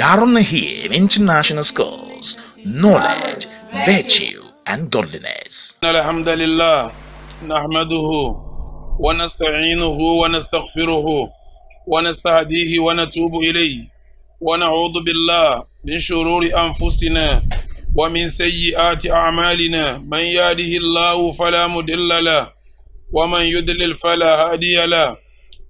Darren Nahim International Schools, knowledge, virtue, and godliness. الحمد لله نحمده ونستعينه ونستغفره ونستهديه ونتوب إليه ونعوذ بالله من شرور أنفسنا ومن سيئات أعمالنا من يهده الله فلا مضل له ومن يضلل فلا هادي له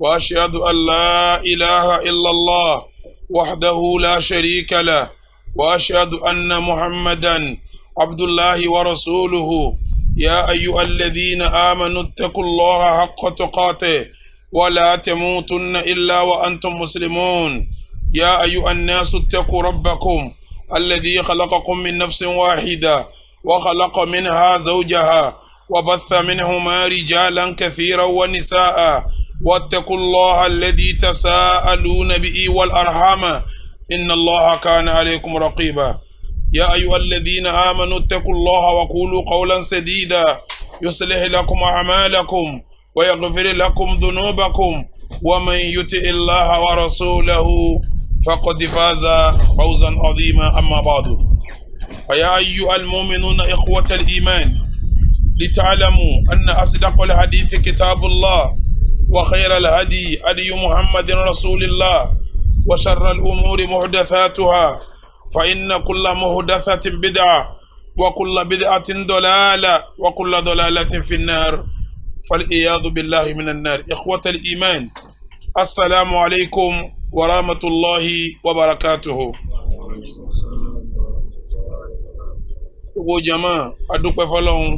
وأشهد أن لا إله إلا الله وحده لا شريك له وأشهد أن محمدا عبد الله ورسوله يا أيها الذين آمنوا اتقوا الله حق تقاته ولا تموتن إلا وأنتم مسلمون يا أيها الناس اتقوا ربكم الذي خلقكم من نفس واحدة وخلق منها زوجها وبث منهما رجالا كثيرا ونساء واتقوا الله الذي تساءلون به والأرحام إن الله كان عليكم رقيبا يا أيها الذين آمنوا اتقوا الله وقولوا قولا سديدا يصلح لكم أعمالكم ويغفر لكم ذنوبكم ومن يطع الله ورسوله فقد فاز فوزا عظيما أما بعد فيا أيها المؤمنون إخوة الإيمان لتعلموا أن أصدق الحديث كتاب الله وخير الهدي هدي محمد رسول الله وشر الأمور محدثاتها فإن كل محدثة بدعة وكل بدعة ضلالة وكل ضلالة في النار فالعياذ بالله من النار إخوة الإيمان السلام عليكم ورحمة الله وبركاته gbogbo jama adúpẹ́ fọlọ́hún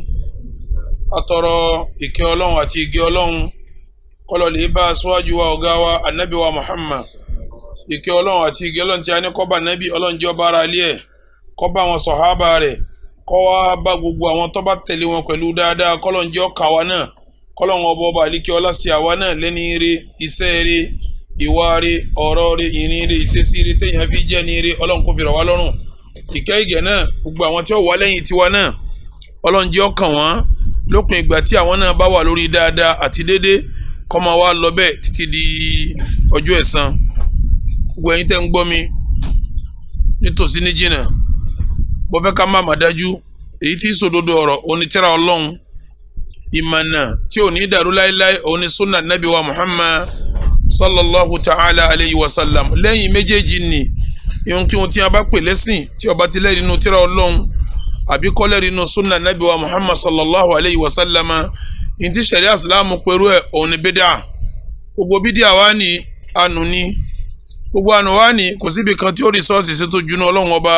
atọrọ kọlọ̀lẹ̀ bá aṣáájú wa ọ̀gá wa anabi wa muhammad ìkẹ́ ọlọ́run àti ìgẹ́ ọlọ́run tí a ní kọ́ba anabi ọlọ́run jẹ́ ọba ara alẹ́ ẹ̀ kọ́ba àwọn sọ̀hábà rẹ̀ kọ́ wa bá gbogbo àwọn tó bá tẹ̀lé wọn pẹ̀lú dáadáa kọ́lọ́n jẹ́ ọkà wa náà kọ́lọ́n ọba ọba àlíkẹ́ ọlá sí àwa náà lẹ́ni ire iṣẹ́ ire ìwà ire ọ̀rọ̀ ire ìrìn ire ìṣesí ire téèyàn fi jẹ́ ni ire ọlọ́run kò fìrọ̀ wá lọ́rùn ìkẹ́ ìgẹ̀ náà gbogbo àwọn tí ó wà lẹ́yìn tiwa náà ọlọ́run ọkàn wọn lópin ìgbà tí àwọn náà bá wà lórí dáadáa àti déédéé kọ́mọ wa lọ bẹ́ẹ̀ títí di ọjọ́ ẹ̀san gbogbo ẹ̀yin tẹ́ ń gbọ́ mi nítòsí ní jìnnà mo fẹ́ ká má má dájú èyí tí sòdodo ọ̀rọ̀ onítìrà ọlọ́run ìmọ̀nà tí ò ní dàrú láéláé òun ni sunna nabi wa muhammad sallallahu ta'ala alayhi wa sallam lẹ́yìn méjèèjì ni ìhun kí ohun tí a bá pè lẹ́sìn tí ó ti lẹ́rìí nínú tírà ọlọ́run àbí kò lẹ́rìí sunna nabi wa muhammad sallallahu alayhi wa sallam ntí sẹ̀ríà sílámù pẹ̀lú ẹ̀ òun ni bídà gbogbo bídà wa ni ànú ni gbogbo ànú wa ni kò síbi kan tí ó rìsọ́ọ̀tì sí tó juná ọlọ́run ọba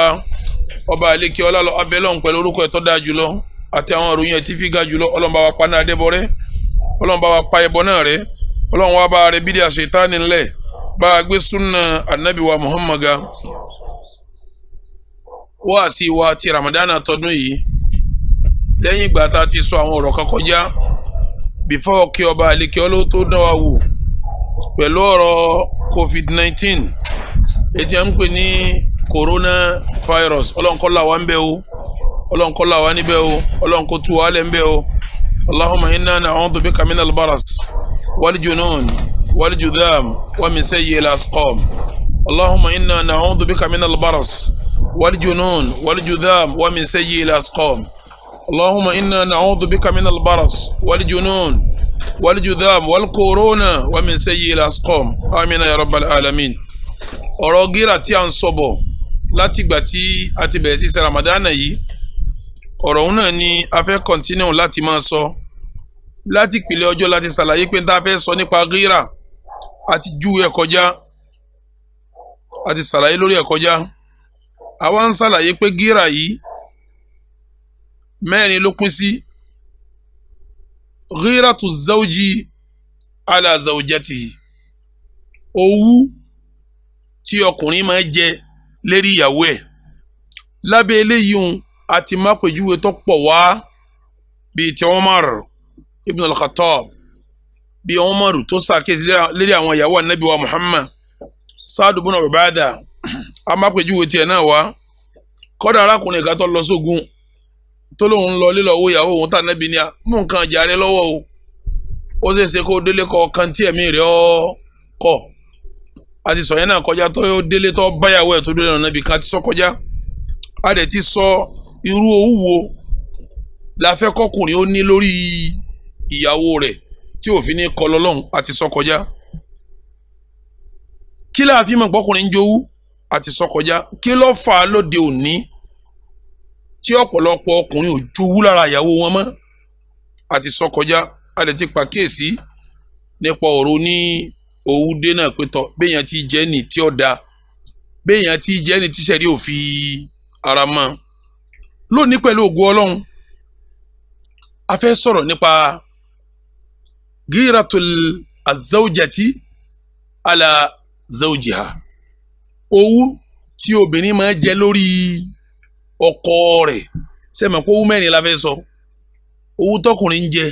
ọba àlekè ọlálọ abẹ́lọ́run pẹ̀lú orúkọ ẹ̀ tó dáa jùlọ àti àwọn ìròyìn ẹ̀ tí fi ga jùlọ ọlọ́run bá wa pa náà dẹ́bọ ọlọ́run bá wa pa ẹbọ náà rẹ́ ọlọ́run wa bá rẹ bídà ṣètánì ńlẹ̀ bá a gbé súnà ànábì wa Muhammad ga wáàsí wa ti Ramadan àtọdún yìí lẹ́yìn ìgbà tá a ti sọ àwọn ọ̀rọ̀ kan kọjá before kí ọba àlekí ọlọ́ tó dán wa wò pẹ̀lú ọ̀rọ̀ covid-19 ètí à ń pè ní coronavirus ọlọ́nkọ́lá wa ń bẹ̀ o ọlọ́nkọ́lá wa níbẹ̀ o ọlọ́nkọ́ tu wa ń bẹ̀ o allahumma inna na'udhu bika min al-baras wal junun wal judham wa min sayyi asqam allahumma inna na'udhu bika min al-baras wal junun wal judham wa min sayyi asqam اللهم إنا نعوذ بك من البرص والجنون والجذام والكورونا ومن سيء الأسقام آمين يا رب العالمين ọ̀rọ̀ gíra tí a ń sọ bọ̀ látìgbà tí a ti bẹ̀rẹ̀ sí ṣe Ramadan yìí ọ̀rọ̀ òun náà ni a fẹ́ kọ́ntínú láti máa sọ láti ìpìlẹ̀ ọjọ́ láti ṣàlàyé pé tá a fẹ́ sọ nípa gíra àti júwe ẹ̀ kọjá àti ṣàlàyé lórí ẹ̀ kọjá àwa ń ṣàlàyé pé gíra yìí mẹ́rin ló pín sí ghiratu zawji ala zawjatihi owú tí ọkùnrin máa jẹ lérí ìyàwó ẹ̀ lábẹ́ eléyìí hun àti mápèjúwe tó pọ̀ wá bíi ti Umar ibn al-Khattab bíi Umar tó ṣàkíyèsí lérí àwọn ìyàwó anabi wa Muhammad Saadu bin Ubada amápèjúwe tiẹ̀ náà wá kọ́dà arákùnrin kan lọ sógun. So tó lóun ń lọ lílọ́wọ́ ìyàwó òun tà nábì ní a mú nǹkan ìjà lọ́wọ́ o ó ṣeé ṣe kó délé kọ kan tí ẹ̀mí rẹ̀ ọ́ kọ́ a ti sọ yẹn náà kọjá tó délé tó báyàwó ẹ̀ tó délé náà nábì kan ti sọ kọjá a dẹ̀ ti sọ irú owó wo la fẹ́ kọkùnrin ó ní lórí ìyàwó rẹ̀ tí òfin ní kọ lọ́lọ́run a sọ kọjá kí láàfin mọ̀ pọ́kùnrin jowú a sọ kọjá kí ló fà á lóde òní tí ọ̀pọ̀lọpọ̀ ọkùnrin ò jowú lára ìyàwó wọn mọ́ àti sọ kọjá a lè ti pàkíyèsí nípa ọ̀rọ̀ ní owó dénà pétọ́ béèyàn ti jẹ́ ní tí ó da béèyàn ti jẹ́ ní tíṣẹ̀rí òfin ara mọ́ lónìí pẹ̀lú ògo ọlọ́run a fẹ́ sọ̀rọ̀ nípa gíratul azawjati ala zawjiha owó tí obìnrin máa jẹ lórí ọkọ rẹ̀ sẹ́mi pé owó mẹ́rin la fẹ́ sọ owó tọkùnrin ń jẹ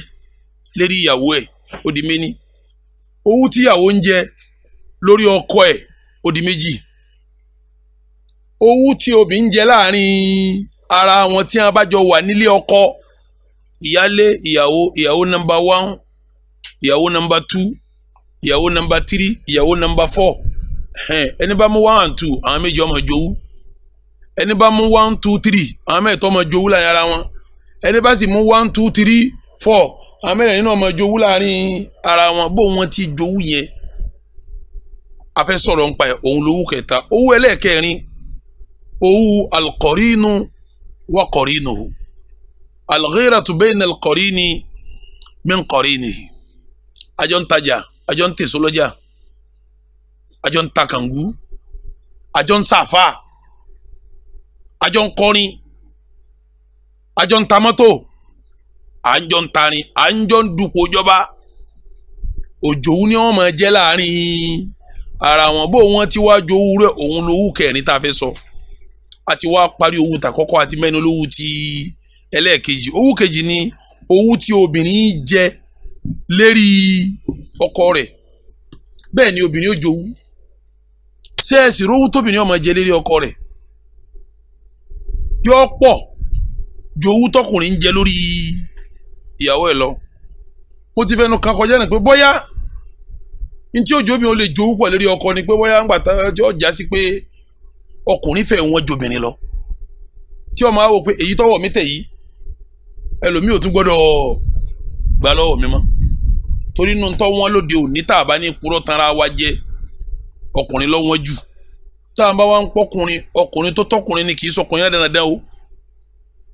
lérí ìyàwó ẹ̀ ó di méní owó tíyàwó ń jẹ lórí ọkọ ẹ̀ ó méjì owó tí obì ń jẹ láàrin ara wọn tí wọn bá jọ wà nílé ọkọ ìyálé ìyàwó ìyàwó nọ́mbà one ìyàwó nọ́mbà two ìyàwó nọ́mbà three ìyàwó nọ́mbà four ẹni bá mú one and two àwọn méjì ọmọ jowú ẹni bá mú one two three àwọn mẹ́ẹ̀tọ́ ọmọ jowú láàrin ara wọn ẹni bá sì mú one two three four àwọn mẹ́rin nínú ọmọ jowú láàrin ara wọn bó wọn ti jowú yẹn afẹ́ sọ̀rọ̀ nípa ẹ̀ òun lówó kẹta owó ẹlẹ́ẹ̀kẹrin owó alqarinu wa qarinuhu alghiratu bayna alqarini min qarinihi àjọ ń tajà àjọ ń tèso lọ́jà àjọ ń ta kàngú ń sàfáà àjọ ń kọrin àjọ ń ta mọ́tò àjọ ń tarin àjọ ń dupò ìjọba òjòwú ni wọ́n máa jẹ́ láàrin ara wọn bó wọn ti wá jowú rẹ òun lówú kẹrin tá a sọ àti wá parí owó tàkọ́kọ́ àti mẹ́nu lówó ti ẹlẹ́ẹ̀kejì owó kejì ni owó tí obìnrin jẹ lérí ọkọ rẹ̀ bẹ́ẹ̀ ni obìnrin ó jowú ṣé rówó tóbìnrin ọmọ jẹ lérí ọkọ rẹ̀ yóò pọ̀ ju owó tọkùnrin ń jẹ lórí ìyàwó ẹ̀ lọ mo ti fẹnu kan kọjá ní pé bóyá ntí òjò obìnrin lè jowú pọ̀ lórí ọkọ ni pé bóyá ń gbà tí ó já sí pé ọkùnrin fẹ́ wọn jobìnrin lọ tí ọmọ àwọ̀ pé èyí tọwọ́ mi tẹ̀ yìí ẹlòmíì ò tún gbọ́dọ̀ gbà lọ́wọ́ mi mọ́ torí inú tọ́ wọn lóde òní tá ní purọ́ tanra wa jẹ ọkùnrin lọ́wọ́n jù tá a bá wá ń pọkùnrin ọkùnrin tó tọkùnrin ni kì í sọkùnrin o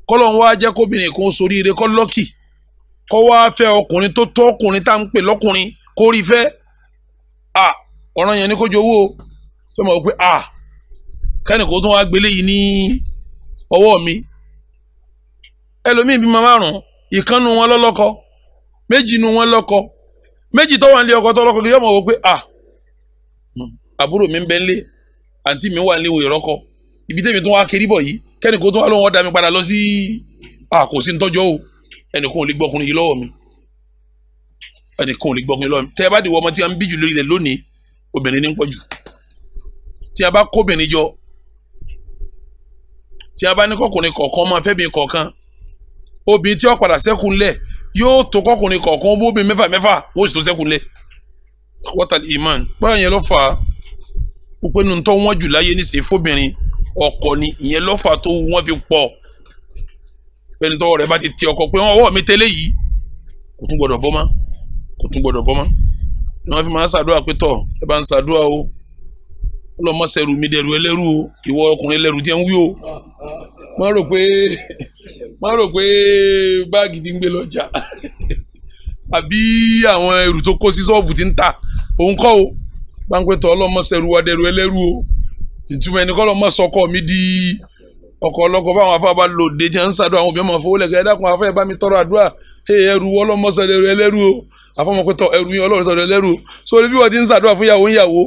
kọlọ nwa wá jẹ́ kóbìnrin kó ire kọ́ lọ́kì kọ́ wá fẹ́ ọkùnrin tó tọkùnrin tá à ń pè lọ́kùnrin kó rí fẹ́ à yẹn ni o tó mọ̀ pé à kẹ́ni kó tún wá gbélé yìí ní ọwọ́ mi ẹlòmíì ọkọ kì í yọ̀ mọ̀ pé à àbúrò mi ń bẹ́ àǹtí mi wà nílé ìwé rọ́kọ̀ ibi tẹ́mi tó wá kiri bọ̀ yìí kẹ́ni kó tó wá lóun ọ̀dà mi padà lọ sí àkó sí ntọ́jọ́ o ẹnìkan ò lè gbọ́kùnrin yìí lọ́wọ́ mi ẹnìkan ò lè gbọ́kùnrin lọ́wọ́ mi tẹ́ ẹ bá di wọ́n ọmọ tí a ń bí jù lórí ilẹ̀ lónìí obìnrin ní ń pọ̀ jù tí a bá kóbìnrin jọ tí a bá ní kọkùnrin kọ̀ọ̀kan máa fẹ́ bìnrin kọ̀ọ̀kan obìnrin tí ó padà sẹ́kùn lẹ̀ yóò tó kọkùnrin kọ̀ọ̀kan ó bóbìnrin mẹ́fà mẹ́fà ó sì tó sẹ́kùn lẹ̀ wọ́tàlì iman báyọ̀ yẹn ló fà á pípé nu tó wọ́n jù láyé nísìnyí fóbìnrin ọkọ ni ìyẹn lọ́fà tó wọ́n fi pọ̀ fẹ́ni tọ́wọ́ rẹ̀ bá ti tẹ ọkọ pé wọ́n ọwọ́ mi tẹ́lẹ̀ yìí kò tún gbọ́dọ̀ bọ́ mọ́ kò tún gbọ́dọ̀ bọ́ mọ́ ni wọ́n fi máa ń ṣàdúrà pé tọ̀ ẹ bá ń ṣàdúrà o ọlọ́mọṣẹ́rù mi dẹ̀rù ẹlẹ́rù o ìwọ ọkùnrin ẹlẹ́rù jẹ́ ń wí o má rò pé má rò pé báàgì ti ń gbé lọ́jà àbí àwọn ẹrù tó kó sí ṣọ́ọ̀bù ti ń ta òun kọ́ o páńpẹ́tọ̀ ọlọ́mọṣẹ́rú adẹ́rú ẹlẹ́rú o ìtumọ̀ ẹni kọ́lọ́ mọ́ sọkọ mi di ọkọ̀ ọlọ́kọ̀ báwọn afábá lò dé tí wọ́n ń sàdúrà àwọn obìnrin máa fowó lẹ̀kẹ́ ẹ̀dàkùn afẹ́ bá mi tọrọ àdúrà ẹ̀rú ọlọ́mọṣẹ́rú ẹlẹ́rú o àfọmọ́pẹ́tọ̀ ẹ̀rú yín ọlọ́mọṣẹ́rú ẹlẹ́rú o sórí bí wọ́n ti ń sàdúrà fún ìyàwó ìyàwó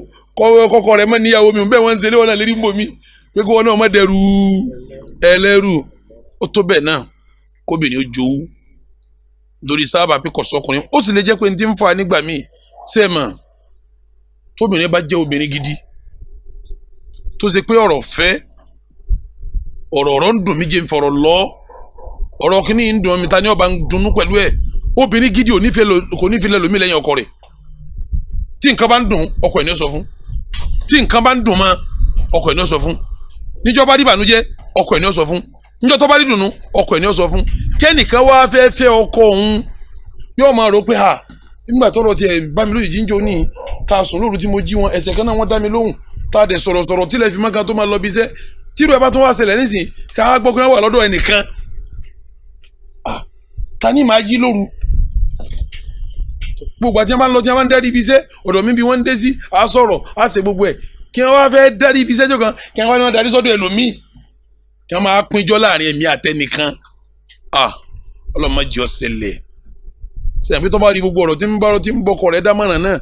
kọ́kọ́ rẹ̀ mọ́ níyàwó mi bẹ́ẹ̀ wọ́n ń zelé wọn náà lérí ń bò mí pé kí wọn náà má dẹrú ẹlẹ́rù ó tó bẹ́ẹ̀ náà kóbìnrin ó jowú nítorí sábà pé kọ̀sọ́kùnrin ó sì lè jẹ́ pé ní ti ń fa nígbà míì sẹ́ẹ̀mọ̀ tóbìnrin bá jẹ́ obìnrin gidi tó ṣe pé ọ̀rọ̀ fẹ́ ọ̀rọ̀ ọ̀rọ̀ ń dùn mí jẹ́ ń fọ̀rọ̀ lọ ọ̀rọ̀ kìíní ń dùn mí ta ni ọba ń dunnú pẹ̀lú ẹ̀ obìnrin gidi kò ní lómi lẹ́yìn ọkọ rẹ̀ tí nǹkan bá ń ọkọ ẹ̀ ní sọ fún tí nǹkan bá ń dùn mọ́ ọkọ ẹ̀ ní sọ fún níjọ́ bá rí ọkọ ẹ̀ ní sọ fún níjọ́ tó bá ọkọ ẹ̀ ní sọ fún kẹ́nìkan wá fẹ́ fẹ́ ọkọ òun yóò máa ha nígbà tọrọ tiẹ̀ bá mi lójijì ń ní ta sùn lóru tí mo jí wọn ẹsẹ̀ kan náà wọ́n dá mi lóhùn ta dẹ̀ sọ̀rọ̀ sọ̀rọ̀ tílẹ̀ fi mọ́ka tó máa lọ bí iṣẹ́ tírú ẹ bá tún wá ṣẹlẹ̀ nísìn ká gbọ́ wà lọ́dọ̀ ẹnìkan ah, ta ni màá jí lóru gbogbo àti àwọn lọ tí àwọn dárí ibi iṣẹ́ ọ̀dọ̀ mi bí wọ́n ń dé sí a sọ̀rọ̀ a ṣe gbogbo ẹ̀ kí wọ́n wá fẹ́ dárí ibi iṣẹ́ jọ kan kí wọ́n wá darí sọ́dọ̀ ẹlòmíì kí wọ́n máa pínjọ́ láàrin ẹ̀mí àtẹnìkan ah, ọlọ́mọ jọ ṣẹlẹ̀ sẹ̀yìn pé tó bá rí gbogbo ọ̀rọ̀ tí ń bọ́rọ̀ tí ń bọ́kọ̀ rẹ̀ dámọ̀ràn náà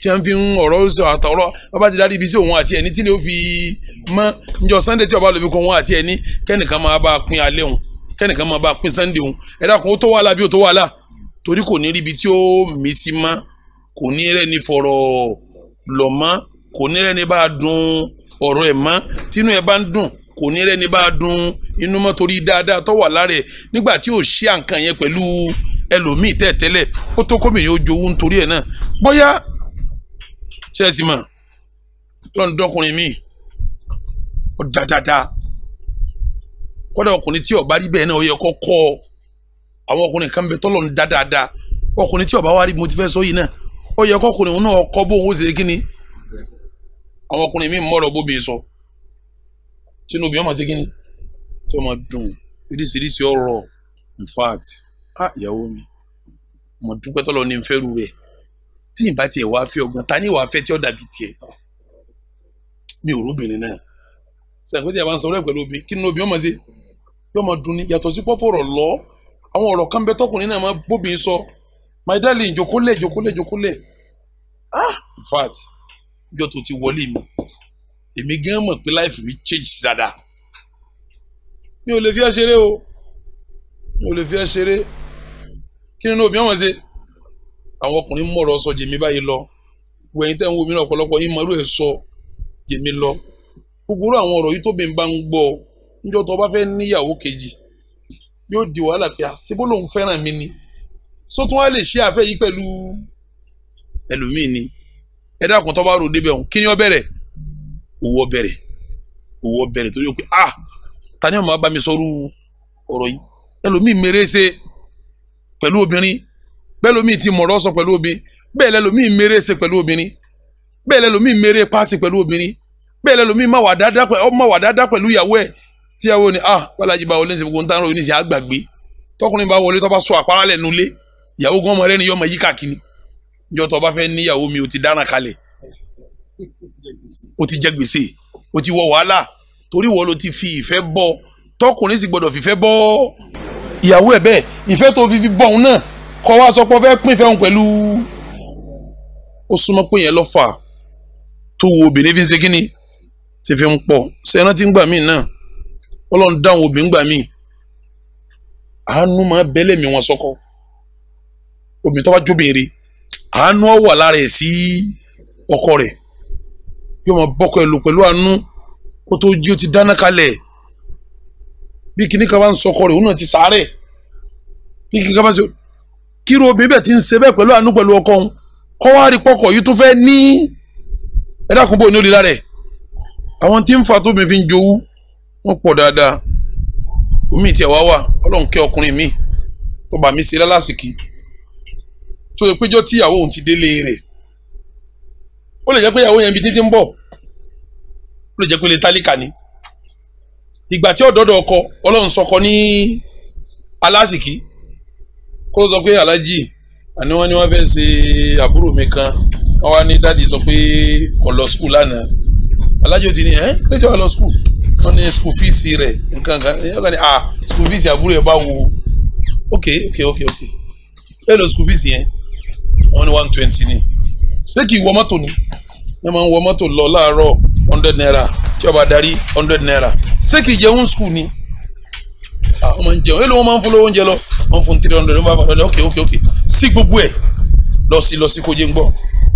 tí wọ́n fi ń ọ̀rọ̀ sọ àtọ̀rọ̀ bàbá ti dárí ibi sí òun àti ẹni tí ni ó fi mọ́ njọ sunday tí ọba lòbí kan òun àti ẹni kẹ́nìkan máa bá a pín alẹ́ òun kẹ́nìkan máa bá a pín sunday òun ẹ̀dá kan ó tó wàhálà bí ó tó wàhálà torí kò ní ríbi tí ó mí sí mọ́ kò ní rẹ́ni fọ̀rọ̀ lọ̀ mọ́ kò ní rẹ́ni bá a dùn ọ̀rọ̀ ẹ̀ mọ́ tínú ẹ̀ bá ń dùn kò ní rẹ́ni bá a dùn inú mọ́ torí dáadáa tó wà lára ẹ̀ nígbà tí ò ṣí àǹkàn ẹlòmíì tẹ́ẹ̀tẹ́lẹ̀ ó tó kómìnir ó jowú nítorí ẹ̀ náà bóyá ṣẹ́ẹ̀sì mọ̀ lọ́n dọ́kùnrin dáadáa kọ́dà ọkùnrin tí ó rí bẹ́ẹ̀ náà ó yẹ kọ́ kọ́ ọ àwọn ọkùnrin kan bẹ tọ́lọ̀ ń dáadáa ọkùnrin tí ó bá wá rí mo sọ yìí náà ó yẹ náà kọ́ ṣe Ah ìyàwó mi mo dúpẹ́ tọ́lọ́ ní nfẹ́ ru rẹ̀ tí n bá tiẹ̀ wá fẹ́ ọgbọ́n ta ni wàá fẹ́ tí ó dàbí tiẹ̀ mi ò róbìnrin náà sẹ́yìn pé tí a bá ń sọ̀rọ̀ ẹ̀ pẹ̀lú obì kí ni obì ọmọ ṣe yóò máa dùn ni yàtọ̀ sí pọ́fọ̀rọ̀ lọ àwọn ọ̀rọ̀ kan bẹ tọkùnrin náà máa bóbìnrin sọ my darling ìjókòólẹ̀ ìjókòólẹ̀ ìjókòólẹ̀ ah in fact ìjọ tó ti wọlé mi èmi gan mọ̀ pé life mi change sí dáadáa mi ò lè fi ẹ́ ṣeré o mi ò lè fi ẹ́ ṣeré. kí nínú òbí wọn ṣe àwọn ọkùnrin mọ̀rọ̀ sọ jèmi báyìí lọ wẹ̀yìn tẹ̀ ń wo mi náà ọ̀pọ̀lọpọ̀ yín mọ̀rú ẹ̀ sọ jèmi lọ gbogbo àwọn ọ̀rọ̀ yìí tó bẹ̀ ń bá ń gbọ́ níjọ́ tó bá fẹ́ níyàwó kejì yóò di wàhálà pé síbó lòun fẹ́ràn mi ni ni ẹ dákun tó bá rò débẹ̀ òun bẹ̀rẹ̀ òwò ta ni ọ̀rọ̀ pẹ̀lú obìnrin bẹ́ẹ̀ lomi ti mọ̀rọ̀ sọ pẹ̀lú obìnrin bẹ́ẹ̀ lẹ́ lomi mèrè ṣe pẹ̀lú obìnrin bẹ́ẹ̀ lẹ́ lomi mèrè paṣẹ pẹ̀lú obìnrin bẹ́ẹ̀ lẹ́ lomi má wà dáadáa pẹ̀lú ìyàwó ẹ̀ tíyàwó ni ah balaji bá wọlé ní sèpogbo ntàn ròyìn ní sèpogbo àgbàgbé tọkùnrin bá wọlé tọba sọ àpárá lẹ́nu lé ìyàwó gan ọmọ ni yọmọ yí káàkiri njọ tọba fẹ́ níyàwó mi o ti dáná kalẹ̀ o ti jẹ gbèsè o ti wọ wàhálà tọkùnrin sì gbọ́dọ̀ fìfẹ́ bọ́ ìyàwó ẹ̀ bẹ́ẹ̀ ìfẹ́ tó fi fi bọ̀ òun náà kọ́ wá sọ pé ó fẹ́ pín ìfẹ́ òun pẹ̀lú ó súnmọ́ pé yẹn lọ́fà tó wo obìnrin fi ń ṣe kínni ti fi ń pọ̀ ṣe ẹran tí ń gbà míì náà ọlọ́run dáhùn obìnrin gbà míì àánú máa bẹ́lẹ̀ mi wọn sọ́kọ́ obìnrin tó bá jóbìnrin àánú ọ̀ lára ẹ̀ sí ọkọ rẹ̀ yóò máa bọ́kọ ẹ̀ lò pẹ̀lú àánú kó tó jí ó ti dáná kalẹ̀ bí kinní kan bá ń sọkọ rẹ̀ òun náà ti sàárẹ̀ bí kinní kan bá ń sọ kíro obìnrin bẹ́ẹ̀ ti ń ṣe bẹ́ẹ̀ pẹ̀lú àánú pẹ̀lú ọkọ òun kọ́ wá rí pọkọ̀ yìí tó fẹ́ ní ẹ̀dàkúnbó ní òrìlá àwọn tí ń fa tóbi fi ń jowú wọ́n pọ̀ dáadáa omi tiẹ̀ wá wà ọlọ́run kẹ́ ọkùnrin mi tó bá mi ṣe lálásìkí tó yẹ péjọ tí ìyàwó òun ti délé rẹ̀ ó lè jẹ́ pé ìyàwó yẹn ibi títí ń bọ̀ ó lè jẹ́ pé lè tálíkà ni ìgbà tí ọ̀dọ́dọ̀ ọkọ ọlọ́run sọkọ ní alásìkí kó sọ pé alájì àní wọ́n ni wọ́n fẹ́ ṣe àbúrò mi kan wá ní dáàdi sọ pé kò lọ skul lánàá alájì ti ní ẹ́ pé tí lọ skul wọ́n ní skul fíìsì rẹ̀ nǹkan kan ẹ̀yọ́ ní ah skul fíìsì àbúrò ẹ̀ bá wo ok ok ok ok lọ skul fíìsì yẹn wọ́n one twenty ṣé kì í wọ mọ́tò ni máa hundred naira tí ọba darí hundred naira ṣé kì í jẹun skul ni Ah, máa ń jẹun èlò wọn máa ń fún lówó oúnjẹ lọ wọn fún three hundred wọn bá fún ọdún ok ok ok sí gbogbo ẹ lọ sí lọ sí kó jẹ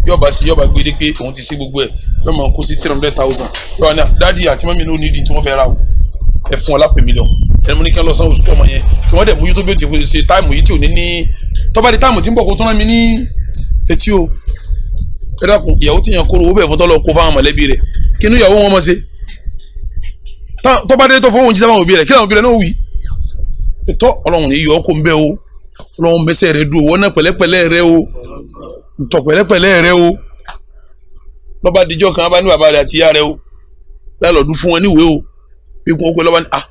yọba sí yọba gbélé pé òun ti sí gbogbo ẹ yọ máa ń kó sí three hundred thousand yọba ní ah, dádì àti mọ́mí ní onídìí tí wọ́n fẹ́ ra o ẹ fún ọ láfẹ́ mílíọ̀n ẹni mo ní kí wọ́n lọ sanwó sukú ọmọ yẹn kí wọ́n dẹ̀ mú yútó bí ó ṣe táìmù yìí tí ò ní ní tọ́ba di táìmù tí ń bọ̀ kó tó rán mi ní etí o ẹ dákun ìyàwó tí yẹn kóró owó bẹ̀ fún tọ́lọ́ kó fáwọn mọ̀lẹ́bí rẹ̀ kí ya ìyàwó wọn ọmọ se tó bá dé tó fọwọ́n jíjẹ́ fáwọn òbí rẹ̀ kí làwọn òbí rẹ̀ náà wí tó ọlọ́run yìí yọ ọkọ̀ ń bẹ́ o ọlọ́run mẹsẹ̀ rẹ̀ dùn wọ́n náà pẹ̀lẹ́pẹ̀lẹ́ rẹ o pẹ̀lẹ́pẹ̀lẹ́ o lọ́ba díjọ́ kan bá ní bàbá rẹ̀ àti ìyá o fún wọn níwèé o bí kún lọ́ba a ah,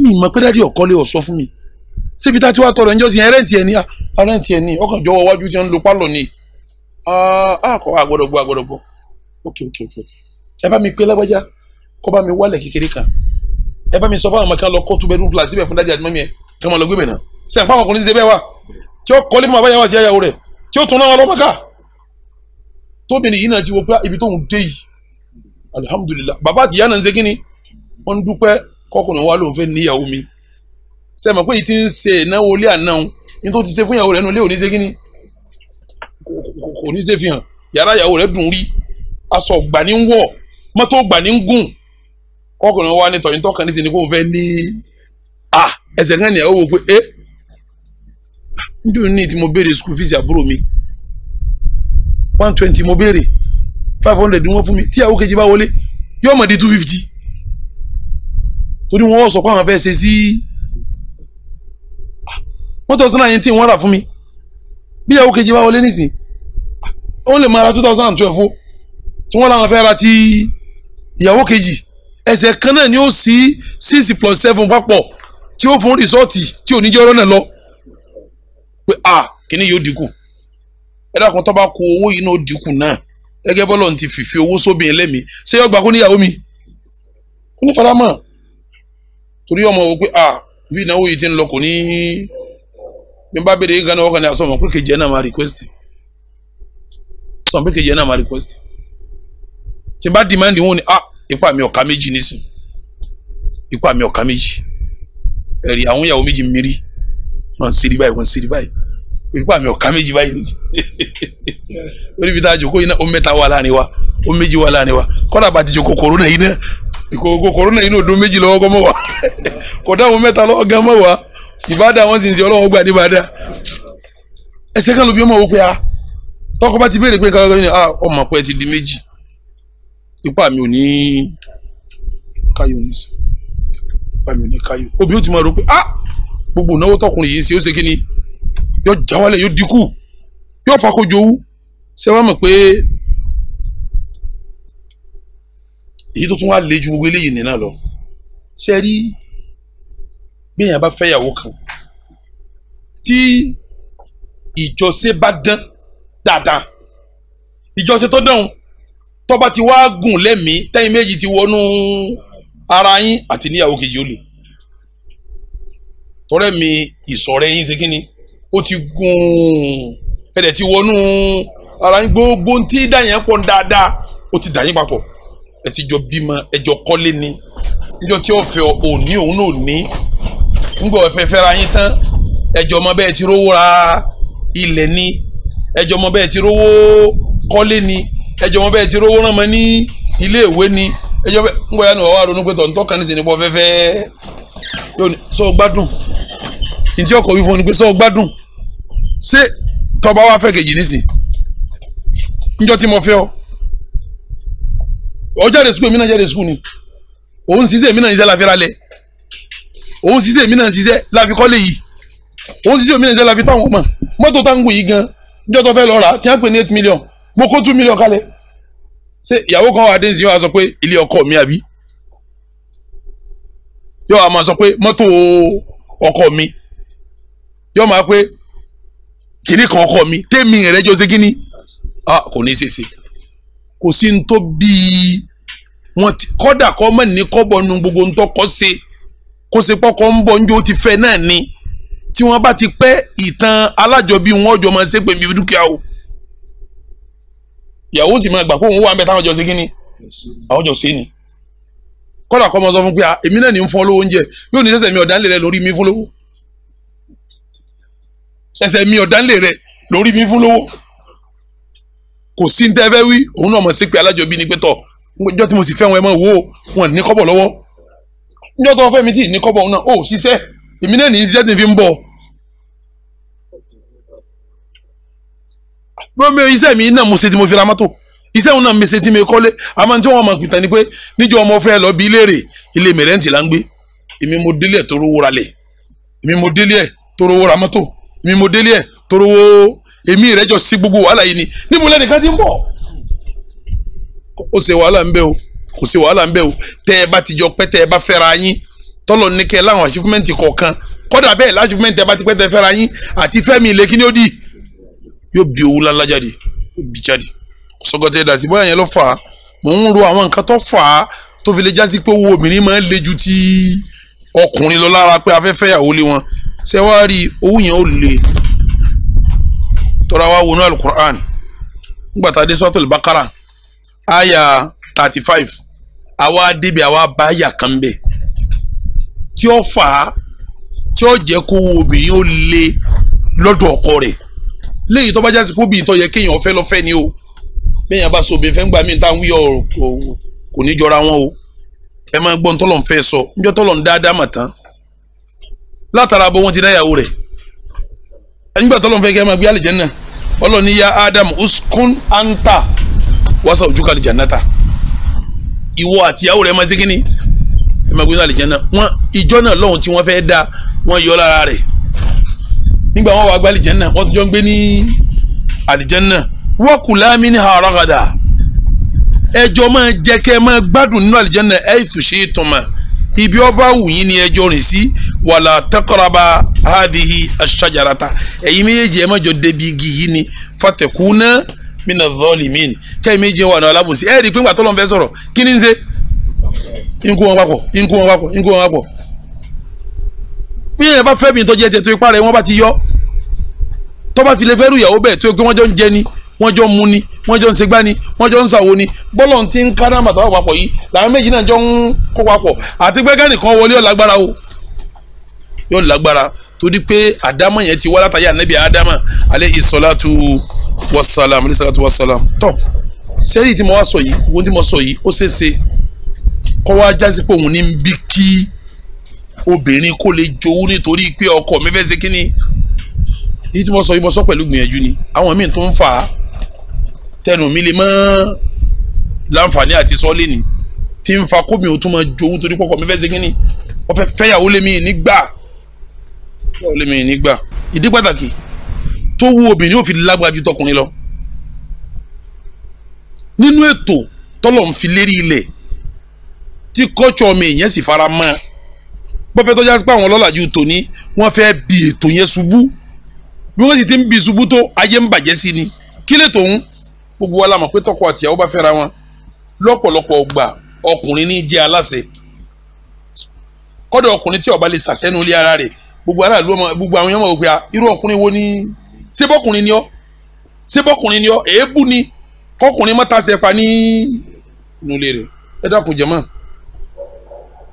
mi ìmọ̀ pé dáadé mi síbi tá a ti wá tọrọ ẹ̀ńjọ́ sí ẹ̀ rẹ́ǹtì ẹ̀ ní ah, ọkàn ok ok ok ẹ bá mi pé lágbájá kó bá mi wálẹ̀ kékeré kan ẹ bá mi sọ fáwọn ọmọ kan lọ kó two bedroom flat síbẹ̀ fún dájú àtìmọ́mí ẹ kí wọ́n lọ gbé bẹ̀ náà ṣe àǹfààní ọkùnrin ti ṣe bẹ́ẹ̀ wá tí ó kọ́lé fún àbáyáwá sí ayáwó rẹ̀ tí ó tún náà wọn lọ́mọ ká tóbìnrin yìí náà ti wo pé ibi tóun dé yìí alihamudulilayi bàbá àti ìyá náà ń ṣe kíni wọ́n ń dúpẹ́ kọkùnrin wa ló ń fẹ́ níyàwó mi ṣe mọ̀ pé yìí ti ń ṣe ìnáwó ilé àná ní tó ti ṣe fún yàrá ìyàwó rẹ̀ dùn rí aṣọ ọ̀gbà ní ń wọ̀ mọ́tò ọ̀gbà ní ń gùn ọkùnrin wa ní tọ̀yìn tọ́kàn nísìnyí kó fẹ́ ní à ẹsẹ̀ kan ní wò pé ẹ́ ndúró ní tí mo béèrè school fees àbúrò mi one twenty mo béèrè five hundred wọ́n fún mi tí àwọn kejì bá wọlé yóò mọ̀ di two fifty torí wọ́n sọ pé àwọn fẹ́ ṣe sí one thousand and nineteen wọ́n rà fún mi bí àwọn kejì bá wọlé nísìnyí ó lè máa two thousand and twelve o tí wọ́n làwọn fẹ́ ra ti ìyàwó kejì ẹsẹ̀ kan náà ni ó sí six plus seven papọ̀ tí ó fún rìsọ́ọ̀tì tí ò ní jẹ́ ọ̀rọ̀ náà lọ pé a kìíní yóò dínkù ẹ dákun tó bá kó owó yìí náà dínkù náà gẹ́gẹ́ bọ́lọ̀ ti fìfi owó sóbìn ẹlẹ́mìí ṣé yọ gbà kó níyàwó mi kó ní faramọ́ torí ọmọ wò pé a bí ìnáwó yìí ti ń lọ kò ní bí n bá béèrè ganan wọ́n kàn ní asọ́mọ pé kejì ẹ̀ náà máa request tí n bá dìmáàndì wọn ni ah ipa mi ọ̀ka méjì nísìn ipa mi ọ̀ka méjì ẹ̀rí àwọn ìyàwó méjì mírí wọn ń siri báyìí wọn ń siri báyìí ipa mi ọ̀ka méjì báyìí nísìn lórí ibi tá a jòkó yìí náà ó mẹ́ta wà láàrin wa ó méjì wà láàrin wa kọ́dà bá ti jòkó kòrónà yìí náà ìkòkò kòrónà yìí náà dún méjì lọ́wọ́ kọ́ wa kódà wọn mẹ́ta lọ́wọ́ gan mọ́ wa ìbádà wọn sì ń ṣe ọlọ́wọ́ gbà níbàdà ẹsẹ̀ kan ló bí ọmọ ah, tọkọ bá ti béèrè pé nǹkan ọgbẹ́ yìí ọmọ pé ti di méjì ipa mi ò ní káyọ̀ nísì ipá mi ò ní káyọ̀ obìnrin ó ti máa rò pé ah gbogbo ìnáwó tọkùnrin yìí ṣe ó ṣe kí ni yóò já wálẹ̀ yóò dínkù yóò fakojò owó ṣé wàá mọ̀ pé èyí tó tún wá le ju gbogbo eléyìí nínú lọ ṣe rí gbẹ̀yìn bá fẹ́ yàwó kan tí ìjọsẹ bá dán dáadáa ìjọsẹ tó dán o tọ́ba ti wá gùn lẹ́mìí tẹ́yìn méjì ti wọnú ara yín àti níyàwó kejì ó lè tọ́rẹ́ mi ìsọ̀rẹ́ yín ṣe kínní ó ti gùn ẹ̀dẹ̀ ti wọnú ara yín gbogbo tí dàyẹn pọ̀ dáadáa ó ti dàyín papọ̀ ẹ ti jọ bímọ ẹ kọ́lé ni níjọ tí ọ̀fẹ́ òní òun náà ní ńgbọ́ ẹ̀fẹ́ fẹ́ra yín tán ẹ jọ bẹ́ẹ̀ ti rówó ra ilẹ̀ ni ẹ jọ mọ bẹ́ẹ̀ ti rówó kọ́lé ni ẹjọ wọn bẹ́ẹ̀ ti rówó rán mọ ní ilé ìwé ni ẹjọ bẹ́ẹ̀ ń gbọ́dọ̀ wà wà ronú pé tọ̀ntọ́ kan ní sinipọ fẹ́fẹ́ yóò ní sọ gbádùn ntí ọkọ̀ wí fún ni pé sọ gbádùn ṣé tọba wa fẹ́ kejì nísìn njọ́ tí mo fẹ́ ọ ọ jáde sukùl mi náà jáde sukùl ni òun ṣiṣẹ́ mi náà ṣiṣẹ́ láfi ralẹ̀ òun ṣiṣẹ́ mi náà ṣiṣẹ́ láfi kọ́lé yìí òun ṣiṣẹ́ mi náà ṣiṣẹ́ láfi táwọn ọmọ mọ́tò táǹgù yìí gan njọ́ tó fẹ́ lọ rà tí wọ́n pè ní eight million mo kó two million kalẹ̀ ṣé ìyàwó kan wà dénsì yóò wá sọ pé ilé ọkọ mi àbí yóò wá máa sọ pé mọ́tò ọkọ mi yóò máa pé kìnnì kan ọkọ mi tèmi rẹ jọ ṣe kínní ah kò ní í ṣe ṣe kò sí ní tó bíi wọn ti kọ́dà kọ́ mọ̀ ní kọ́bọ̀ nu gbogbo ń kọ́ ṣe kó ṣe pọ́kọ́ ń bọ̀ njó ti fẹ́ náà ni tí wọ́n bá ti pẹ́ ìtàn alájọbí wọn jọ máa ṣépè níbi dúkìá o ìyàwó sì máa gbà pé òun wà ń bẹ táwọn jọ ṣe kí ni àwọn jọ ṣe ni kọ́lá kọ́ mọ sọ fún pé èmi náà ní ń fọ́n lówó oúnjẹ yóò ní sẹ́sẹ̀ mi ọ̀dánlé rẹ lórí mi fún lówó sẹ́sẹ̀ mi ọ̀dánlé rẹ lórí mi fún lówó kò sí ní tẹ́fẹ́ wí òun náà mọ̀ sí pé alájọbí ni pé tọ̀ níjọ́ tí mo sì fẹ́ wọn ẹ máa wò ó wọn ní kọ́bọ̀ lọ́wọ́ níjọ́ tó fẹ́ mi tì ní kọ́bọ̀ òun náà ó ṣiṣẹ́ èmi náà ní ṣiṣẹ́ tí bó mi mi náà mo ṣe tí mo fi ra mọ́tò iṣẹ́ òun náà mi ṣe tí mi kọ́lé àmọ́ tí wọ́n mọ̀ pìtàn ni pé níjọ ọmọ fẹ́ lọ bí léèrè ilé mẹ̀rẹ́ǹtì là ń gbé èmi mo délé ẹ̀ tó rówó ra lẹ̀ èmi mo délé ẹ̀ ra èmi mo délé ẹ̀ ti ń bọ̀ kò ṣe wàhálà ń o kò ṣe wàhálà ń o tẹ́ ẹ bá ti jọ pẹ́ tẹ́ ẹ bá yín tọ́lọ̀ ní kẹ́ láwọn achievement yóò bí owó lálá jáde yóò bí jáde sọgọtẹ dasi bóyá yẹn lọ fà á mò ń ro àwọn nǹkan tó fà á tó fi lè jásí pé owó obìnrin máa ń le ju ti ọkùnrin lọ lára pé afẹ́fẹ́ yàwó lé wọn ṣé wàá rí owó yẹn ó le tọ́ra wa wọnú alukur'an nígbà tá a dé sọ́tò ìbákàrà àyà thirty five àwa débi àwa bá àyà kan bẹ̀ tí ó fà á tí ó jẹ́ kó owó obìnrin ó le lọ́dọ̀ ọkọ rẹ̀ léyìí tó bá jásí kó bí ìtọ́ yẹ kéèyàn ọ̀fẹ́ lọ́fẹ́ ni o béèyàn bá so obìnrin fẹ́ ń gbà mí ta ń wí ọ̀rọ̀ kò ní jọra wọn o ẹ máa gbọ́n tọ́lọ̀ ń fẹ́ sọ níjọ́ tọ́lọ̀ ń dáadáa mà tán látara bó wọn ti dáyàwó rẹ̀ nígbà tọ́lọ̀ ń fẹ́ kí ẹ máa gbé àlìjẹ́nà ọlọ́ni ya Adam uskun anta wàsà òjú kàlì jannata ìwọ àtìyàwó rẹ̀ máa ṣe kíni ẹ máa gbé àlìjẹ́nà wọn ìjọ náà lọ́hùn tí wọ́n fẹ́ dá wọn yọ lára rẹ̀ nígbà wọn wà gbálí jẹ́nà wọ́n tún jọ ń gbé ní àlìjẹ́nà wọ́ọ̀kù láàmì ní àrọ́gàdà ẹjọ́ máa jẹ́ kẹ́ ẹ máa gbádùn nínú àlìjẹ́nà ẹ̀ ìtúnṣe ìtọ́mà ibi ọba wù yín ni ẹjọ́ rìn sí wàlà taqraba hadihi aṣajarata ẹ̀yin méjèèjì ẹ má débi igi yìí ni fatakuna mina zalimin kẹ́yìn méjì wà ní alábòsí ẹ̀ẹ́dì pé ńgbà tó lọ́n fẹ́ sọ̀rọ̀ kí ni ń ṣe? ń wọn papọ̀ ń wọn papọ̀ ń wọn papọ̀ bí èèyàn bá fẹ́ mi tó jẹ́ tètò ipá rẹ̀ wọ́n bá ti yọ tó bá fi lè fẹ́rù ìyàwó bẹ́ẹ̀ tó yẹ pé wọ́n jọ ń jẹ ni wọ́n jọ ń mu ni wọ́n jọ ń segbá ni wọ́n jọ ń sàwo ni bọ́lọ̀ ti ń kára màtà wà papọ̀ yìí làwọn méjì náà jọ ń kó papọ̀ àti gbẹ́gẹ́ nìkan wọlé ọ̀làgbára o yóò lágbára torí pé àdámọ̀ yẹn ti wá látàyà nẹ́bí àdámọ̀ alẹ́ ìsọ̀látù wasalam alẹ́ ìsọ̀látù wasalam tọ́ sẹ́rí tí mo wá sọ yìí wo tí mo sọ yìí ó ṣeéṣe kọ́ wá òun ní bí obìnrin kó lè jowú nítorí pé ọkọ mi fẹ́ ṣe kí ni èyí tí mo sọ yìí mo sọ pẹ̀lú gbìyànjú ni àwọn míì tó ń fà á tẹnu mi lè mọ́ láǹfààní àti sọ́ọ́lì ni tí ń fa kómi ò tún máa jowú torí pọ́kọ mi fẹ́ ṣe kí ni wọ́n fẹ́ fẹ́yàwó lé mi nígbà fẹ́yàwó lé nígbà ìdí pàtàkì tó wú obìnrin ò fi lágbájú tọkùnrin lọ nínú ètò tọ́lọ̀ ń fi lérí ilẹ̀ tí kọ́tsọ̀ mi ìyẹn sì fara mọ́ bọ́fẹ́ tó jásí pé àwọn ọlọ́làjú tòní wọ́n fẹ́ bi ètò yẹn ṣubú bí wọ́n sì ti ń bi ṣubú tó ayé ń bàjẹ́ sí ni kí lè tòun gbogbo wa la mọ̀ pé tọkọ àtìyàwó bá fẹ́ra wọn lọ́pọ̀lọpọ̀ gbà ọkùnrin ní jẹ́ aláṣẹ kọ́dọ̀ ọkùnrin tí ó bá lè sàṣẹ́nu ilé ara rẹ̀ gbogbo aráàlú ọmọ gbogbo àwọn ọmọ òpè irú ọkùnrin wo ni ṣé bọ́kùnrin ni ọ́ ṣé bọ́kùnrin ni ọ́ èébú ni kọ́kùnrin mọ́ta ṣe pa ní inú ilé rẹ̀ ẹ dákun jẹ́mọ́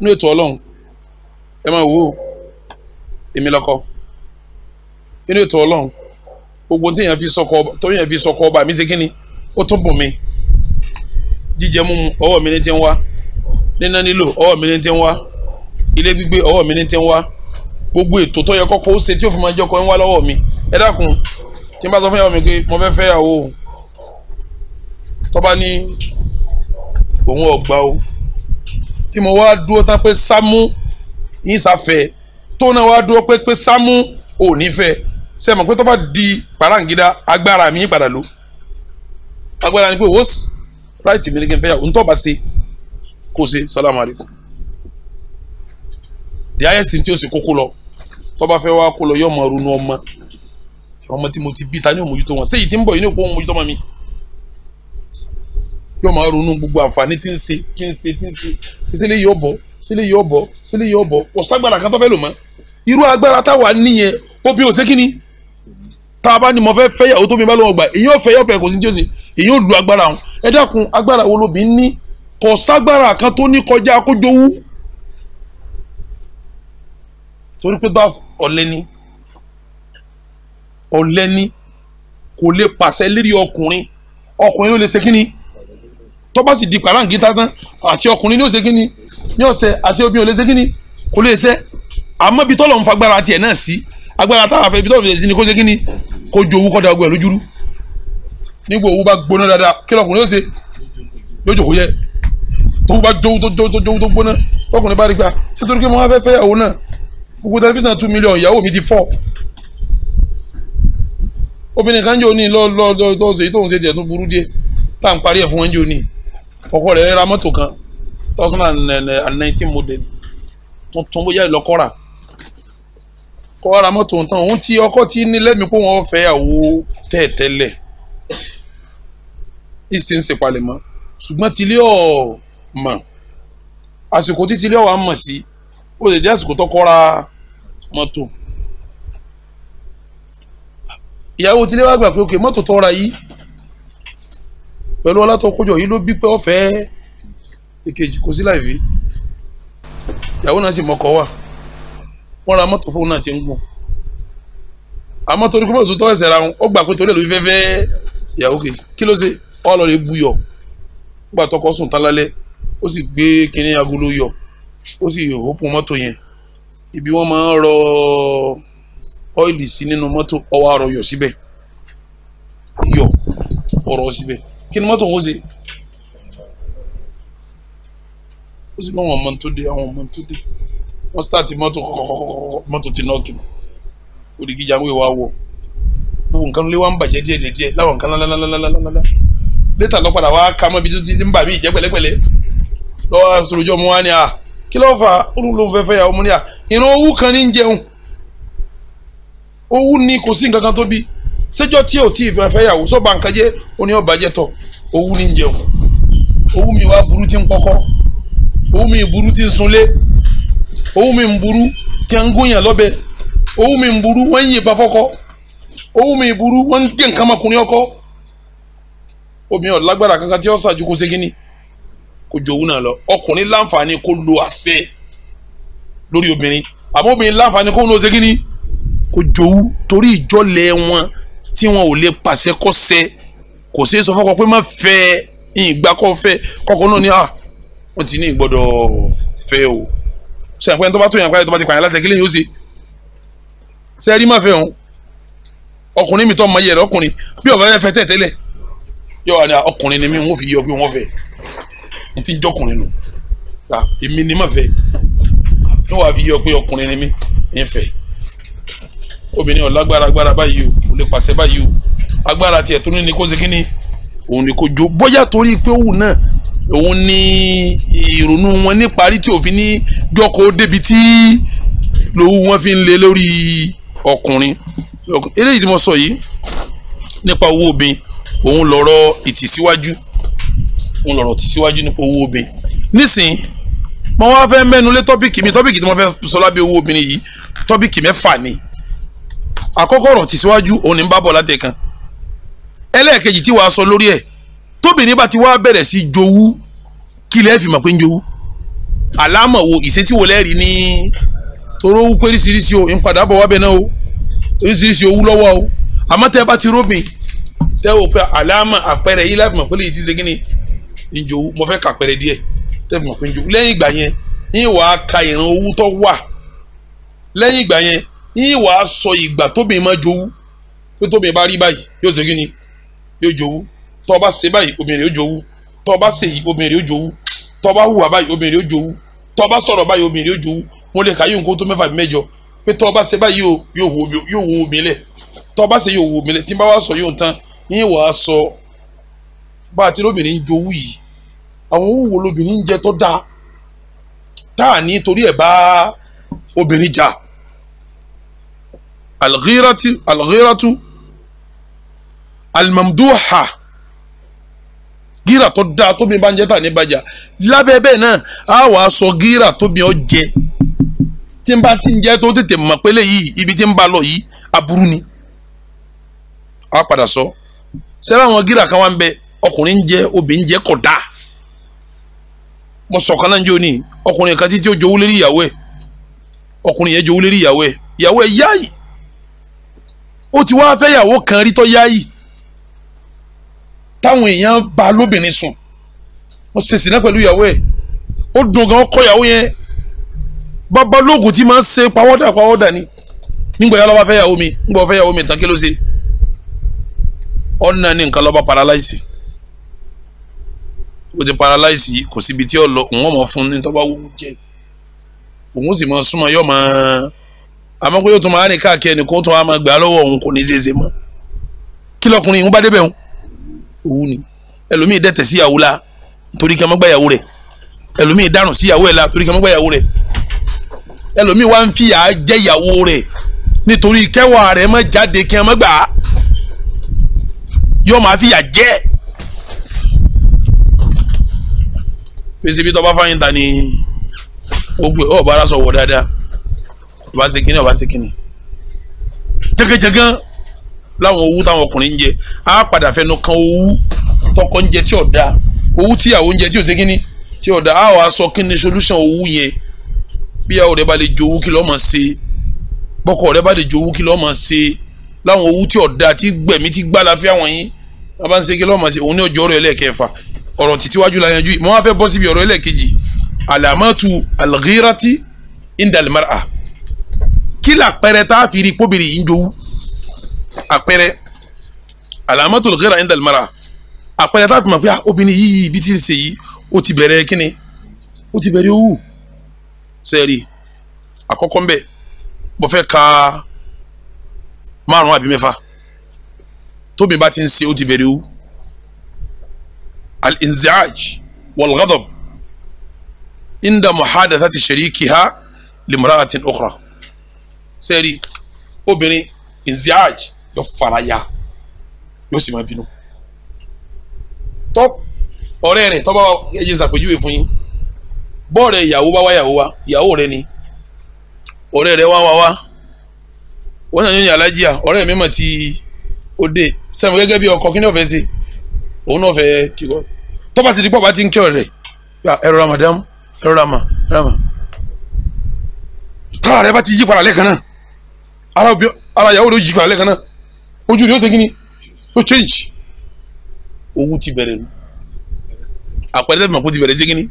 ní ètò ọlọ́run ẹ máa wò ó èmi lọ́kọ nínú ètò ọlọ́run gbogbo téèyàn fi sọkọ tóyàn fi sọkọ ọba mi ṣe kí ni ó tún bùn mi jíjẹ mímu ọwọ́ mi ní ti ń wá níná nílò ọwọ́ mi ní ti ń wá ilé gbígbé ọwọ́ mi ní ti ń wá gbogbo ètò tó yẹ kọ́kọ́ ó ṣe tí ó fi máa jọkọ ń wá lọ́wọ́ mi ẹ dákun tí n bá sọ fún yàwó mi pé mo fẹ́ fẹ́ yàwó o tọ́ba ní òun ọ̀gbà o tí mo wá dúró tán pé sámú ìsà fẹ́ tó náà wá dúró pé pé sámú ò ní fẹ́ sẹ́mọ̀ pé tó di parangida agbára mi padà lò agbára ni pé wọ́n ráìtì mi ní kí n fẹ́ yà ń tọ́ bá ṣe kó ṣe salamu alaykum the highest tí o sì kókó lọ tó bá fẹ́ kó lọ yọ ọmọ ronú ọmọ ọmọ tí mo ti bí ta ní òmójútó wọn séyìí tí ń bọ̀ yìí ní òpó òmójútó ọmọ mi yọ ọmọ ronú gbogbo àǹfààní tí ń ṣe tí ń ṣe tí ń ṣe ìṣẹ̀lẹ̀ yìí ó bọ̀ sílé yìí ọ̀bọ̀ sílé yìí ọ̀bọ̀ kò ságbára kan tó fẹ́ lò mọ́ irú agbára táwa níyẹn obi ò sé kíni tá a bá ní mo fẹ́ fẹ́yàwó tó mi bá lọ́wọ́ gbà èyí ò fẹ́ yọ̀ fẹ́ kò sí ní jọ́sìn èyí ò lu agbára wọn ẹ dákun agbára wo lóbi ní kò ságbára kan tó ní kọjá kójówú torí pé bá ọ̀lẹ́ni ọ̀lẹ́ni kò lè pàṣẹ lérí ọkùnrin ọkùnrin ló lè ṣe tó bá sì di pàráǹgíta tán àṣẹ ọkùnrin ní òṣèkí ni ní ọ̀sẹ̀ àṣẹ obìnrin ò ni kò lè ṣe àmọ́ ibi tọ́lọ̀ ń fa agbára tiẹ̀ náà sí agbára táwọn afẹ́ ibi tọ́lọ̀ fèsì ni kó ṣèkí ni kó jo owó kọ́ da ogun ẹ̀ lójúrú nígbà owó bá gbóná dáadáa kí lọkùnrin ó ṣe yóò jòkó yẹ tó bá jowó tó jowó tó jowó tó gbóná tọkùnrin bá rí gbà ṣé torí pé mo máa fẹ́ fẹ́ ìyàwó náà gbogbo tẹlifíṣàn two million ìyàwó mi ti fọ́ obìnrin kan jò ní lọ́ọ́ lọ́ọ́ tó ń ṣe tó ń ṣe tiẹ̀ tó burú díẹ̀ tá à ń parí ẹ̀ fún wọn jò ní ọkọ rẹ̀ ra mọ́tò kan thousand and nineteen model tuntun bóyá ìlọ́kọ́ra kọ́ ara mọ́tò tán òun tí ọkọ tí ní lẹ́mìí pé wọ́n fẹ́ àwo tẹ́ẹ̀tẹ́lẹ̀ ìsìn ń ṣèpalẹ̀mọ́ ṣùgbọ́n tílé ọ̀ mọ̀ àsìkò tí tílé ọ̀wà mọ̀ sí ó lè dé àsìkò tó kọ́ra mọ́tò ìyàwó tílé wá gbà pé ok mọ́tò tó ra yìí pẹ̀lú ọlátọ́kọ́jọ yìí ló bí pé ọ̀fẹ́ èkejì kò sí láìví ìyàwó náà sì mọ́kọ wà wọ́n ra mọ́tò fóun náà ti ń gùn àmọ́ torí kúrò tó tọ́ ẹ̀sẹ̀ ra wọn ó gbà pé torí ẹ̀ ló fi fẹ́fẹ́ ìyàwó kejì kí ló ṣe ọ lọ rẹ buyọ̀ gbà tọkọ sùn tán lálẹ́ ó sì gbé kinní agolo yọ ó sì hópin mọ́tò yẹn ibi wọ́n máa ń rọ ọ́ìlì sí nínú mọ́tò ọwọ́ àrọ̀ yọ síbẹ̀ yọ ọ̀rọ̀ síbẹ̀ kí ni mọ́tò wọn ṣe ó sì bá àwọn ọmọ tó dé àwọn ọmọ tó dé wọ́n sítáàtì mọ́tò kọ́kọ́kọ́kọ́ mọ́tò ti nọ́ọ̀kì mọ́ òdìgí jáwé wa wọ̀ gbogbo nǹkan lé wa ń bàjẹ́ díẹ̀ díẹ̀ láwọn nǹkan lálálálálálálá létà lọ́padà wá ká mọ́ ibi tó ti ń bà mí ìjẹ́ pẹ̀lẹ́pẹ̀lẹ́ lọ́wọ́ asorojọ́ mu wá ni à kí ló fà olùlò fẹ́fẹ́ yà ọmọ ni à ìran owó kan ní ń jẹun owó ni kò sí nǹkan kan tó bíi sẹ́jọ́ tí o ti ìfẹ́ fẹ́yàwó sọ́ba nǹkan jẹ́ ó ní ọba jẹ́ tọ̀ owú ní jẹun owú mi wá burú tí ń pọkọ́ owú mi burú tí ń sunlé owú mi burú tí ń gúnyàn lọ́bẹ owú mi burú wọ́n ń yìnbọn fọ́kọ́ owú mi burú wọ́n ń gé nǹkan ọmọkùnrin ọkọ́ omi ọ̀ kankan tí ó ṣàjú kó segin ni kó ju owú náà lọ ọkùnrin láǹfààní kó lo àṣẹ lórí obìnrin àmọ́ obìnrin láǹfààní kó ń lo segin ni kó jowú torí ìjọ́lẹ̀ wọn tí wọn ò lè pàṣẹ kó ṣe kò sí sọ fọkọ pé má fẹ́ ìgbà kó fẹ́ kọkọ náà ni à ah, wọn ti ní ìgbọ́dọ̀ fẹ́ o sẹ́yìn pé ẹni tó bá tó yàn pààyàn tó bá ti pààyàn láti ẹ̀kí lẹ́yìn ó ṣe ṣe rí má fẹ́ òun ọkùnrin mi tó mọ iye rẹ ọkùnrin bí ọba yẹn fẹ́ tẹ̀ tẹ́lẹ̀ yọ wà ní ah, ọkùnrin ni mí wọn fi yọ bí wọn fẹ́ ní ti jọkùnrin nù ah, èmi ni má fẹ́ ní wàá fi yọ pé ọkùnrin ni mí ń fẹ́ obìnrin ọ̀lágbára agbára báyìí o kò lè pàṣẹ báyìí o agbára tiẹ̀ tó ní ni kó ṣe kí ni òun ni kó jó bóyá torí pé òun náà òun ni ìrònú wọn ní parí tí òfin ní jọkọ̀ débi tí lòwú wọn fi ń lé lórí ọkùnrin eléyìí tí mo sọ yìí nípa owó obìnrin òun lọ̀rọ̀ ìtìsíwájú òun lọ̀rọ̀ ìtìsíwájú nípa owó obìnrin nísìnyí mo wá fẹ́ mẹ́nu lé tọ́pìkì mi tọ́pìkì tí mo fẹ́ sọ lábẹ́ owó obìnrin yìí tọ́pìkì mẹ́fà ni àkọ́kọ́ ọ̀rọ̀ tìsíwájú òun ní ń bá bọ̀ látẹ̀ kan ẹlẹ́ẹ̀kejì tí wàá sọ lórí ẹ̀ tóbìnrin bá ti wá bẹ̀rẹ̀ sí jowú kí lẹ́ẹ̀ fi mọ̀ pé ń jowú àlámọ̀ wo ìṣesí wo lẹ́ẹ̀rí ní toró wú pé oríṣiríṣi o ìpadà bọ̀ wá bẹ̀ náà o oríṣiríṣi owú lọ́wọ́ o àmọ́ tẹ́ bá ti róbìn tẹ́ o pé àlámọ̀ àpẹẹrẹ yìí láti mọ̀ pé lèyí ti ṣe kíni ń jowú mo fẹ́ kàpẹẹrẹ díẹ̀ tẹ́ fi pé ń jowú lẹ́yìn ìgbà yẹn yín wàá ka ìran owú tó wà lẹ́yìn ìgbà yẹn yín wàá sọ ìgbà tóbi máa jowú tó tóbi bá rí báyìí yóò ṣe kí ni yóò jowú tó o bá ṣe báyìí obìnrin yóò jowú tó o bá ṣe yìí obìnrin yóò jowú tó o bá hùwà báyìí obìnrin yóò jowú tó o bá sọ̀rọ̀ báyìí obìnrin yóò jowú mo lè kà yóò nǹkó tó mẹ́fà mẹ́jọ pé tó o bá ṣe báyìí yóò wo obìnrin lẹ̀ tó o bá ṣe yóò wo obìnrin lẹ̀ tí n bá wá sọ yóò tán yín wàá sọ bá a ti lóbìnrin jowú yìí àwọn òwò lóbìnrin jẹ tó dáa táà ní torí ẹ̀ bá obìnrin jà alghirati alghiratu alimamduha gíra tó dáa tóbi bá ń jẹ́ tà ní bàjá lábẹ́ bẹ́ẹ̀ náà a wàá sọ gíra tóbi ọ jẹ tí n bá ti ń jẹ́ tó tètè mọ̀ pélé yìí ibi tí n bá lọ yìí aburú ni a padà sọ sẹ́rẹ́ àwọn gíra kan wá ń bẹ ọkùnrin ń jẹ obìnrin ń jẹ kódà mo sọ̀kan náà ń jó ni ọkùnrin kan títí ó jowú lérí ìyàwó ẹ̀ ọkùnrin yẹn jowú lérí ìyàwó ẹ̀ ìyàwó ẹ̀ yáàyè ó ti wáá fẹ́yàwó kan rí tó yáyì táwọn èèyàn bá lóbìnrin sùn wọ́n ṣèṣì náà pẹ̀lú ìyàwó ẹ̀ ó dùn gan ọkọ ìyàwó yẹn babalóògùn tí máa ń ṣe pawọ́dà pawọ́dà ni nígbà yà lọ́ba fẹ́yàwó mi nígbà fẹ́yàwó mi tán kí ló ṣe ọ̀nà ni nǹkan lọ́ba paralyze o ti paralyze kò síbi tí ó lọ òun ò mọ̀ fún ní tọ́ba wọ́n jẹ òun sì máa súnmọ́ yóò máa àmọ́ pé yóò tún máa rìn káàkiri ẹnì kó tún wá máa gbà lọ́wọ́ òun kò ní ṣeéṣe mọ́ kí lọkùnrin ìhun bá débẹ̀ òun òun ni ẹlòmíì dẹ̀tẹ̀ sí ìyàwó la torí kí ọmọ gbà ìyàwó rẹ̀ ẹlòmíì dárùn sí ìyàwó ẹ̀ la torí kí ọmọ gbà ìyàwó rẹ̀ ẹlòmíì wá ń fìyà jẹ ìyàwó rẹ̀ nítorí kẹwàá rẹ̀ mọ́ jáde kí ọmọ gbà yóò máa fìyà jẹ pèsè bí tọ́ bá fáyín ta ni ó gbé ọ̀ bá ara sọ̀wọ́ dáadáa ọba ṣe kíni ọba ṣe kíni jẹgẹjẹgẹ láwọn owó táwọn ọkùnrin ń jẹ á padà fẹnu kan owó tọkọ ń jẹ tí ò da owó tíyàwó ń jẹ tí ò ṣe kíni tí ò da á wàá sọ kí ni solution owó yẹn bíyàwó rẹ bá lè jowú kí lọ́ọ́ máa ṣe bọ́kọ rẹ bá lè jowú kí lọ́ọ́ máa ṣe láwọn owó tí ò da tí gbẹ̀mí tí gbá la fi àwọn yín wọn bá ń ṣe kí lọ́ọ́ máa ṣe òun ní ọjọ́ ọ̀rọ̀ ẹlẹ́ẹ̀kẹfà ọ̀rọ̀ tí síwájú la yanjú yìí mo wá fẹ́ bọ́ síbi ọ̀rọ̀ ẹlẹ́ẹ̀kejì alamatu alghirati indal mar'a kí làpẹrẹ tá a fi rí kóbìnrin yìí ń jowú àpẹrẹ alamatul ghira inda almara àpẹrẹ tá a fi mọ̀ pé ah, obìnrin yìí ibi tí ń ṣe yìí ó ti bẹ̀rẹ̀ kíni ó ti bẹ̀rẹ̀ owó sẹ́ẹ̀rì àkọ́kọ́ ń bẹ̀ mo fẹ́ ka márùn-ún àbí mẹ́fà tóbi bá ti ń ṣe ó ti bẹ̀rẹ̀ owó al-inziaj wal-ghadab inda muhadathati sharikiha limra'atin ukhra sẹ́ẹ̀rì obìnrin nziaj yóò fara ya yóò sì máa bínú tọ́ ọ̀rẹ́ rẹ̀ tọ́ bá ẹ̀jẹ̀ ṣàpèjúwe fún yín bọ́ọ̀rẹ̀ ìyàwó bá wá ìyàwó wa ìyàwó rẹ ni ọ̀rẹ́ rẹ wá wá wá wọ́n ṣàyẹ̀wò yàrá jíà ọ̀rẹ́ mi mà ti òde sẹ́mi gẹ́gẹ́ bí ọkọ kí ni ọ̀fẹ́ ṣe òun náà fẹ́ kíkọ́ tọ́ba ti di pọ̀ bá ti ń kí ọ̀rẹ́ rẹ̀ ẹ̀rọ ra madam ẹ̀rọ ra ma ẹ̀rọ ra tọ́ra rẹ bá ti yí padà lẹ́ẹ̀kan náà ala obi ara yawo lo ji ale le kana oju ni o se kini o change owu ti bere ni apere te mo ko ti bere se kini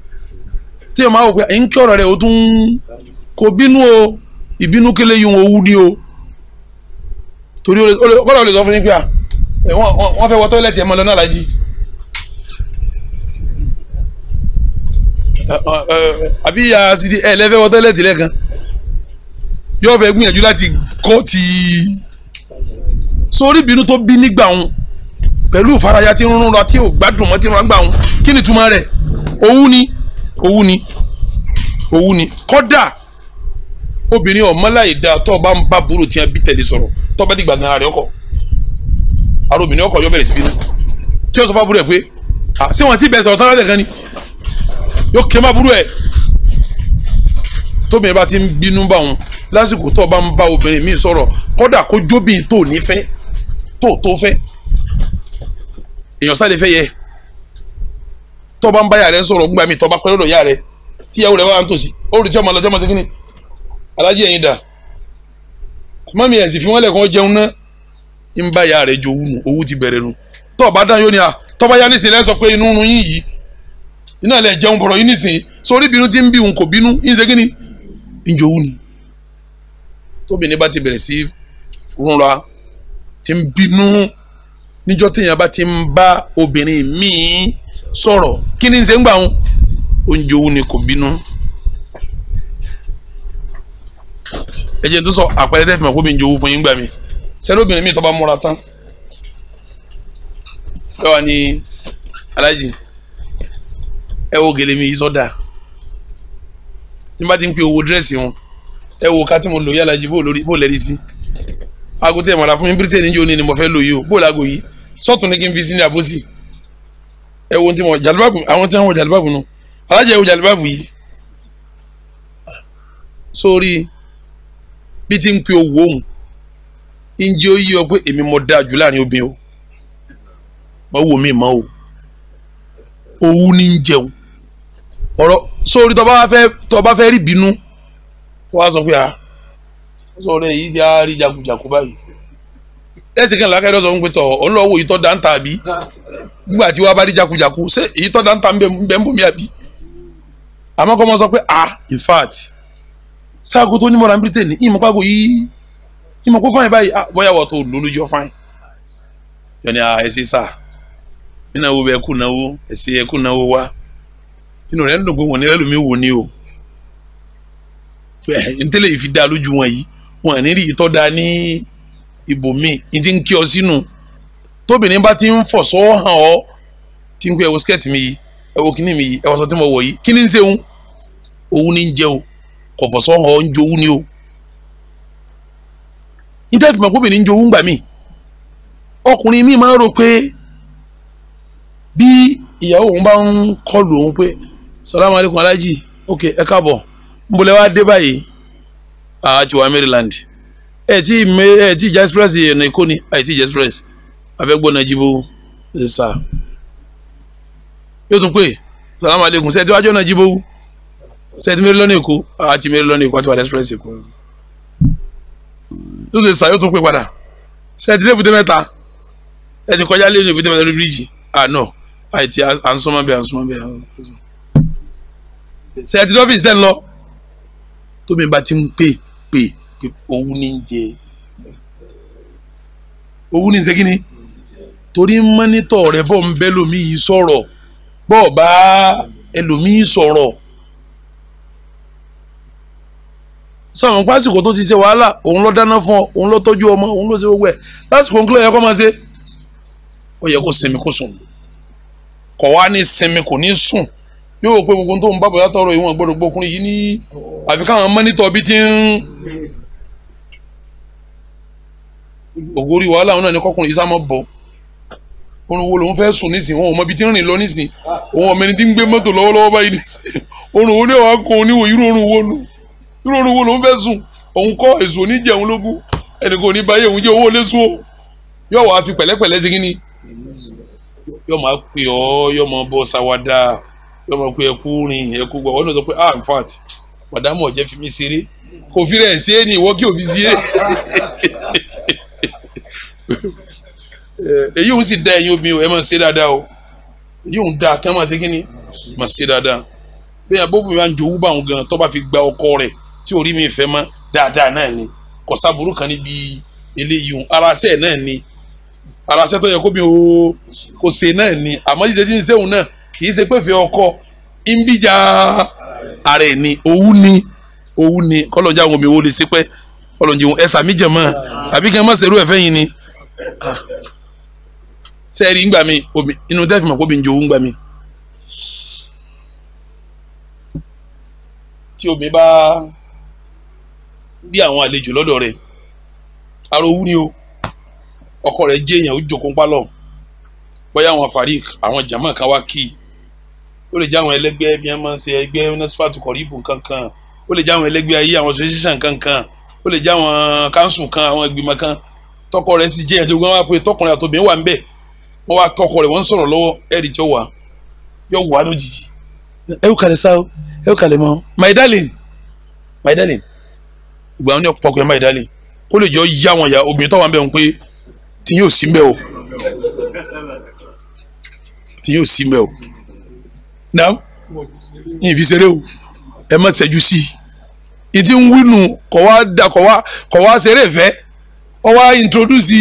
ti o ma o pe in ki oro re o tun ko binu o ibinu kele yun owu di o tori o le ko le so fun yin pe a e won won fe wo toilet e mo lo na laji abi ya si di e le fe le kan yóò fẹ́ gbìyànjú láti kọ́ ti sórí ìbínú tó bí nígbà òun pẹ̀lú ìfaraya tí ń rún ra tí ò gbádùn mọ́ tí ń ra gbà òun kí ni túmọ̀ rẹ̀ owú ni owú ni owú ni kọ́dà obìnrin ọ̀mọ́láyè dáa tó bá ń bá burú tí wọ́n bí tẹ̀lé sọ̀rọ̀ tó bá dìgbà gan-an rẹ̀ ọkọ̀ àrò obìnrin ọkọ̀ yóò bẹ̀rẹ̀ sí bínú tí ó sọ fún aburú ẹ̀ pé ṣé wọ́n ti bẹ̀rẹ̀ sọ̀rọ̀ tán láti ẹ̀kan ni yóò kí ẹ má burú ẹ̀ tóbi ẹ bá ti ń bínú bá òun lásìkò tó o bá ń bá obìnrin mi sọ̀rọ̀ kódà kó jóbìn tó nífẹ̀ẹ́ tó tó fẹ́ èèyàn sáré fẹ́ yẹ tó o bá ń bá yàrá rẹ sọ̀rọ̀ gbà mí tó o bá pẹ́ lọ́dọ̀ yàrá rẹ tíyàwó rẹ bá ń tòsí ó rí tí ọmọ lọ́jọ́ máa ṣe kíni alájí ẹ̀yin dà mọ́mí ẹ̀ sì fi wọ́n lẹ̀kọ́ jẹun ná ń bá yàrá rẹ jọ owó ti bẹ̀rẹ̀ nu tó o bá dán yóò ní à tó bá yá nísìnyí lẹ́sọ̀ pé inú nu yín yìí iná lẹ̀ jẹun bọ̀rọ̀ yín nísìnyí sórí bínú ti ń bí òun kò bínú ń ṣe kíni ìjòwú ni tóbìnrin bá ti bẹ̀rẹ̀ sí rúnra ti ń bínú níjọ́ téèyàn bá ti ń bá obìnrin míì sọ̀rọ̀ kí ni ń ṣe ń gbà wọn oúnjẹ òun ni kò bínú. ẹ jẹ́ tó sọ àpẹẹrẹ tẹ́ fi mọ̀ kó mi ń jowó fún yín gbà mí sẹ́ni obìnrin mi tó bá múra tán ẹ wà ní alájì ẹ wo gèlè mi yìí sọ́dà nígbà tí ń pe owó dírẹ́sì wọn ẹ wo ká tí mo lò yàrá jì bó lẹ́rí sí aago tẹ̀ mọ̀ra fún mi britain ní jóni ni mo fẹ́ lò yìí o bó laago yìí sọ́tún ní kí n fi sí ní àbòsí ẹ wo ti mọ̀ jàlúbàbù àwọn tí wọ́n wọ jàlúbàbù nù alájà ìwò jàlúbàbù yìí sórí bí ti ń pe owó òun ǹjẹ́ yí ọ pé èmi mo dáa jù láàrin obìnrin o mo wò mí mọ́ o owó ní ń jẹun ọ̀rọ̀ sórí tó bá fẹ́ tó rí bínú kó wá sọ pé ah, a sọ rẹ yìí ṣe á rí jagunjagun báyìí ẹsẹ̀ kan làákàyè sọ fún pé tọ̀ òun lọ́wọ́ ìtọ́ dáńtà àbí nígbà tí wàá bá rí jagunjagun ṣé ìtọ́ dáńtà ń bẹ ń bomi àbí àmọ́ kọ́ mọ́ sọ pé a ah, in fact sáàgó tó ní mọ́ra ní Britain ìmọ̀ pàgọ́ yìí ìmọ̀ kó fáyìn báyìí ah, bóyá wọ́n tó lólójọ́ fáyìn yọ̀ni à ẹ̀sìn sá nínú àwọn ẹ̀kú náwó ẹ̀sìn ẹ̀kú náwó wá inú rẹ̀ ń dùn pé wọ́n ní ẹlòmíì wò ní o ntẹ́lẹ̀ yìí fi dá lójú wọn yìí wọn ní rí ìtọ́ da ní ibòmíì ní ti ń kí ọ sínú tóbìnrin bá ti ń fọ̀ sọ́wọ́ hàn ọ́ tí ń pẹ́ ẹ̀wọ̀ skẹ́ẹ̀tì mi yìí ẹ̀wọ̀ kìíní mi yìí ẹ̀wọ̀ sọ tí mo wọ̀ yìí kí ni ń ṣe òun òun ní ń jẹ o kò fọ̀ sọ́wọ́ hàn ọ́ ń jowú ni o níta ìfìmọ̀ kóbìnrin ń jowú gbà mí ọkùnrin mi máa ń rò pé bí ìyàwó òun bá ń kọlù òun pé salamu alaykum alájì ok ẹ káàbọ̀ nbọlẹ wa dé báyìí àá ti Maryland ẹ ti mẹ ẹ ti jẹ express ẹnà èkó ni ẹ ti jẹ express najibu jibo ẹ sà yóò tún pè salamu aleykum sẹ ti wájú ọ̀nà jibo sẹ ti Maryland èkó àá ti Maryland èkó àti wà express èkó yóò tún sà yóò tún pè padà sẹ ti dé èbúté mẹ́ta ẹ ti kọjá lé ní èbúté lórí bíríìjì àná ah, àìtí à ń súnmọ́ ti dọ́bìsì tẹ́ ń lọ tómi bá ti ń pè pè pé owó ní jẹ owó ní ṣe kíni torí mọ́nítọ̀ rẹ̀ bọ́ ń bẹ́ lómii sọ̀rọ̀ bọ́ bá ẹlòmíì sọ̀rọ̀ sáwọn pásìkò tó ti ṣe wàhálà òun ló dáná fún ọ òun ló tọ́jú ọmọ òun ló ṣe gbogbo ẹ̀ lásìkò ńkúlẹ̀ ó yẹ kó máa ṣe ó yẹ kó sinmi kó sùn kọ̀ wá ní sinmi kò ní sùn yóò wò pé gbogbo tó ń bá bọ̀dá tọrọ ìwọ̀n gbọ́dọ̀ gbọkùnrin yìí ní àfi káwọn mọ́nítọ̀ bí ti ń ògórí wàhálà òun náà ní kọkùnrin ìsámọ́ bọ̀ orun wo lòun fẹ́ sùn nísìn òun ọmọ ibi tí ń rìn lọ nísìn òun ọmọ ẹni tí ń gbé mọ́tò lọ́wọ́lọ́wọ́ báyìí nísìn orun wo ni wàá kó oníwò irú orun wo nu irú orun wo lòun fẹ́ sùn òun kọ́ èso oníjẹun lógún ẹnì kò ní báyé òun jẹ́ owó lé sùn o yóò wàá fi pẹ̀lẹ́pẹ̀lẹ́ sí kínní yóò máa pè ọ́ yóò máa bọ́ sáwádà yọ mọ pé ẹkú rin ẹkú gbọ wọn náà sọ pé ah in fact màdámù ọ̀jẹ̀ fi mí ṣeré kò fi rẹ̀ ṣe é ní ìwọ kí òfin ṣe é èyí ń sì da ẹ̀yin obìnrin ẹ máa ṣe dáadáa o èyí ń da kí wọ́n máa ṣe kí ni máa ṣe dáadáa bẹ́ẹ̀ abóbùnrin máa ń jowú bá òun gan tó bá fi gba ọkọ rẹ̀ tí orí mi fẹ́ mọ́ dáadáa náà ni kò sábúrú kan níbi eléyìí òun ara ṣẹ́ náà ni ara tó yẹ kó bí o kò ṣe náà ni àmọ́ jíjẹ tí ń ṣe òun náà kì í ṣe pé fẹ́ ọkọ ń bíjà ara ẹ̀ ni òwú ni òwú ni kọ́lọ́jà wo mi wo lè ṣe pẹ́ kọ́lọ́jà wo ẹ̀sà mi jẹ̀ mọ́ àbí kí n má ṣerú ẹ̀fẹ́ yìí ni sẹ́ẹ̀rì ńgbà mi inú tẹ́fì mọ̀ kóbi ń jowú ńgbà mi. tí omi bá bí àwọn àlejò lọ́dọ̀ rẹ̀ ara owú ni o ọkọ rẹ̀ jẹ́ èèyàn ó jókòó ń pálọ̀ bóyá àwọn farik àwọn jama kan wá kí i ó lè jáwọn ẹlẹgbẹ́ bí wọ́n máa ń ṣe ẹgbẹ́ nasfatu kọ̀rìbù kankan ó lè jáwọn ẹlẹgbẹ́ ayé àwọn association kankan ó lè jáwọn council kan àwọn ìgbìmọ̀ kan tọkọ rẹ̀ sì jẹ́ ẹ̀jẹ̀ ogun wa pé tọkùnrin àtòbìnrin wà ń bẹ̀ wọ́n wá tọkọ rẹ̀ wọ́n ń sọ̀rọ̀ lọ́wọ́ ẹ̀rì tí ó wà yóò wà lójijì. ẹ ó kalẹ̀ sá ẹ ó kalẹ̀ mọ́ my darling my darling ìgbà wọn ni ọ̀pọ̀ my darling ó lè jọ yá wọn ya obìnrin tó wà ń bẹ̀ wọn pé tí o tí yóò sí mbẹ́ o náà yìí fi ṣeré o ẹ má ṣẹ́jú sí i ìtì ń wínú kọ̀ wá da kọ̀ wá kọ̀ wá ṣeré fẹ́ wọ́n wá introduce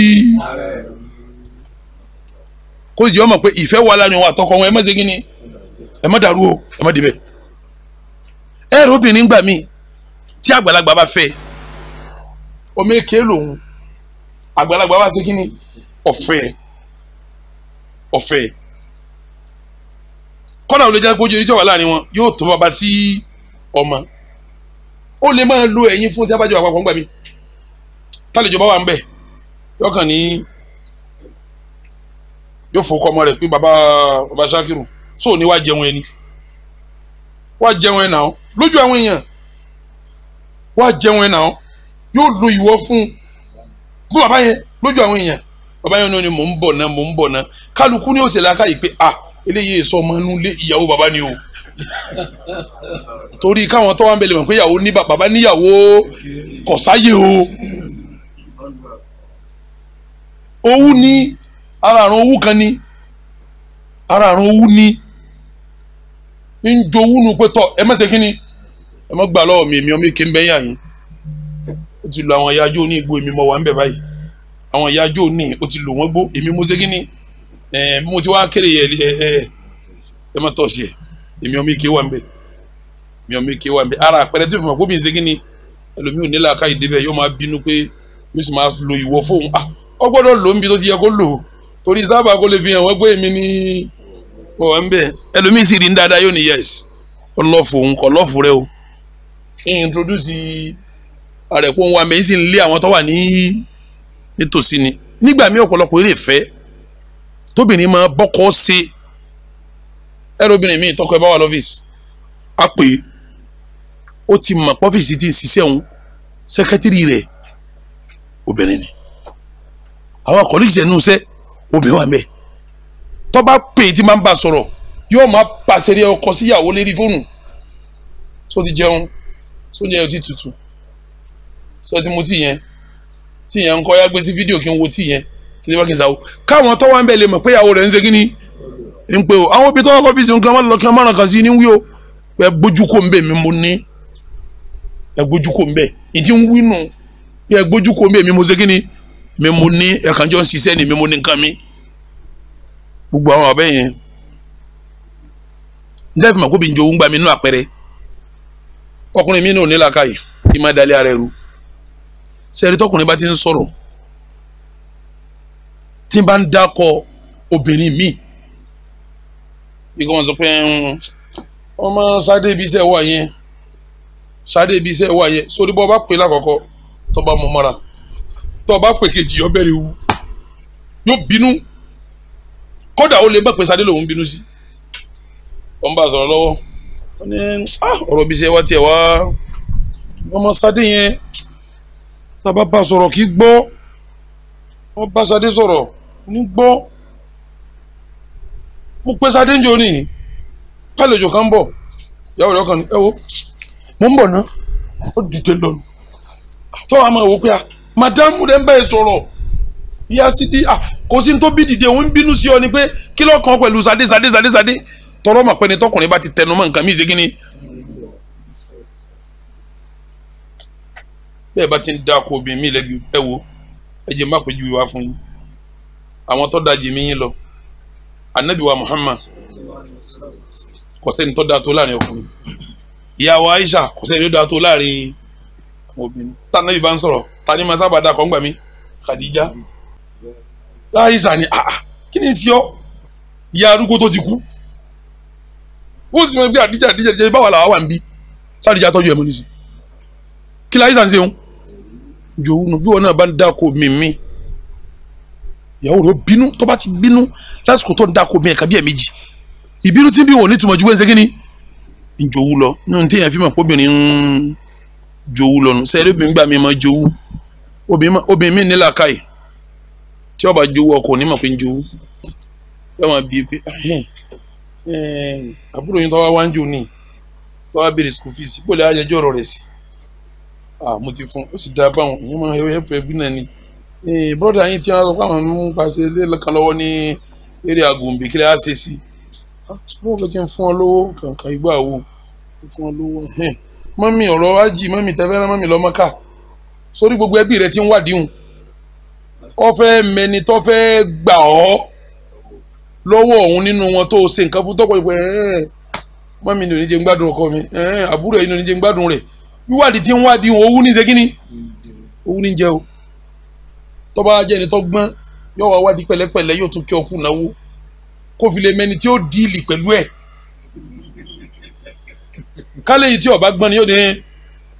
kó sì jẹ́ ọmọ pé ìfẹ́ wà lánàá wà tọkọ wọn ẹ má ṣe kí ni ẹ má dàrú o ẹ má dìbẹ̀ ẹ rẹ obìnrin gbà mí tí àgbàlagbà bá fẹ́ ọmọ èké lòun àgbàlagbà bá ṣe kí ni ọ̀fẹ́ ọ̀fẹ́ kọ́nà ò lè jẹ́ kójú oríṣi ọ̀wà láàrin wọn yóò tó bàbá sí ọmọ ó lè máa lo ẹ̀yin fún tí a bá jọ àpapọ̀ ńgbà mi tálejò bá wà ń bẹ̀ yọkàn ní yóò fowó kọ́ ọmọ rẹ̀ pé bàbá bàbá Ṣakiru sóò ní wá jẹun ẹni wá jẹun ẹ̀ nà lójú àwọn èèyàn wá jẹun ẹ̀ nà yóò lo ìwọ fún fún bàbá yẹn lójú àwọn èèyàn bàbá yẹn ní mò ń bọ̀ ná mò ń bọ̀ ná kálukú ni ó ṣe làákàyè pé ah eléyìí sọ ọmọ inú lé ìyàwó bàbá ni o torí káwọn tó wà ń bẹ̀lẹ̀ mọ̀ pé ìyàwó ní bàbá níyàwó kò sáyé o owú ní ara àrùn owú kan ní ara àrùn owú ní ń jowú nu pé tọ ẹ mẹ́sẹ̀ kí ni ẹ mọ́ gbà lọ́wọ́ mi èmi ọmọ èké ń bẹ́ yà yín ó ti lo àwọn ìyájọ́ ní igbó èmi mọ̀ wà ń bẹ̀ báyìí àwọn ìyájọ́ ní ó ti lò wọ́n gbó èmi mo ṣe kí ni ẹ eh, mo ti wá kéré yẹ ẹ eh, eh, ẹ má tọ́ sí ẹ èmi ọmọ ike wà ń èmi ọmọ ike wà ń ara àpẹẹrẹ tó fi mọ̀ gómìn ṣe kíni ẹlòmíì ò ní làákà yìí débẹ̀ yóò máa bínú pé yóò sì máa lo ìwọ fóun ah ọ gbọ́dọ̀ lò ń bi tó ti yẹ kó lò torí sábà kó lè fi hàn wọ́n pé èmi ni ọ̀ ń bẹ ẹlòmíì sì rí ń dáadáa yóò ní yes ọlọ́fù òun kọ́ lọ́fù rẹ o introduce àrẹ̀pọ̀ wa mẹ́yìn sì ń lé àwọn tó wà ní nítòsí ni nígbà míì ọ̀pọ̀lọpọ̀ eré tóbìnrin máa bọ́kọ́ ṣe ẹ̀rọ obìnrin míì tọkọ ẹ̀ bá wà lọ́fíìsì á pè é ó ti mọ̀ pọ́fíìsì ti ń ṣiṣẹ́ òun sẹ́kẹ́tìrì rẹ̀ obìnrin ni àwọn kọ́líṣẹ̀ nù sẹ́ obìnrin wà mẹ́ tó bá pè é tí máa ń bá sọ̀rọ̀ yóò máa pàṣẹ rẹ ọkọ síyàwó lérí fóònù tó ti jẹun tó jẹ ọtí tútù sọ ti mu tí yẹn tí yẹn ń kọ́ yá gbé sí fídíò kí n wo tí yẹn kí ló bá kí n sàwó káwọn tó wà ń bẹ̀ lè mọ̀ pé ìyàwó rẹ̀ ń ṣe kíni ń pe o àwọn òbí tó wà lọ́fíìsì nǹkan wọn lọ kí wọn mọ̀ràn kan sí ní wí o ẹ gbójú kò ń bẹ̀ mi mo ní ẹ gbójú kò ń bẹ̀ ìdí ń wí nù ẹ gbójú kò ń bẹ̀ mi mo ṣe kíni mi mo ní ẹ̀kan jọ ń ṣiṣẹ́ ni mi mo ní nǹkan mi gbogbo àwọn àbẹ́ yẹn ndẹ́fì mọ̀ kó bí njó ń gbà mí nínú àpẹẹrẹ ọkùnrin mi ní làákàyè kí má dalẹ́ tí n bá ń dákọ obìnrin mi bí kò wọ́n sọ pé hmm, ọmọ sáde ibi iṣẹ́ wà yẹn sáde ibi iṣẹ́ wà yẹn sórí bọ́ ọ bá pè lákọ̀ọ́kọ́ tó bá mọ mọ́ra tó o bá pè kejì yọ bẹ̀rẹ̀ wu yóò bínú kódà ó lè má pè sáde lòun bínú sí wọ́n bá sọ̀rọ̀ lọ́wọ́ wọ́n ní ah, ọ̀rọ̀ ibi iṣẹ́ wa tiẹ̀ wá ọmọ sáde yẹn tá a bá bá sọ̀rọ̀ kí gbọ́ wọ́n bá sáde sọ̀rọ̀ nígbó mo pé sáde ń jò ní kálejò kan ń bọ̀ ìyàwó rẹ̀ ọkàn ní ẹ wo mo ń bọ̀ ná ó dìde lọ tó wàá máa wò pé a madamu rẹ̀ ń bẹ́ẹ̀ sọ̀rọ̀ ìyá sídìí à kò sí ní tó bí dìde òun bínú sí ọ ni pé kí lọ́kàn pẹ̀lú sáde sáde sáde sáde tọrọ mà pé ni tọkùnrin bá ti tẹnu mọ́ nǹkan mí ìṣe kínní bẹ́ẹ̀ bá ti ń dáko obìnrin mi lẹ́gbẹ̀ẹ́ wo ẹ jẹ́ má pé ju ìwà fún yín àwọn tó da jìmí yín lọ anabi muhammad kò sẹ́ni tó da tó láàrin ọkùnrin ìyàwó aisha kò sẹ́ni tó da tó láàrin àwọn obìnrin tá anabi bá ń sọ̀rọ̀ ta ni masa bàdà kọ́ ń gbà mí khadija aisha ni ah, ah kí ni sí ọ ìyá arúgbó tó ti kú wọ́n sì máa gbé àdíjà àdíjà àdíjà báwa làwa wà ń bí sádìjà tọ́jú ẹ̀ mọ́ nísìnyí kí la aisha ń ṣe òun jòwú bí wọn náà bá ń dáko mímí ìyàwó rẹ ó bínú tó bá ti bínú lásìkò tó ń dáko bí ẹ̀ka bí ẹ̀ méjì ìbínú tí ń bí wò ní tùmọ̀ ju wẹ́nsẹ́ kínní ìjòwú lọ nínú tí èèyàn fi mọ̀ obìnrin ń jowú lọ nù sẹ́yìn obìnrin gbà mí mọ̀ jowú obìnrin mi nílà káyì tí ọba jowú ọkọ onímọ̀ pé ń jowú ẹ máa bí pé ah, hmm. àbúrò yín tọ́wá wá ń jò ní tọ́wá béèrè school fees bó lè ajẹjọ́ ọ̀rọ̀ rẹ̀ sí ah, mo ti fún ó sì dá báwọn ìyẹn máa ń hẹ́pẹ́ ni. Eh, broda yín tí wọ́n sọ pé àwọn ń pàṣẹ ilé kan lọ́wọ́ ní eré agùnbí kílẹ̀ àṣẹṣì wọ́n fẹ́ kí n fún ọ lówó kankan igbá wo fún ọ lówó mọ́mí ọ̀rọ̀ ajì mọ́mí tẹ́fẹ́ rán mọ́mí lọ́mọ́ká sórí gbogbo ẹbí rẹ ti ń wádìí wọn fẹ́ mẹni tó fẹ́ gbà ọ́ lọ́wọ́ ọ̀hún nínú wọn tó ṣe nǹkan fún tọ́pọ̀ ìpẹ́ ẹ̀ mọ́mí ni oníjẹ ń gbádùn ọkọ mi àbúrò yìí ni oníjẹ ń gbádùn rẹ̀ wíwádìí ti ń wádìí òun ní ṣe kínní òun ní jẹ́ o tó bá jẹ́ ẹni tó gbọ́n yóò wá wádìí pẹ̀lẹ́pẹ̀lẹ́ yóò tún kí ọkù náwó kó fi lè mẹni tí ó díìlì pẹ̀lú ẹ̀ kálẹ̀ yìí tí ọba gbọ́n ni yóò ní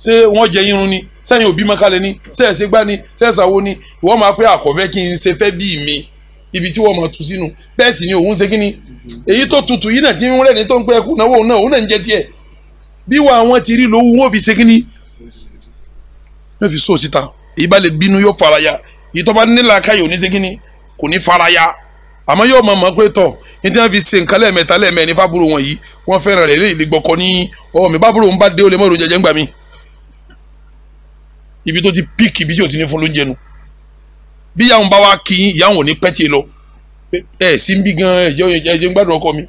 ṣé wọ́n jẹ irun ni sẹ́yìn òbí mọ́kálẹ̀ ni sẹ́yìn ṣègbà ni sẹ́yìn ṣàwo ni ìwọ́n máa pé àkọ́fẹ́ kí n ṣe fẹ́ bíi mi ibi tí wọ́n máa tu sínú bẹ́ẹ̀ sì ni òun ṣe kí ni èyí tó tutù yìí náà ti ń rẹ̀ ní tó ń pẹ́ ẹkú náwó náà òun náà ń jẹ tiẹ̀ bí wà àwọn ti rí lówó wọ́n fi ṣe kí ni fi sóò síta èyí bá lè bínú yóò fara ya ìtọ́ba nílà káyọ̀ ní sẹ́kínní kò ní faraya àmọ́ yóò mọ̀ mọ́ pé tọ̀ ní tí wọ́n fi ṣe nǹkan lẹ́ẹ̀mẹ́ta lẹ́ẹ̀mẹ́rin fábúrò wọn yìí wọ́n fẹ́ràn rẹ̀ léyìí lè gbọ́kọ ní ọwọ́ mi fábúrò ń bá dé ó lè mọ̀rọ̀ jẹjẹ ńgbà mi ibi tó ti píìkì ibi tí ò ti ní fún lóúnjẹ nu bí yàwùn bá wa kí yàwùn ò ní pẹ́ tiẹ̀ lọ ẹ sí ń bí gan ẹ̀jẹ̀ ẹ̀jẹ̀ ń gbádùn ọkọ mi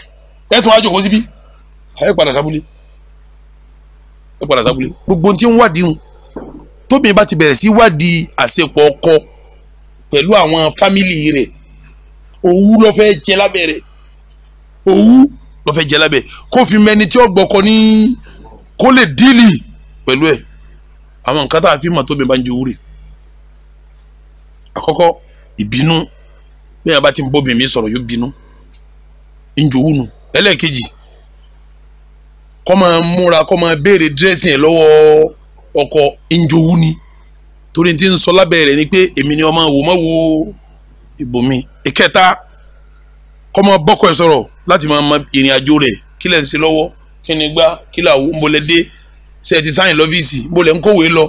ẹ tún wájú kó síbí ẹ padà sábúlé ẹ padà sábúlé gbogbo tí ń wádìí tóbi bá ti bẹ̀rẹ̀ sí wádìí àṣepọ̀ ọkọ pẹ̀lú àwọn fámìlì rẹ̀ òwú ló fẹ́ jẹ lábẹ́ rẹ̀ òwú ló fẹ́ jẹ lábẹ́ kó fi mẹni tí ó gbọ́kọ ní kó lè díìlì pẹ̀lú ẹ̀ àwọn nǹkan tá a fi mọ̀ tóbi bá ń jẹ òwúrẹ̀ àkọ́kọ́ ìbínú bí wọn bá ti ń bọ́ bìnrin sọ̀rọ̀ yóò bínú ń jẹ òwú ẹlẹ́ẹ̀kejì kó máa múra kó máa béèrè dírẹ́sì ẹ̀ lọ́wọ́ ọkọ ń jẹ òwú torí ti ń sọ lábẹ́ rẹ̀ ni pé èmi ni ọmọ wò mọ́ wo ìbomi ìkẹta kọ́ máa bọ́kọ̀ ẹ̀ sọ̀rọ̀ láti máa mọ ìrìn àjò rẹ̀ kí lẹ̀ ń ṣe lọ́wọ́ kí ni gbá kí làwọ̀ ń bolẹ̀ dé ṣe ti sáyìn lọ́fíìsì ń bolẹ̀ ń kówé lọ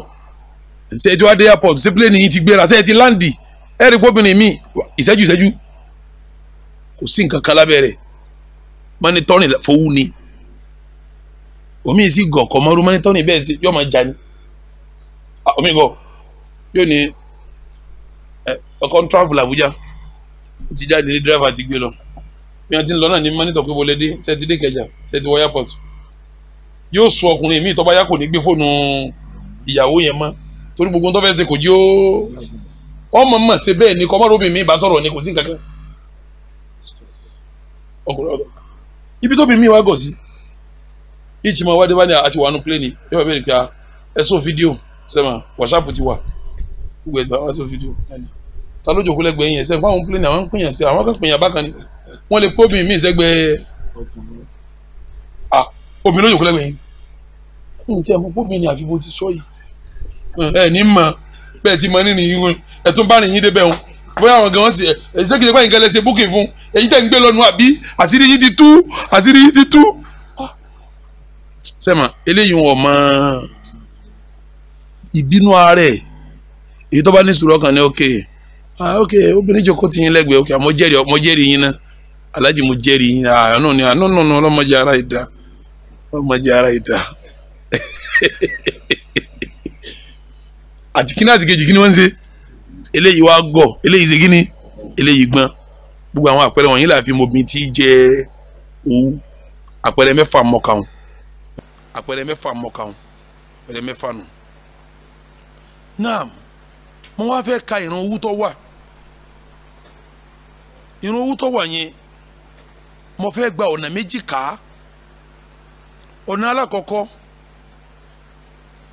ṣe ti wá dé airport ṣe plane yìí ti gbéra ṣe ti láǹdì ẹ̀rí pọ́bìnrin mi ìṣẹ́jú ìṣẹ́jú kò sí nǹkan kan lábẹ́ rẹ̀ mọ́nítọ́rìn fowú ni omi ìsì gọ̀ọ̀kọ̀ mọ́rú mọ́nítọ́rìn bẹ́ẹ̀ yọ̀ọ́ máa yóò ní ọkọ̀ ń travel Àbújá ó ti jáde ní dírẹ́fà ti gbé lọ bí wọ́n ti ń lọ náà ní mọ́nítọ̀ pé wọlé dé sẹ́ẹ̀tì dé kẹjà sẹ́ẹ̀tì wọ airport yóò sọ ọkùnrin míì tọ́ba yá kò ní gbé fóònù ìyàwó yẹn mọ́ torí gbogbo tó ṣe kò jí ó ọmọ mọ̀ ṣe bẹ́ẹ̀ ni kọ́mọ́rọ́bìn mi bá sọ̀rọ̀ ni kò sí nǹkan kan ọkùnrin ọ̀dọ̀ ibi tóbi mi wá gọ̀ sí ìtìmọ̀ wádìí wá ní àti wàánu pléènì ẹ bá bẹ́ẹ̀ ni pé ẹ sọ fídíò sẹ́mà wàsápù ti wà gbogbo ẹ̀dá wá sí fídíò ẹni ta ló jòkó lẹ́gbẹ̀ẹ́ yẹn sẹ́yìn fáwọn pílẹ̀nì àwọn pèèyàn sí àwọn akẹ́kọ̀ọ́ yẹn bákan ni wọ́n lè kó obìnrin míì sẹ́gbẹ̀ẹ́ ah obìnrin ló jòkó lẹ́gbẹ̀ẹ́ yẹn ní tí ẹ mọ obìnrin àfi bó ti sọ yìí ẹ ní mọ bẹ́ẹ̀ ti mọ nínú yìí wọn ẹ tún bá rìn yín débẹ̀ wọn bóyá àwọn gan ṣe ẹ ṣé kìí pàyín kẹlẹ ṣe búkì fún èyí tẹ̀ ń gbé lọ́nu àbí àṣírí yìí ti tú àṣírí yìí ti tú sẹ́mà ah. eléyìí wọ̀ mọ́ ìbínú ara ẹ̀ èyí tó bá ní sùúrù ọkàn ni ok ah ok obìnrin jókòó ti yín lẹ́gbẹ̀ẹ́ ok mo jẹ́rìí mo jẹ́rìí yín náà alájì mo jẹ́rìí yín ah nù ni ah nù nù nù ọlọ́mọdé ara yìí dá ọlọ́mọdé ara yìí dá àti kíní àti kejì kíní wọ́n ń ṣe eléyìí wá gọ̀ eléyìí ṣe kíní eléyìí gbọ́n gbogbo àwọn àpẹẹrẹ wọ̀nyí là fi mobin tí jẹ owó àpẹẹrẹ mẹ́fà mọ́ka àpẹẹrẹ mẹ́fà mọ́ka àpẹẹrẹ mẹ́fà nù. naam mo wá ka iran owó wa wà ìran owó tó wà yẹn mo fẹ́ gba ọ̀nà méjì ká ọ̀nà alákọ̀ọ́kọ́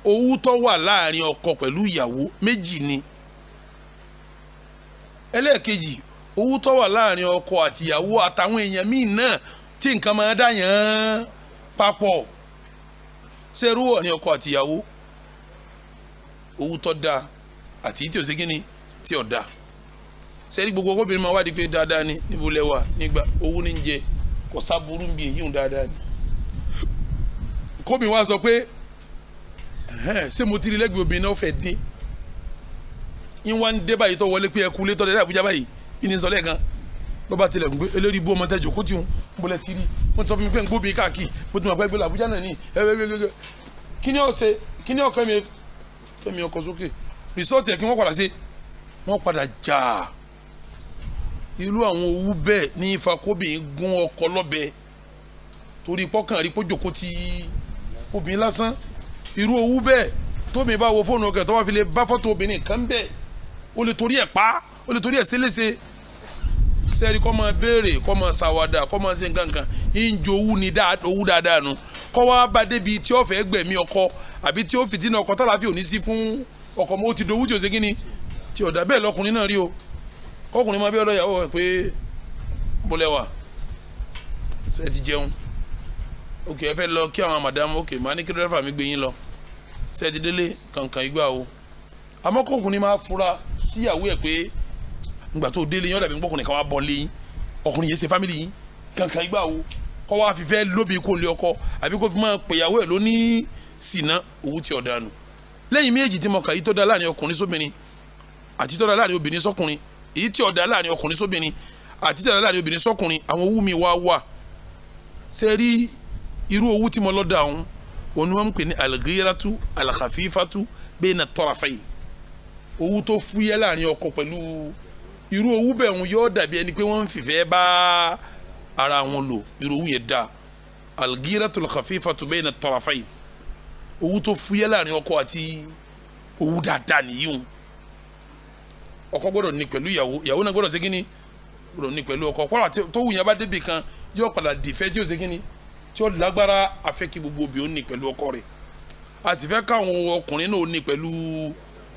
owó wà láàrin ọkọ pẹ̀lú ìyàwó méjì ni ẹlẹ́ẹ̀kejì owó tó wà láàrin ọkọ àtìyàwó àtàwọn èèyàn míì náà tí nǹkan máa dá yàn papọ̀ ṣerú ọ̀ ní ọkọ àtìyàwó owó da. àti tí ò ṣe kíni tí ò da sẹ́rí gbogbo obìnrin máa wádìí pé dáadáa ni níbo lẹ́wà nígbà owó ní jẹ kò sábúrú ń bi èyí ń dáadáa ni kóbìnrin wa sọ pé ṣé mo ti rí lẹ́gbẹ̀ẹ́ obìnrin náà fẹ́ dín yín wá ń dé báyìí tó wọlé pé ẹkú létọ́ dẹ́rẹ́ Àbújá báyìí yín ní sọ lẹ́ẹ̀kan lọ́ba tilẹ̀ ń gbé eléyìí bú ọmọ tẹ́jọ́ kó tiwọn bọ́lẹ̀ ti rí wọ́n ti sọ fún mi pé ń gbóbi káàkiri bó ti mọ̀ pé gbé Àbújá náà ní kíni ọ̀sẹ̀ kíni ọ̀kẹ́ mi ọkọ̀ sókè rìsọ́ọ̀tì ẹ̀ kí wọ́n padà ṣe wọ́n padà jà irú àwọn owó bẹ́ẹ̀ ní ifakóbìnrin gún ọkọ lọ́bẹ torí pọ́kàn rí pójòkó ti obìnrin lásán irú owó bẹ́ẹ̀ tómi bá wo fóònù ọkẹ tó bá fi lè bá fọ́tò obìnrin kan bẹ́ẹ̀ o lè torí ẹ̀ pa o lè torí ẹ̀ ṣeléṣe sẹ́ẹ̀rí kọ́ máa béèrè kọ́ máa ṣàwádà kọ́ máa ṣe nǹkan ìjọ owó ni owó dáadáa nu kọ́ wá bá débi tí ó fẹ́ gbẹ̀mí ọkọ àbí tí ó fìdí ọkọ tálàfíà ò ní sí fún ọkọ mo ti dowú jòsè kí ni tí ọ̀dà bẹ́ẹ̀ lọkùnrin náà rí o kọkùnrin máa bí ọ̀dọ̀ ìyàwó ẹ̀ pé bọ́lẹ́wà ṣe ti jẹun ok ẹ fẹ́ lọ kí àwọn madam ok màá ní kí dẹ́rẹ́fà mi gbé yín lọ ṣe ti délé kankan ìgbà o àmọ́ kọkùnrin máa fura síyàwó ẹ̀ pé ngbà tó délé yín ọ̀dà bí gbọ́kùnrin kan wá bọ́ lé yín ọkùnrin yẹn ṣe fámìlì yín kankan ìgbà o kọ́ wá fífẹ́ lóbi kó lé ọkọ àbí kó fi máa pèyàwó ẹ̀ lóní sìnà òwú ti ọ̀dà nù lẹ́yìn méjì tí mo kà yìí tó da láàrin ọkùnrin sóbìnrin àti tó da láàrin obìnrin sọkùnrin èyí tí ó da láàrin ọkùnrin sóbìnrin àti tó da láàrin obìnrin sọkùnrin àwọn owó mi wá wà ṣe rí irú owó tí mo lọ da òun òun ni wọ́n ń pè ní alghiratu alkhafifatu bayna tarafayn owó tó fúyẹ́ láàrin ọkọ pẹ̀lú irú owó bẹ́ẹ̀ òun yóò dàbí ẹni pé wọ́n ń fìfẹ́ bá ara wọn lò irú owó yẹn da alghiratu alkhafifatu bayna tarafayn owú tó fúyẹ́ láàrin ọkọ àti owú dáadáa nìyí o ọkọ gbọ́dọ̀ ní pẹ̀lú ìyàwó ìyàwó náà gbọ́dọ̀ ṣe kíni gbọ́dọ̀ ní pẹ̀lú ọkọ pọ́nrọ́ tó wù yẹn bá débi kan yóò padà dìfẹ́ tí ó ṣe kíni tí ó lágbára afẹ́ kí gbogbo obìnrin ní pẹ̀lú ọkọ rẹ̀ a sì fẹ́ káwọn ọkùnrin náà ní pẹ̀lú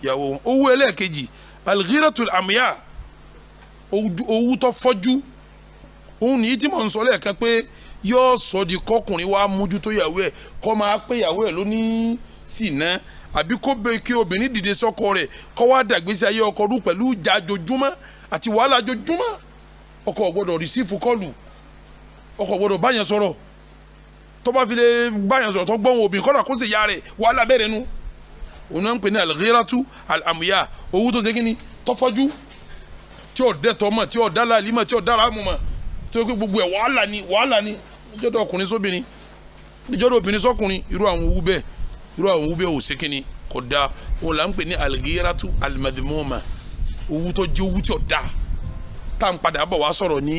ìyàwó wọn owó ẹlẹ́ẹ̀kejì alghiratul amya owú tó fọ́jú òun nìyí tí mò ń pé yóò sọ di kọkùnrin wa mójútó ìyàwó ẹ̀ kọ́ máa pé ìyàwó ẹ̀ ló ní sìnà àbí kó bẹ kí obìnrin dìde sọ́kọ rẹ̀ kọ́ wá dàgbésí ayé ọkọ rú pẹ̀lú ìjà jojúmọ́ àti wàhálà jojúmọ́ ọkọ gbọ́dọ̀ rìsífù kọlù ọkọ gbọ́dọ̀ báyẹn sọ̀rọ̀ tó bá fi báyẹn sọ̀rọ̀ tó gbọ́n obìnrin kọ́dà kó sì ya rẹ̀ wàhálà bẹ̀rẹ̀ nu òun náà ń pè ní alghiratu alamuya owó tó ṣe kí ni tọ́fọ́jú tí ò dẹ́tọ̀ mọ̀ tí ò dá láàlí mọ̀ tí ò dára mọ̀ tí ó gbé gbogbo ẹ̀ wàhálà ni wàhálà ni níjọ́ tó ọkùnrin sóbìnrin níjọ́ tó obìnrin sọkùnrin irú àwọn owó bẹ́ẹ̀ irú àwọn owó bẹ́ẹ̀ ò ṣe kínní kò dáa òun là ń pè ní algiratu alimadimoma owó tó jẹ́ owó tí ò dáa tá à ń padà bọ̀ wá sọ̀rọ̀ ní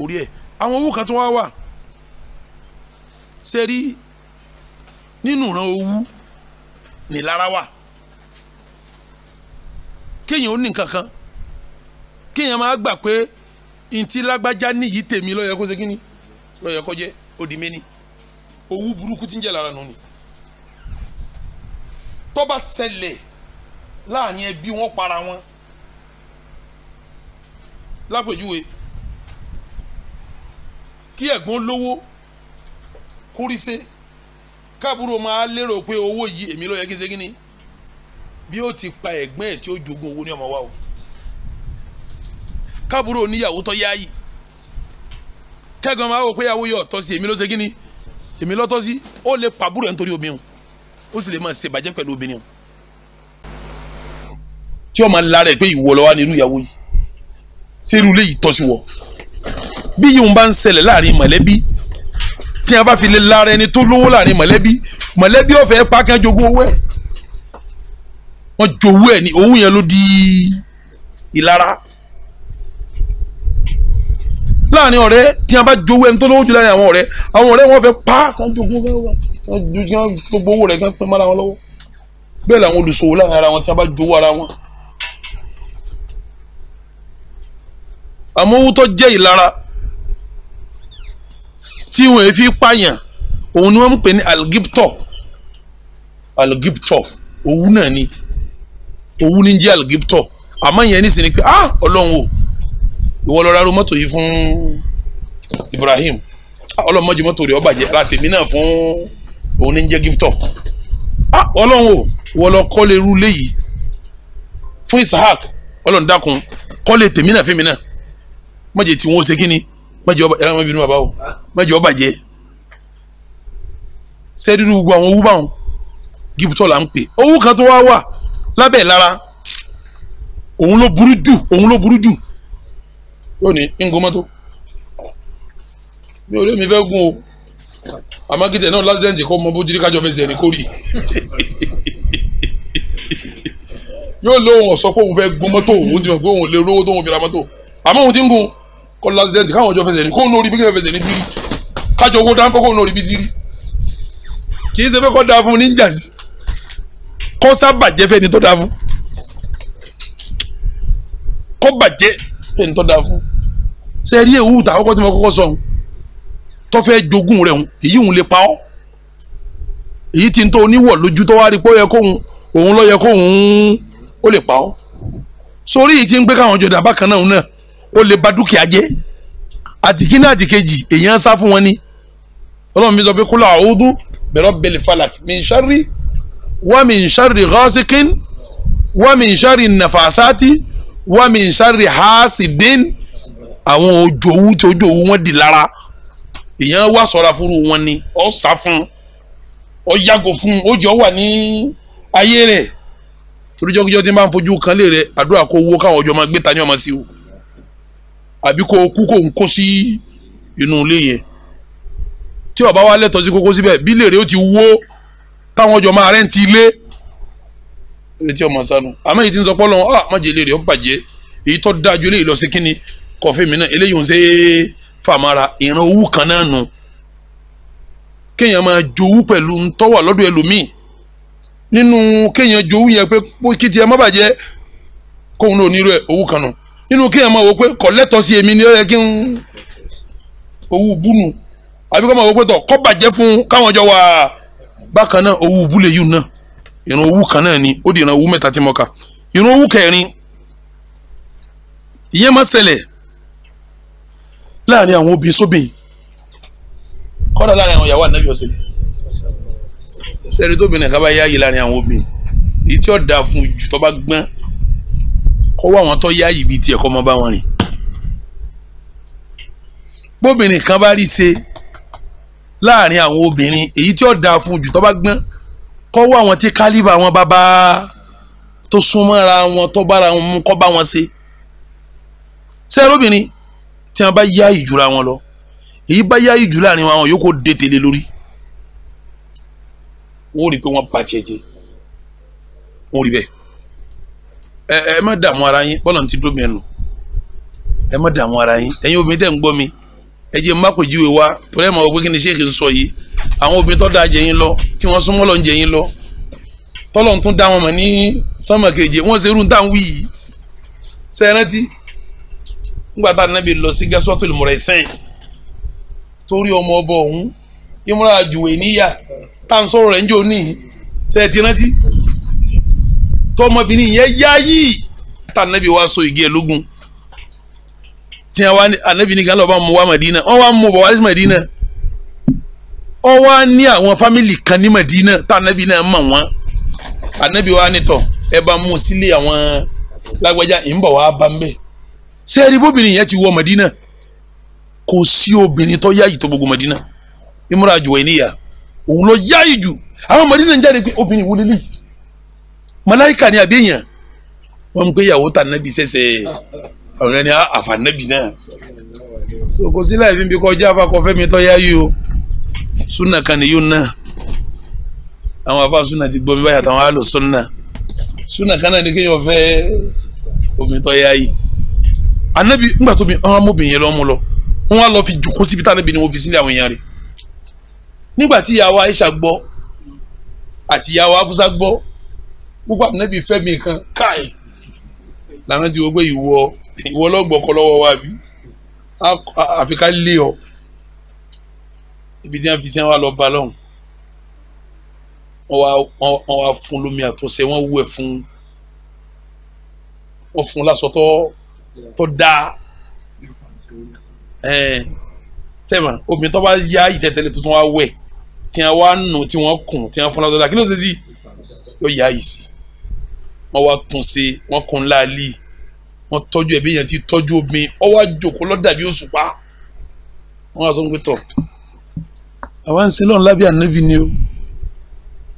orí ẹ̀ àwọn owó kan tó wá wà ṣe rí nínú ìran owó nílára wà kéèyàn ó ní nǹkan kéèyàn máa gbà pé ntí lágbájá níyì tèmi ló kó ṣe kí ni ló yẹ kó jẹ́ odi méní owó burúkú ti ń jẹ́ lára nù ni tó bá ṣẹlẹ̀ láàrin ẹbí wọn para wọn lápèjúwe kí ẹ̀gbọ́n lówó kúrísé káàbúrò máa lérò pé owó yìí èmi ló yẹ kí n ṣe kí ni bí ó ti pa ẹ̀gbọ́n ẹ̀ tí ó jogún owó ní ọmọ wa o káàbúrò níyàwó tó yá kẹ́gàn máa wò pé ìyàwó yọ ọ̀tọ́ sí èmi ló ṣe kí ni èmi lọ́tọ́ sí ó lè pàbúrò ẹ̀ nítorí obìnrin ó sì lè máa ṣe bàjẹ́ pẹ̀lú obìnrin tí ó máa ń lára ẹ̀ pé ìwọ lọ́wọ́ nínú ìyàwó yìí ṣé irú ilé yìí tọ́ sí wọ bí yìí ń bá ń ṣẹlẹ̀ láàrin mọ̀lẹ́bí tí a bá fi lè lára ẹni tó lówó láàrin mọ̀lẹ́bí mọ̀lẹ́bí ọ̀fẹ́ pákẹ́ jogún owó ẹ̀ wọ́n jowó ẹ̀ ní owó yẹn ló di ìlara láàrin ọ̀rẹ́ tí a bá jowó ẹni tó lówó jù láàrin àwọn ọ̀rẹ́ àwọn ọ̀rẹ́ wọn fẹ́ pa gbogbo owó rẹ̀ pẹ́ mọ́ra wọn lọ́wọ́ bẹ́ẹ̀ làwọn olùṣòwò láàrin ara wọn tí a bá jowó ara wọn. àmọ́ owó tó jẹ́ ìlara tí wọ́n fi pààyàn òun ni wọ́n ń pè ní algipto algipto òwú náà ni òwú ni jẹ́ algipto àmọ́ ìyẹn ní pé ah ọlọ́run o ìwọ lọ rárú mọ́tò yìí fún Ibrahim ah, ọlọ́mọdé mọ́tò rẹ̀ ó bàjẹ́ ara tèmi náà fún òun ní jẹ́ gíptọ̀ ah, ọlọ́run o ìwọ lọ kọ́lé irú léyìí fún Isahak ọlọ́run dákun kọ́lé tèmi náà fún mi náà mọ̀jẹ̀ tí wọ́n ṣe kí ni mọ̀jẹ̀ ọba ẹ̀rọ ọmọbìnrin bàbá o mọ̀jẹ̀ ọba jẹ́ sẹ́dúdú gbogbo àwọn owó báwọn gíptọ̀ là ń pè owó kan tó wá wà lábẹ́ ìlara òun ló burú jù òun ló burú jù yóò ní ngo mọ́tò mi ò lè mi fẹ́ gun o amákìtẹ̀ náà lásìdẹ̀ǹtì kọ́ mọ bó jírí kájọ fẹsẹ̀ ní kórì yóò lóhùn ọ̀sọ́ pé òun fẹ́ gun mọ́tò òun ti mọ̀ pé òun lè rówó tó òun fi ra mọ́tò àmọ́ òun ti ń gun kọ́ lásìdẹ̀ǹtì káwọn ọjọ́ fẹsẹ̀ ní kó nórí bí kẹ́fẹ́ fẹsẹ̀ ní dírí kájọ owó dáńpẹ́ kó nórí bí dírí kì í ṣe pé kó dáa fún ní jà sí fẹ́ni tó dáa fún kó bàjẹ́ ẹni tó da fún ṣe rí ewu ta àkọ́kọ́ tí mo kọ́kọ́ sọ tó fẹ́ jogún rẹ̀ èyí òun lè pa ọ́ èyí tí n tó oníwọ̀ lójú tó wá rí pé ó yẹ kóhun òun ló yẹ kóhun ó lè pa ọ́ sórí yìí ti ń pé káwọn jọ̀dá bákan náà náà ó lè ba dúkìá jẹ́ àtìkíní àtìkejì èèyàn sá fún wọn ni ọlọ́run mi sọ pé kúlọ̀ àwùdú bẹ̀rọ̀ bẹ̀lẹ̀ falak min sharri wa min sharri ghasikin wa min sharri nafathati wa min sharri hasidin àwọn òjòwú tí òjòwú wọn di lára èèyàn wà sọ̀rọ̀ àfúrú wọn ni ọ sá fún ọ yàgò fún ó jọ wà ní ayé rẹ̀ torí jọ́kíjọ́ tí n bá ń fojú kan lè rẹ àdúrà kó owó káwọn ọjọ́ máa gbé ta ní ọmọ sí o àbí kó kú kó ń kó sí inú ilé yẹn tí ọba wa lẹ́tọ̀ọ́ sí kókó síbẹ̀ bí lèrè ó ti wó táwọn ọjọ́ máa rẹ́ǹtì ilé retí ọmọ sanu àmọ́ èyí tí ń sọ pọ́ lọ́wọ́ ah májèlé rẹ̀ ó bàjẹ́ èyí tó dáa ju eléyìí lọ sí kínní kọfí mi náà eléyìí ń ṣe fàmàrà ìran owó kan náà nù kéèyàn máa jowú pẹ̀lú ntọ́wà lọ́dọ̀ ẹlòmíì nínú kéèyàn jowú yẹn pé kí tiẹ̀ má bàjẹ́ kóun náà onírú ẹ̀ owó kan nù nínú kéèyàn máa wò pé kọ̀lẹ́tọ̀ sí èmi ni ó yẹ kí n owó búnu àbíkọ́ máa wò pé tọ̀ kọ́ bàjẹ́ fún káwọn jọ wà bákan náà owó búlẹ̀ yìí náà ìrun owú kan náà ni ó di ìrun owú mẹ́ta tí mo kà ìrun owú kẹrin ìyẹn máa ṣẹlẹ̀ láàrin àwọn obìnrin sóbìn kọ́dà láàrin àwọn ìyàwó ànábì ọ̀sẹ̀ sẹ́ni tóbi nìkan bá yáàyè láàrin àwọn obìnrin èyí tí ó dáa fún jù tó bá gbọ́n kó wá àwọn tó yáàyè bíi tiẹ̀ kó má bá wọn rìn bóbìnrin kan bá rí ṣe láàrin àwọn obìnrin èyí tí ó dáa fún jù tó bá gbọ́n kọ́wọ́ àwọn tí kálíbà àwọn bàbá tó súnmọ́ra wọn tó bára wọn mú kọ́ bá wọn ṣe sẹ́rọ́bìnrin tí wọ́n bá yá ìjùra wọn lọ èyí bá yá ìjù láàrin wọn àwọn yòókù dètèlé lórí wọ́n rí i pé wọ́n bá tiẹ̀ jẹ́ wọ́n rí bẹ́ẹ̀ ẹ ẹ má dààmú ara yín bọ́lá ti dómi ẹnu ẹ má dààmú ara yín ẹ̀yin obìnrin tẹ̀ ń gbọ́ mi ẹ jẹ́ mákòjúwe wa pẹ̀lẹ́mọ̀ ọ̀gbẹ́ kí ni sheikh ń sọ yìí àwọn obìnrin tó dáa jẹ yín lọ tí wọ́n súnmọ́ lọ ń jẹ yín lọ tọ́lọ̀ tún dá wọn mọ̀ ní sánmà keje wọ́n ṣe irú ń dáhùn wíyì ṣe rántí ńgbà tá nàbí lọ sí gasuwatul muraisin torí ọmọ ọbọ ọ̀hún ìmúra àjùwé níyà tá à ń rẹ̀ ń jò ní ṣe ti rántí tọmọbìnrin yẹn yáyì tá nàbí wa so ìgé lógún tí wọn wá anabi nìkan lọ́ọ́ bá mú wá Madina wọn wá mú bọ̀ wá Madina wọn wá ní àwọn fámìlì kan ní Madina tá anabi náà mọ̀ wọn anabi wa ni tọ̀ ẹ bá mú sílé àwọn lágbájá ń bọ̀ wá bá ń bẹ̀ sẹ́ẹ̀rì bóbìnrin ti wọ Madina kò sí obìnrin tó yáyì tó gbogbo Madina Imra Juwainiya òun ló yáyì jù àwọn Madina ń jáde pé obìnrin wọlé lè màláíkà ni àbí èèyàn wọn ń gbéyàwó tà nábì sẹ́sẹ́ ọ̀rẹ́ ni àfànẹ́bì náà so kò sí láì fi bí kọjá afakọ̀fẹ́ mi tọ́ yá yìí o súnà kan nìyí náà àwọn afa súnà ti gbọ́ mi báyà táwọn àlò súnà súnà kan náà ni kéèyàn fẹ́ omi tọ́ yá yìí anabi ńgbà tó mi ọmọ obìnrin yẹn mú lọ wọn lọ fi jòkó síbi tá ni wọn fi sílẹ̀ àwọn èèyàn rẹ̀ nígbà tí ìyàwó Aisha gbọ́ àti ìyàwó Afusa gbọ́ púpọ̀ anabi fẹ́ kan káì làwọn ti wọ́n ìwọ ìwọ lọ́gbọ̀n kọ́ lọ́wọ́ wa bí àfi ká lé ọ ibi tí wọ́n fi sẹ́wọ́n lọ bá lọ́hùn wọ́n wá fún lómi àtọ́sẹ wọ́n wú ẹ̀ fún wọ́n fún lásọ tó tó dáa sẹ́mà obìnrin tó bá yá ìtẹ̀tẹ̀lẹ̀ tuntun wá wẹ̀ tí wọ́n wá nù tí wọ́n kùn tí wọ́n fún lásọ kí ló ṣe sí yóò yá yìí sí wọ́n wá tún ṣe wọ́n kùn láàlì yìí wọ́n tọ́jú ẹbí yẹn ti tọ́jú omi ọwọ́ àjòkó lọ́dàbí òṣùpá wọ́n á sọ pé tọ̀ àwa ń ṣe lọ́run lábẹ́ ànábì ni o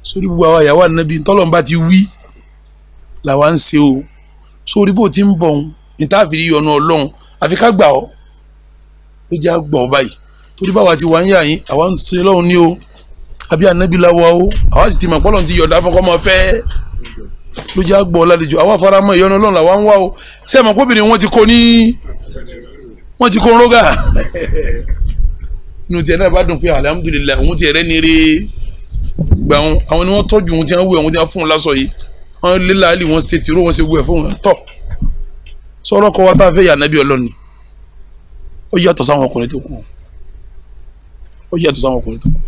sórí gbogbo àwa ìyàwó ànábì tọ́lọ́run bá ti wí làwa ń ṣe o sórí bó ti ń bọ̀ ń níta fi yọnu ọlọ́run àfi ká gbà ọ́ ó jẹ́ àgbà ọ́ báyìí torí báwa ti wá ń yà yín àwa ń ṣe lọ́run ni o àbí ànábì la wa o àwa sì ti mọ̀ pọ́lọ́run ti yọ̀dá fọ́kọ́ mọ́ fẹ́ẹ́ ló jẹ́ àgbọ̀ ọ̀làdìjọ àwa faramọ́ ìyọnu ọlọ́run làwa ń wá o sẹ́mi kóbìnrin wọn ti kó ní wọn ti kó rógà inú tiẹ̀ náà bá dùn pé alhamdulilayi òun tiẹ̀ rẹ́ ní rí gbà wọn àwọn ni wọ́n tọ́jú òun tí wọ́n wé òun tí wọ́n fún un lásọ yìí wọ́n lé láàlì wọ́n ṣe tìró wọ́n ṣe wú ẹ̀ fún un tọ̀ sọ̀rọ̀ kọ́ wa tá a fẹ́ yà nábì ọlọ́ni ó yàtọ̀ sáwọn ọkùnrin tó kù ó yàtọ̀ sáwọn ọkùnrin tó kù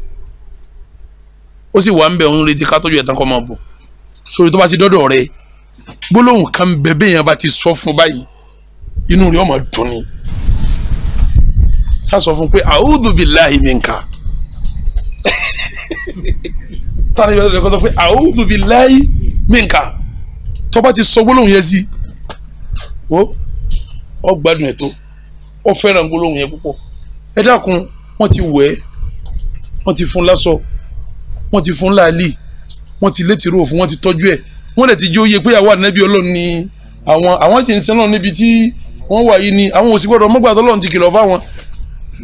ó sì wà ń bẹ̀ òun retí ká tọ́jú ẹ̀ tán kọ́ máa bọ̀ sórí tó bá ti dọ́dọ̀ rẹ gbólóhùn kan bẹ bẹ́ẹ̀ yẹn bá ti sọ fún báyìí inú rẹ ọmọ dùn ni sásọ fún pé a'udhu billahi minka tani yọrọ rẹ kọ́ sọ pé a'udhu billahi minka tó bá ti sọ gbólóhùn yẹn sí wo ọ gbádùn ẹ̀ tó ọ fẹ́ràn gbólóhùn yẹn púpọ̀ ẹ dákun wọ́n ti wẹ̀ ẹ́ ti fún lásọ wọ́n ti fún láàlì. La wọ́n ti létí rò fún wọ́n ti tọ́jú ẹ̀ wọ́n dẹ̀ ti jó yẹ pé àwọn ànábì ọlọ́run ni àwọn àwọn sì ń sẹ́ lọ́run níbi tí wọ́n wà yìí ni àwọn òsì gbọ́dọ̀ mọ́gbà tó lọ́run ti kìlọ̀ fáwọn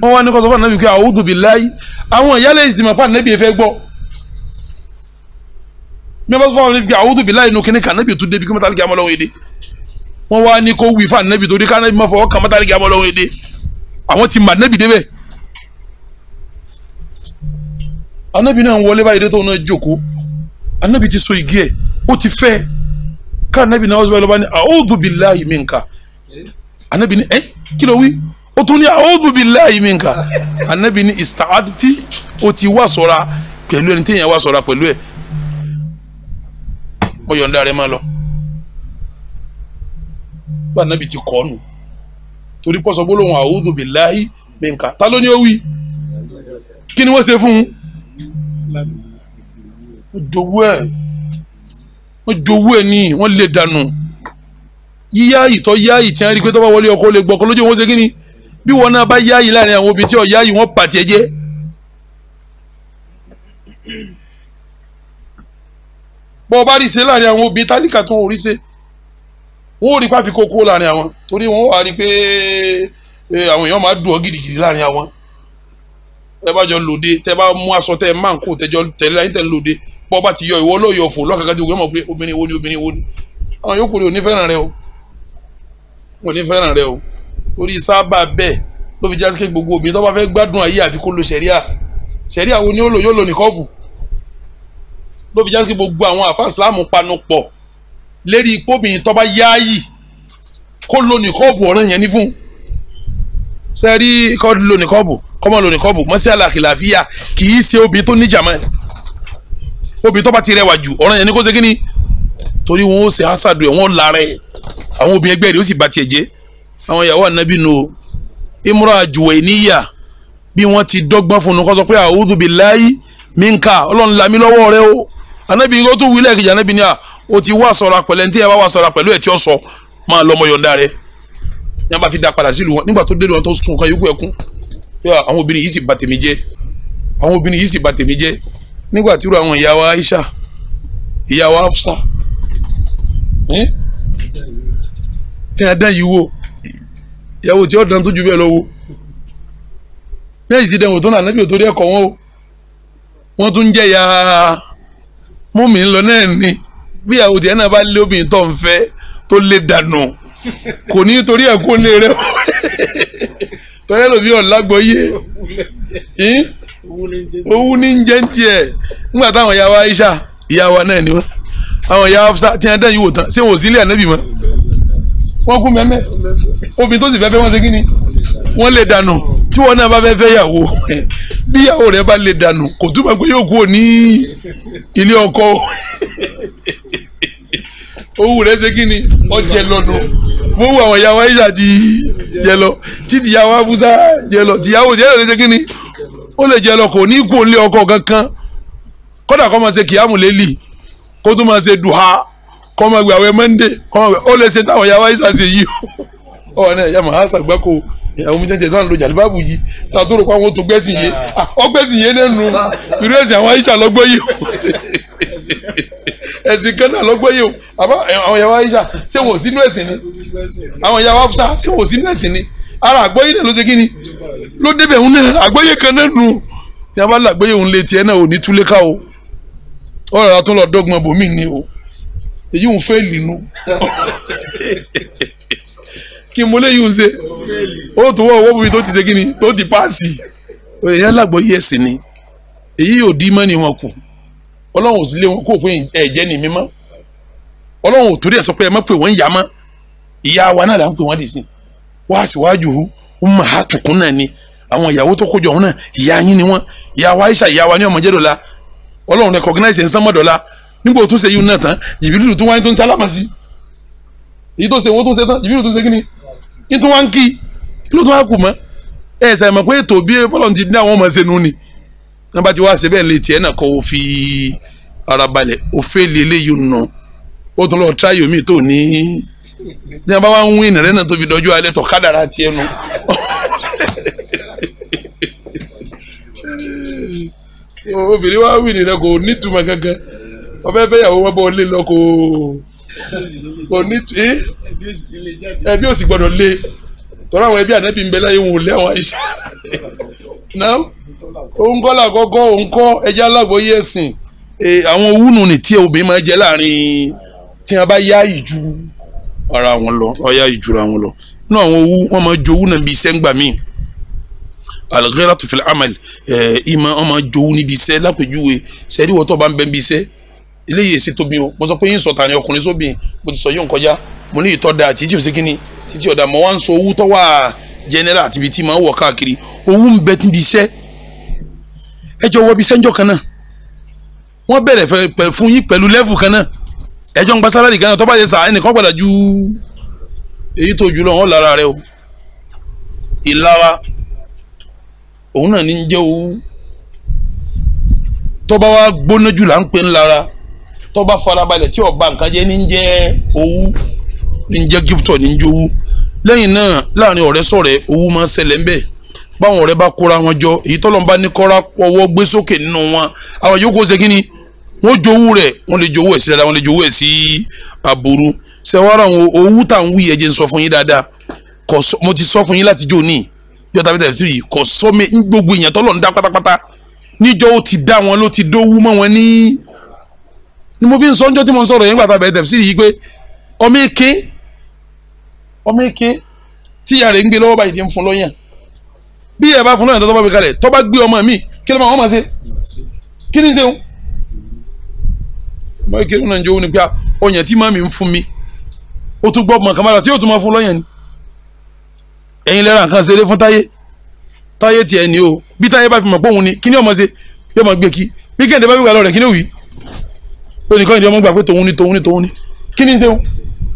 wọ́n wá ní kọ́sọ́ fún ànábì pé a'udhu billahi àwọn ìyálẹ̀ ìsìtìmọ̀ fún ànábì ẹ̀ fẹ́ gbọ́ mẹ́fà fún ànábì pé a'udhu billahi inú kíní kànábì tó débi kí mọ́tàlì gàmọ́ lọ́wọ́ èdè wọ́n wá ní kó wí fún ànábì torí kánábì má fọwọ́ kàn mọ́tàlì lọ́wọ́ anabi ti so igi ẹ̀ ó ti fẹ́ ká anabi náà ọ̀sùnbẹ́ lọ́ba ní a'udhu minka anabi ní ẹ́ kí ló wí ó tún ní a'udhu minka anabi ní ista'adti ó ti wá sọ̀ra pẹ̀lú ẹni téèyàn wá sọ̀ra pẹ̀lú ẹ̀ mo yọ̀ǹda rẹ̀ máa lọ bá anabi ti kọ́ nù torí pọ́sọ gbólóhùn a'udhu minka ta ló ní ó wí kí ni wọ́n ṣe fún un wọ́n jowó ẹ̀ wọ́n jowó ẹ̀ ní wọ́n lè dànù yíyá ìtọ́ yá ìtì hàn rí pé tó bá wọlé ọkọ lè gbọ́ ọkọ lójú wọn ṣe kí ni bí wọn náà bá yá yìí láàrin àwọn obìnrin tí ọ̀ yá yìí wọ́n pàtẹ́ jẹ́ bọ́ ọba rí ṣe láàrin àwọn obìnrin tálíkà tó ń orí ṣe wọ́n ò rí pàfi kókó láàrin àwọn torí wọ́n wà rí pé àwọn èèyàn máa dùn ọ́ gidigidi láàrin àwọn ẹ bá jọ lòde tẹ bá mú aṣọ tẹ máa ń kó tẹjọ tẹlẹ ayé tẹ ń lòde bọ́ bá ti yọ ìwọ ló yọ fò lọ́kàkàtì òkú mọ̀ pé obìnrin wo ni obìnrin wo ni àwọn yòókù rẹ̀ ò ní fẹ́ràn rẹ o ò ní fẹ́ràn rẹ o torí sábà bẹ́ẹ̀ ló fi jásí pé gbogbo obìnrin tó bá fẹ́ gbádùn ayé àfi kó lo sẹ̀ríà sẹ̀ríà wo ni ó lò yóò lò nìkọ́ọ̀bù ló fi jásí pé gbogbo àwọn àfa ìsìláàmù panu pọ̀ lérí ipóbìnrin tó bá yááyì kó lo nìkọ́ọ̀bù ọ̀ràn yẹn ní fún sẹ́rí kọ́ lo nìkọ́ọ̀bù kọ́mọ lo nìkọ́ọ̀bù mọ́sí àlàkìlàfíà kì í ṣe obìnrin tó níjàmọ́ ẹ̀ obì tó bá ti rẹwà jù ọ̀ràn yẹn ni kó ṣe kíni torí wọn ó ṣe àṣàdù ẹ̀ wọ́n lára ẹ̀ àwọn obì ẹgbẹ́ rẹ̀ ó sì ba tiẹ̀ jẹ́ àwọn ìyàwó ànábì nù o imra juwe níyà bí wọ́n ti dọ́gbọ́n fún un kó sọ pé a'udhu billahi minka ọlọ́run lami lọ́wọ́ rẹ o ànábì ó tún wílẹ̀ kejì ànábì ni à o ti wá sọ̀rọ̀ pẹ̀lẹ́ ntí ẹ bá wá sọ̀rọ̀ pẹ̀lú ẹ̀ tí ó sọ máa lọ́mọ yọ̀ǹda rẹ̀ ní a bá fi da padà sílùú wọn nígbà tó dé wọn tó sun kan yókù ẹkún àwọn obìnrin yìí sì bà tèmi jẹ́ àwọn obìnrin yìí sì bà tèmi jẹ́ nígbà tí irú àwọn ìyá wa Aisha ìyá wa Hafsa tí a dán yìí wò ìyàwó tí ó dán tó ju bẹ́ẹ̀ lọ wò lẹ́yìn ìsìdẹ̀wò tó náà nábì ò torí ẹ̀kọ́ wọn o wọ́n tún jẹ́ ya múmi ńlọ náà ni bí ìyàwó tí ẹ̀ náà bá lé obìnrin tó ń fẹ́ tó lé dànù kò ní torí ẹ̀kọ́ lé rẹ̀ tọ́lẹ́ lòmí ọ̀ lágbọ́yé owó ní ń jẹ́ ń tiẹ̀ nígbà táwọn ìyá wa Aisha ìyá wa náà ni wọ́n àwọn ìyá Hafsa tí wọ́n dẹ́yìn wò tán ṣé wọ́n sílẹ̀ ànábì mọ́ wọ́n kú mẹ́mẹ́ obìnrin tó sì fẹ́ fẹ́ wọ́n ṣe kí ni wọ́n lè dànù tí wọ́n náà bá fẹ́ fẹ́ yàwó bí yàwó rẹ̀ bá lè dànù kò túbọ̀ pé yóò kú ní ilé ọkọ owó rẹ̀ ṣe kí ni ọjẹ lọ́nu mo wo àwọn ìyá Aisha ti jẹ lọ títí ìyá wa Hafsa jẹ lọ tìyàwó jẹ lọ ṣe kí ni ó lè jẹ lọ kò ní kú òun lé ọkọ kankan kódà kó máa ṣe kìámù lélì kó tún máa ṣe dùhà kó máa gbàwé mọ́ndé ó lè ṣe táwọn yàrá ìṣà ṣe yìí ó wà ní ẹ̀yà màá ṣàgbákò ìyàwó mi jẹjẹrẹ náà lo jàlíbáàbù yìí tá a tó rò pé àwọn tó gbẹ́sìn yé ọgbẹ́sìn yé nínú irú ẹ̀sìn àwọn àyíṣà lọ́gbọ́ yìí ẹ̀sìn kan náà lọ́gbọ́ yìí o àbá àwọn ìyàwó àyíṣà ṣé wò sínú ẹ̀sìn ni àwọn ìyàwó àfúsà ṣé wò sínú ẹ̀sìn ni ara àgbọ́yé náà ló ṣe kíni ló débẹ̀ òun náà àgbọ́yé kan náà nù ní a bá làgbọ́yé òun létí ẹ náà ò ní túlé ká o ọ̀rọ̀ àtún lọ dọ́gbọ́n bòmí ni o èyí ń fẹ́ lì nu kí mo lè yún ṣe ó tó wọ́ owó bíi tó ti ṣe kíni tó ti paasi òye làgbọ́yé ẹ̀sìn ni èyí yóò dí mọ́ni wọn kù ọlọ́run ò sì lé wọn kó ẹ̀jẹ̀ ni wá síwájú ummahatukum náà ni àwọn ìyàwó tó kójọ ọ̀hún náà ìyá yín ni wọ́n ìyá wa Aisha ìyá wa ní ọmọ jẹ́dọ̀la ọlọ́run recognize ẹ̀ ń sánmọ́ dọ̀la nígbà tó ṣe yìí náà tán Jibrilu tó wá ní tó ń sálámà sí èyí tó ṣe owó tó ṣe tán Jibrilu tó ṣe kíni ní tó wá ń kí kí ló tó wá kù mọ́ ẹ ṣe àmọ̀ pé ètò bí bọ́lọ̀ ti dín àwọn ọmọ ṣe nù ni wọ́n bá ti wá ṣe bẹ́ẹ̀ ní a bá wá ń win rẹ náà tó fi dọjú alẹ́ tó kádàrá tiẹ̀ nu. obìnrin wa win rẹ kò nítumọ̀ kankan ọbẹ̀ bẹ́yàwó wọn bọ̀ lé lọ kò kò nítumọ̀ ẹbí òsì gbọ́dọ̀ lé tọ́lá àwọn ẹbí ànábì ń bẹ láyé wọn ò lé àwọn àìsàn náà òun kọ́ làkọ́kọ́ òun kọ́ ẹja alágbóyè ẹ̀sìn àwọn owúnù ní tí obìnrin máa jẹ láàrin tí wọn bá yá ìjú ara wọn lọ ọyá ìjura wọn lọ nínú àwọn owó wọn máa jowú náà bí ń gbà míì al-ghiratu fil amal ẹ ìmọ̀ wọn máa jowú níbi iṣẹ́ lápèjúwe sẹ́ẹ̀rí wọ́tọ̀ bá ń bẹ́ níbi iṣẹ́ eléyìí èsì tóbi o mo sọ pé yín sọ̀tà ni ọkùnrin sóbìn mo ti sọ yóò kọjá mo ní ìtọ́ da àtijọ́ sí kínní títí ọ̀dà mọ̀ wá ń sọ owó tó wà jẹ́nẹ́rà àti ibi tí màá wọ̀ káàkiri owó ń bẹ níbi iṣẹ́ ẹjọ́ wọ́bi iṣẹ́ ńjọ́ kan náà wọ́n bẹ̀rẹ̀ fún yín pẹ̀lú lẹ́fù kan náà ẹjọ́ ń gba sálárì gan tó bá yẹ sà ẹnìkan padà ju èyí tó jùlọ wọn lára rẹ o ìlara òun náà ní ń jẹ́ owó tó bá wá gbóná jù là ń pè ń lara tó bá farabalẹ̀ tí ọba nǹkan jẹ́ ní ń jẹ́ owó ní ń jẹ́ gíptọ̀ ní ń jẹ́ owó lẹ́yìn náà láàrin ọ̀rẹ́ sọ̀rẹ́ owó máa ń ṣẹlẹ̀ ńbẹ̀ báwọn ọ̀rẹ́ bá kóra wọn jọ èyí tọ́lọ́mbá ní kọ́ra ọwọ́ gbé sókè nínú wọn àwọn yòókù ṣe kí ni wọ́n jowú rẹ̀ wọ́n lè jowú ẹ̀ sí dáadáa wọ́n lè jowú ẹ̀ sí aburú sẹ́wọ́rọ̀ àwọn owó tà ń wí ẹ̀jẹ̀ ń sọ fún yín dáadáa kò sọ mo ti sọ fún yín láti jò ní yọta bí tẹ̀sí yìí kò sọ mi gbogbo èèyàn tọ́lọ̀ ń dá pátápátá níjọ́ ó ti dá wọn ló ti dówú mọ́ wọn ní ni mo fi ń sọ níjọ́ tí mo ń sọ̀rọ̀ yẹn gbàtà bẹ̀rẹ̀ tẹ̀sí yìí pé ọmọ èké ọmọ èké tí ìyá rẹ̀ ń gbé lọ́wọ́ báyìí ti ń fún lọ́yàn bí ìyá bá fún lọ́yàn tó tọ́ bá gbé kalẹ̀ tó bá gbé ọmọ mi kí ló máa wọ́n máa ṣe kí ni ṣe bá ìkéré náà ń jẹ́ òun ni pé ah, ọyàn tí màmí ń fún mi ó tún gbọ́ mọ̀kàn bára tí yóò tún máa fún lọ́yàn ni ẹ̀yin lẹ́ra nǹkan ṣeré fún táyé táyé tiẹ̀ ni o bí táyé bá fi mọ̀ pé òun ni kí ni ọmọ ṣe yóò máa gbé kí bí kéde bá fi wà lọ rẹ̀ kí ni òwì ó nìkan ìdí ọmọ gbà pé tòun ni tòun ni tòun ni kí ni ṣe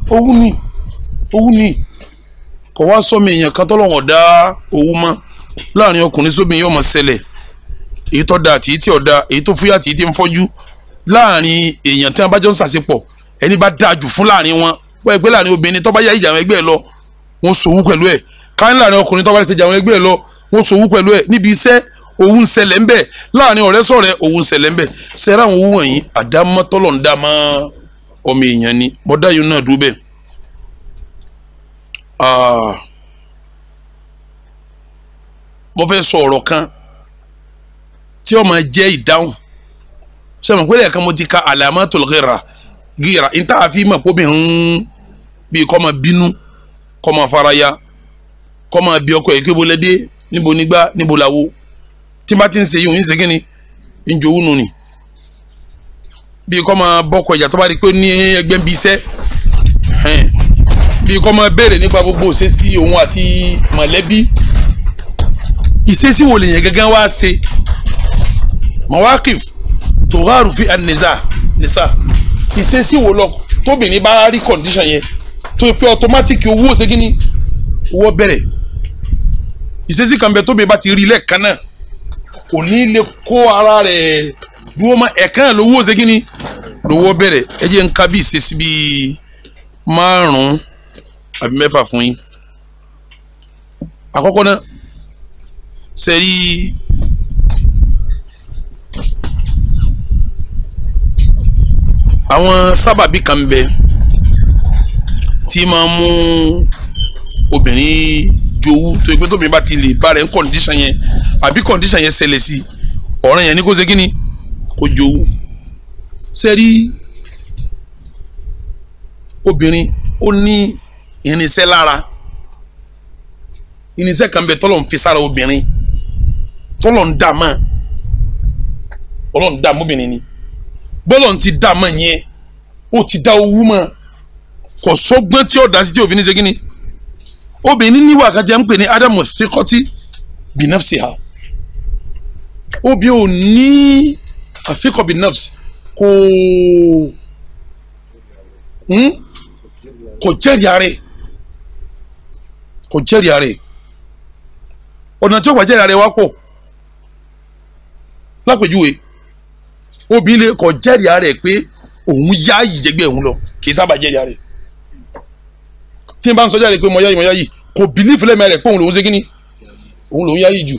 òun ni òun ni kò wá sọmi èèyàn kan tọ́lọ́wọ̀n dá òun mọ́ láàrin ọkùnrin sóbìn yóò máa ṣẹlẹ̀ èyí tó da àti èyí tí ò da èyí tó fúyà àti èyí tí ń fọ́jú láàrin èèyàn tí wọn bá jọ ń sàṣepọ̀ ẹni bá dáa jù fún láàrin wọn wọ́n ẹgbẹ́ láàrin obìnrin tó bá yá ìjà àwọn ẹgbẹ́ ẹ lọ wọ́n sòwú pẹ̀lú ẹ̀ káyọ̀ láàrin ọkùnrin tó bá ṣe ìjà àwọn ẹgbẹ́ ẹ lọ wọ́n sòwú pẹ̀lú ẹ̀ níbi iṣẹ́ òun ṣẹlẹ̀ ń bẹ̀ láàrin ọ̀rẹ́ sọ̀rẹ́ òun ṣẹlẹ̀ ń bẹ̀ ṣẹ́ra àwọn owó wọ̀nyí àdámọ́tọ́lọ̀ ń dá mọ́ ọmọ èèyàn ni mọ́dáyò náà dúró bẹ́ẹ̀. Ah. mo fẹ́ sọ ọ̀rọ̀ kan tí ó jẹ́ ìdáhùn sẹ́wọ̀n pẹ́lẹ́ kan mo ti ka alamatul ghira ghira n ta àfi mọ̀ pé obìnrin bíi kó má bínú kó má faraya kó má bí ọkọ èké bolẹ́ dé níbo nígbà níbo làwo tí bá ti ń ṣe òun ń ṣe kí ni ìjòwú nù ni bíi kó má bọ́kọ̀ ìjà tó bá rí pé ní ẹgbẹ́ ń bí iṣẹ́ bíi kó má béèrè nípa gbogbo òṣèṣì òun àti mọ̀lẹ́bí ìṣesí wo lèyàn gángan wá ṣe mawakif tòwárù fi ànìsà nìsà ìṣesí wo lọ tóbìnrin bá rí condition yẹn tó pé automatic owó ṣe kí ni owó bẹ̀rẹ̀ ìṣesí kan bẹ tóbi bá ti rí lẹ́ẹ̀kan náà kò ní lè kó ara rẹ̀ dúró mọ́ ẹ̀kan lówó ṣe kí ni lówó bẹ̀rẹ̀ ẹ jẹ́ ń bí ìṣesí bíi márùn-ún àbí mẹ́fà fún yín àkọ́kọ́ náà sẹ́rí àwọn sábàbí kan bẹ tí máa mú obìnrin jowú tó yẹ pé tóbi bá ti lè bá rẹ̀ ń kọ̀ǹdíṣàn yẹn àbí kọ̀ǹdíṣàn yẹn ṣẹlẹ̀ sí ọ̀ràn yẹn ní kó ṣe kí ni kó jowú sẹ́rí obìnrin ó ní irinṣẹ́ lára irinṣẹ́ kan bẹ tọ́lọ̀ ń fi sára obìnrin tọ́lọ̀ ń dà mọ́ ọlọ́run dà mọ́bìnrin ni bọ́lọ̀ ti dá mọ̀ yẹn ó ti dá owó mọ̀ kò sọ́gbọ́n tí ó dá sí tí òfin ní segin ni obìnrin níwà kájá ń pè ní Ádámù síkọ́tì bìnafsi ha obìnrin ò ní àfikọ́ bìnafsi kò hmm? kò jẹ́rìí ààrẹ kò jẹ́rìí ààrẹ ọ̀nà tí ó wà jẹ́rìí ààrẹ wá pọ̀ lápèjúwe obìnrin lè kọ́ jẹ́rìí ara ẹ̀ pé òun yá ìjẹgbẹ́ òun lọ kì í sábà jẹ́rìí ara ẹ̀ tí n bá ń sọ jáde pé mo yá yìí mo yá yìí kò bìlífù lẹ́mìí rẹ̀ pé òun lòún ṣe kíní òun lòún yá yìí jù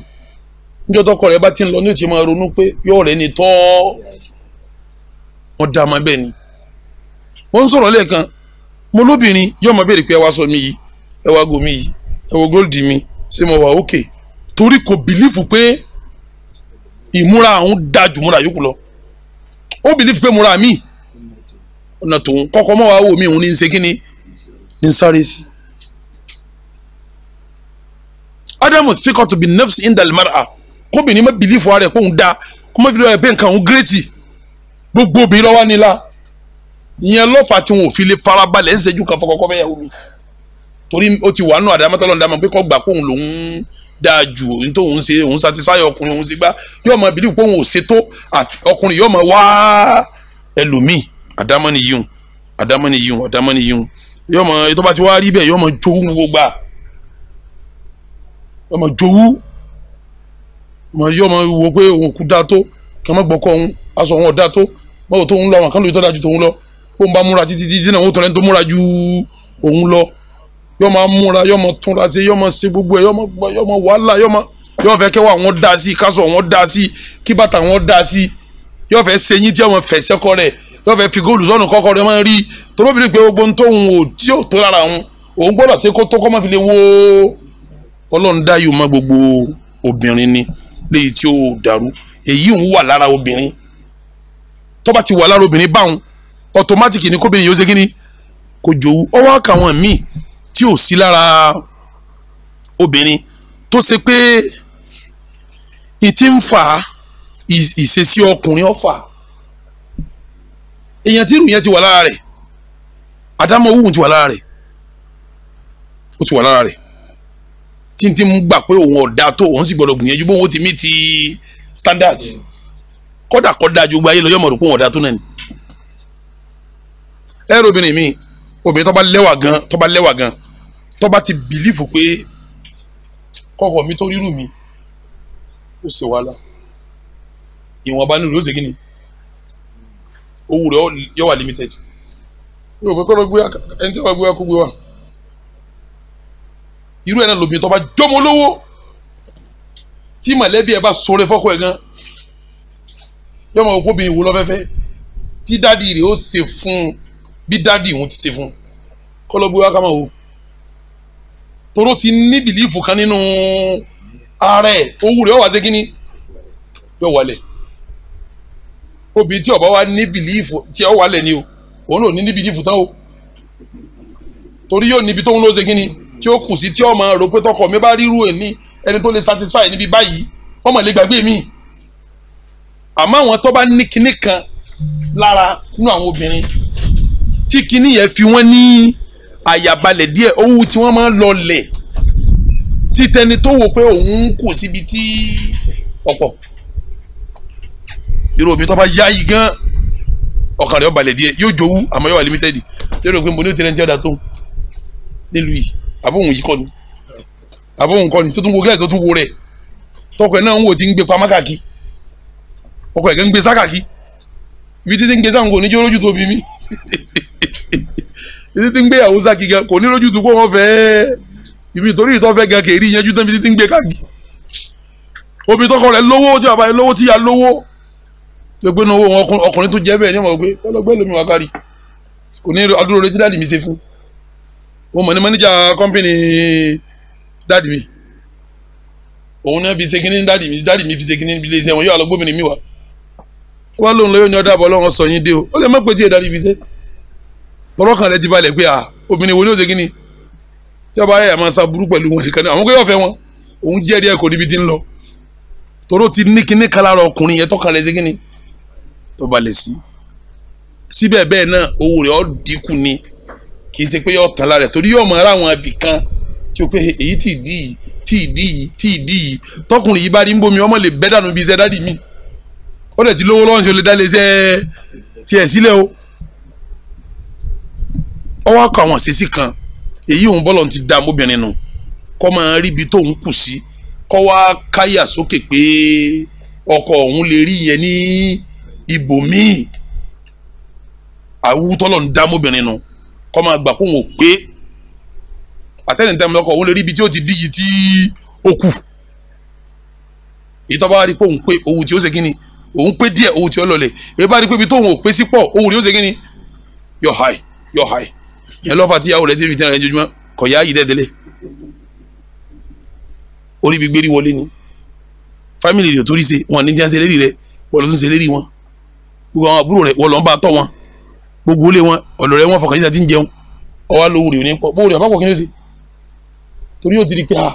níjọ́ tọkọ rẹ̀ bá ti ń lọ ní òtí máa ronú pé yóò rẹ̀ ni tọ́ wọn dá ọmọ bẹ́ẹ̀ ni wọ́n ń sọ̀rọ̀ lẹ́ẹ̀kan mo lóbìnrin yóò máa béèrè pé ẹ wá sọ mi yìí ẹ wá gòmí yìí ẹ wo góòlì mi ṣé mo wà ókè torí kò bìlífù pé ìmúra òun dáa múra yòókù lọ ó bìlíf pé mo ra mi ọ̀nà tòun kọ́kọ́ mọ́ wàá wò mí òun ní ṣe kíni ní sáré sí. ádámù thikotu bin nafsi indal mar'a kóbìnrin má bìlíf wa rẹ̀ kó ń da kó má fi lọ́ọ́ rẹ̀ pé nǹkan òun gírètì gbogbo obìnrin lọ́wọ́ nílá ìyẹn lọ́fà tí wọn ò fi lè farabalẹ̀ ń ṣẹ́jú kan fọkọ kọ́fẹ́ yà omi torí ó ti wà nù àdámọ́tọ́lọ́ ń dá pé kọ́ gbà kóun lòún dáa ju òun tó òun ṣe òun satisfy ọkùnrin òun ṣe gbá yóò mọ bílíù pé òun ò ṣe tó ọkùnrin yóò mọ wá ẹlòmíì àdámọ́ni yíhun àdámọ́ni yíhun àdámọ́ni yíhun yóò mọ ètò bá ti wá rí bẹ́ẹ̀ yóò mọ jowú gbogbo gbà yóò mọ jowú yóò mọ wo pé òun kú dáa tó kí wọ́n mọ gbọ́kọ̀ òun aṣọ òun ọ̀dá tó mọ́tò tó ń lọ àwọn kan lóye tó dájú tó ń lọ bó ń bá múra títí yóò máa múra yóò máa túnra sí yóò máa ṣe gbogbo ẹ̀ yóò máa gbọ́ yóò máa wàhálà yóò máa yóò fẹ́ kẹwàá wọn dá sí kásọ̀ wọn dá sí kí bàtà wọn dá sí yóò fẹ́ ṣe yín tí wọn fẹ́ sẹ́kọ̀ rẹ̀ yóò fẹ́ fi góòlù sọ́nù kọ́kọ́ rẹ̀ máa rí torobìnrin pé gbogbo ń tóun ò tí ò tó lára òun òun gbọ́dọ̀ ṣe kó tó kọ́ máa fi lè wo ọlọ́run dá yìí mọ́ gbogbo obìnrin ni léyìí tí ó dàrú èyí ń wà lára obìnrin tó bá ti wà lára obìnrin báwọn ọ̀tọ̀mátìkì ni kóbìnrin yóò ṣe kíni kò jòwú ọwọ́ àkàwọn míì tí ò sí lára obìnrin tó ṣe pé ìtí ń fà á ìṣesí ọkùnrin ọ̀fà èèyàn tí irú yẹn ti wà lára rẹ̀ àdámọ̀ òwú ti wà lára rẹ̀ ó ti wà lára rẹ̀ títí ń gbà pé òun ọ̀dà tó òun sì gbọ́dọ̀ gbìyànjú bóun ó ti mí ti standard kódà kódà ju gbogbo ayé lọ yọmọ rò pé òun ọ̀dà tó náà ni ẹ obìnrin mi obìnrin tó bá lẹ́wà gan tó bá lẹ́wà gan tó bá ti bìlífù pé kọ́kọ́ mi tó rírù mi ó ṣe wàhálà ìwọ̀n bá nílùú ó ṣe kí ni owó rẹ̀ yóò wà limited yóò pé kọ́kọ́ gbé ẹni tí wọ́n gbé wá gbé wá irú ẹ̀ náà lóbìnrin tó bá jọmọ lówó tí mọ̀lẹ́bí ẹ̀ bá sọ̀rọ̀ fọ́kọ ẹ̀ gan yọmọ òkú obìnrin wo lọ́fẹ́fẹ́ tí dádì rẹ̀ ó ṣe fún un bí dáàdì òun ti ṣe fún kọlọ́gbé wa ká máa wò toró ti ní bìlífù kan nínú ààrẹ owó rẹ̀ ó wá ṣe kínní yóò wálẹ̀ obìnrin tí ó bá wa ní bìlífù tí ó wálẹ̀ ni o òun ò ní ní bìlífù tán o torí yóò níbi tóun ló ṣe kínní tí ó kù sí tí ó rò pé tọkọ mi bá ríru ẹ̀ ẹni tó lè satisfy níbi báyìí wọ́n lè gbàgbé mi àmọ́ àwọn tó bá ní kinní kan lára nínú àwọn obìnrin tí kinní yẹn fi wọ́n ní àyàbalẹ̀ díẹ̀ owó tí wọ́n máa ń lọlẹ̀ sí tẹni tó wò pé òun kò síbi tí ọ̀pọ̀ irú omi tó bá yá yìí gan ọkàn rẹ̀ balẹ̀ díẹ̀ yóò jowú àmọ́ yóò wà limited yóò rò pé mo ní òtẹ́lẹ̀ tí ó tó nílùú yìí àbóhùn yìí kọ́ ni àbóhùn kọ́ ni tó tún wo gẹ́gẹ́ tó tún wo rẹ̀ tọkọ ẹ̀ náà ń wò tí ń gbé pamọ́ kàkí ọkọ ẹ̀ gẹ́ ń gbé sákàkí ibi títí ń gbé sáwọn kò ní jẹ́ olójú tóbi mi títí tí ń gbé haúsá kí gan kò ní lójú tó kó wọn fẹ́ ibi torí ìtọ́ fẹ́ gan kèrí yanjú tán ibi títí ń gbé káàkì omi tọkọ rẹ lówó tí bàbá rẹ lówó tí ya lówó tó gbé náà ọkùnrin tó jẹ bẹ́ẹ̀ ni ọmọ gbé ọlọgbẹ lómi wà kárí kò ní adúrò retí dáàdì mi ṣe fún wọn mọ ní mọ́níjà kọ́mpìnì dáàdì mi òun náà fi ṣe kínní dáàdì mi dáàdì mi fi ṣe kínní ilé iṣẹ́ wọn yóò alọ́gbọ́bìnrin mi wá wọn lóun lóyún ní ọ̀dà àbọ̀ ọlọ́run sọ yín dé o ó lè má pè tí ì tọ́lọ́kàn rẹ ti balẹ̀ pé ah obìnrin wo ni ó ṣe kíni tí ọba ayẹyẹ máa sa burú pẹ̀lú wọn nìkan ní àwọn kò yọ̀ fẹ́ wọn òun jẹ́rí ẹ̀ kò níbi tí ń lọ toró ti ní kíní kalára ọkùnrin yẹn tọ́kàn rẹ ṣe kíni tó balẹ̀ sí síbẹ̀ bẹ́ẹ̀ náà owó rẹ̀ ọ́ dínkù ni kì í ṣe pé yọ tán lára ẹ̀ torí yóò mọ ara àwọn abì kan tí o pé èyí tí ì yìí tí ì yìí tí ì yìí tọkùnrin yìí bá rí ń bomi ọmọ lè bẹ́ dànù bíi iṣẹ́ dádì mi ó dẹ̀ ti lówó lọ́wọ́ ṣe olè dá lè tiẹ̀ sílẹ̀ o ọwọ́ akọ àwọn ìṣesí kan èyí òun bọ́lọ̀ ti da mọ́bìnrin nù kọ́ máa rí ibi tóun kù sí kọ́ wá káyà sókè pé ọkọ òun lè rí yẹn ní ibòmíì àwùtọ́lọ̀ ń dá mọ́bìnrin nù kọ́ máa gbà kóun ò pé àtẹnitẹ́mi lọ́kọ̀ òun lè rí ibi tí ó ti díyì tí ó kù ìtọ́ bá rí pé òun tí ó ṣe kí ni òun pé díẹ̀ owó tí ó lọlẹ̀ èyí bá rí pé ibi tóun ò pé sí pọ̀ owó rí ó ṣe kí ni yọ̀ háì yọ̀ háì yẹn lọ́fà tíyàwó rẹ̀ ti fi tẹ́lẹ̀ lójoojúmọ́ kọ̀ yá yìí dẹ́dẹ́lẹ̀ orí bí gbérí wọlé ni fámìlì rẹ̀ torí ṣe wọn ní jẹ́nsẹ̀ lérí rẹ̀ wọ́n lọ tún ṣe lérí wọn gbogbo àwọn àbúrò rẹ̀ wọ́n lọ ń bá tọ́ wọn gbogbo ilé wọn ọ̀dọ̀ rẹ̀ wọn fọkàn yíṣà ti ń jẹun ọwọ́ lówó rẹ̀ ò ní pọ̀ bó rẹ̀ ọ̀pọ̀ kí ló ṣe torí ó ti di pé a ah,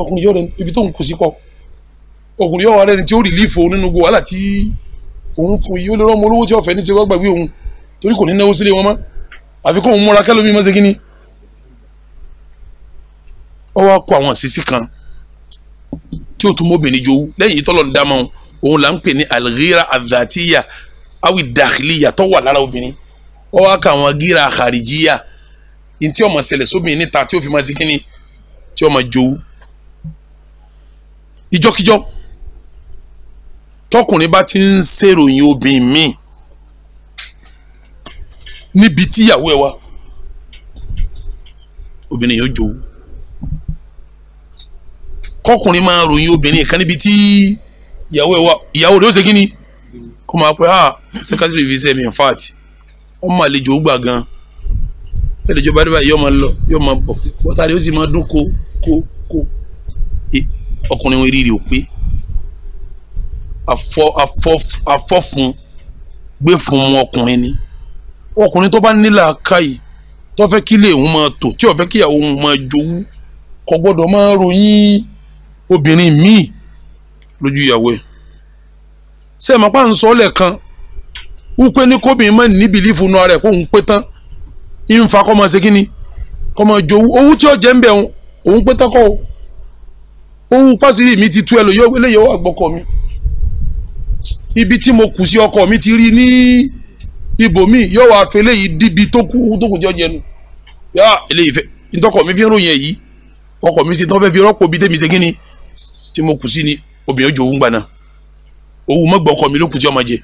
ọkùnrin yóò rẹ ibi tó ń kù sí pọ̀ ọkùnrin yóò wà rẹ ni tí ó rìlífò nínú gbogbo wàhálà tí òun fún yìí ó lè rọ́mọ olówó tí ọ̀fẹ́ ní ti gbàgbé òun torí kò ní náwó sílé wọn mọ́ àfi kóun múra kẹ́lómi mọ́ segin ni ó wá kó àwọn sísí kan tí ó tún mọ́bìnrin jowú lẹ́yìn tọ́lọ̀ ń dámọ̀ òun là ń pè ní alghira adhatiya awi dakhiliya tó wà lára obìnrin ó wá ká àwọn gíra kharijiya ntí ó máa ṣẹlẹ̀ sóbìnrin níta tí ó fi máa segin ni tí ó máa jowú ìjọkíjọ tọkùnrin bá ti ń ṣèròyìn obìnrin míì níbi tíyàwó ẹ wá obìnrin yóò jowó kọkùnrin máa ròyìn obìnrin kan níbi tí ìyàwó ẹ wá ìyàwó rẹ ó ṣe kíni kó máa pẹ́ ha ah, secretary visa mi in fact wọ́n máa lè jò ó gbà gan ẹlẹ́jọ́ bá dé báyìí yóò máa lọ yóò máa bọ̀ bọ́tà rẹ ó sì máa dún kó kó kó ọkùnrin wọn rírì ò afọ afọ afọ fún gbé fún ọkùnrin ni ọkùnrin tó bá nílà káyì tó fẹ́ kí ilé òun máa tò tí ò fẹ́ kí ìyàwó òun máa jowú kò gbọ́dọ̀ máa ròyìn obìnrin míì lójú ìyàwó ẹ̀ ṣé ẹ̀ mọ̀ pa ń sọ wípé ní kóbìnrin mọ́ ní bìlífù nu ara ẹ̀ kó òun pé tán ìnfa kọ́ máa ṣe kí ni kọ́ máa jowú owó tí ó jẹ́ ń bẹ̀ òun pé tán kọ́ o owó pásírì mi ti tú ẹ lò yọ eléyàwó àgbọ̀kọ̀ mi ibi tí mo kù sí ọkọ mi ti rí ní ibòmíì yóò wá fẹlẹ́ yìí díbi tó kú tó kù jẹ́ ọjẹ́ yá eléyìí fẹ́ ntọ́kọ̀ mi fi ń ròyìn èyí ọkọ̀ mi ṣe tán fẹ́ fi rọ́pò bíi tẹ́mi ṣe kí ni tí mo kù sí ni obìnrin ojú òun gbà náà òun mọ́gbọ́n ọkọ̀ mi ló kù tí ọmọ jẹ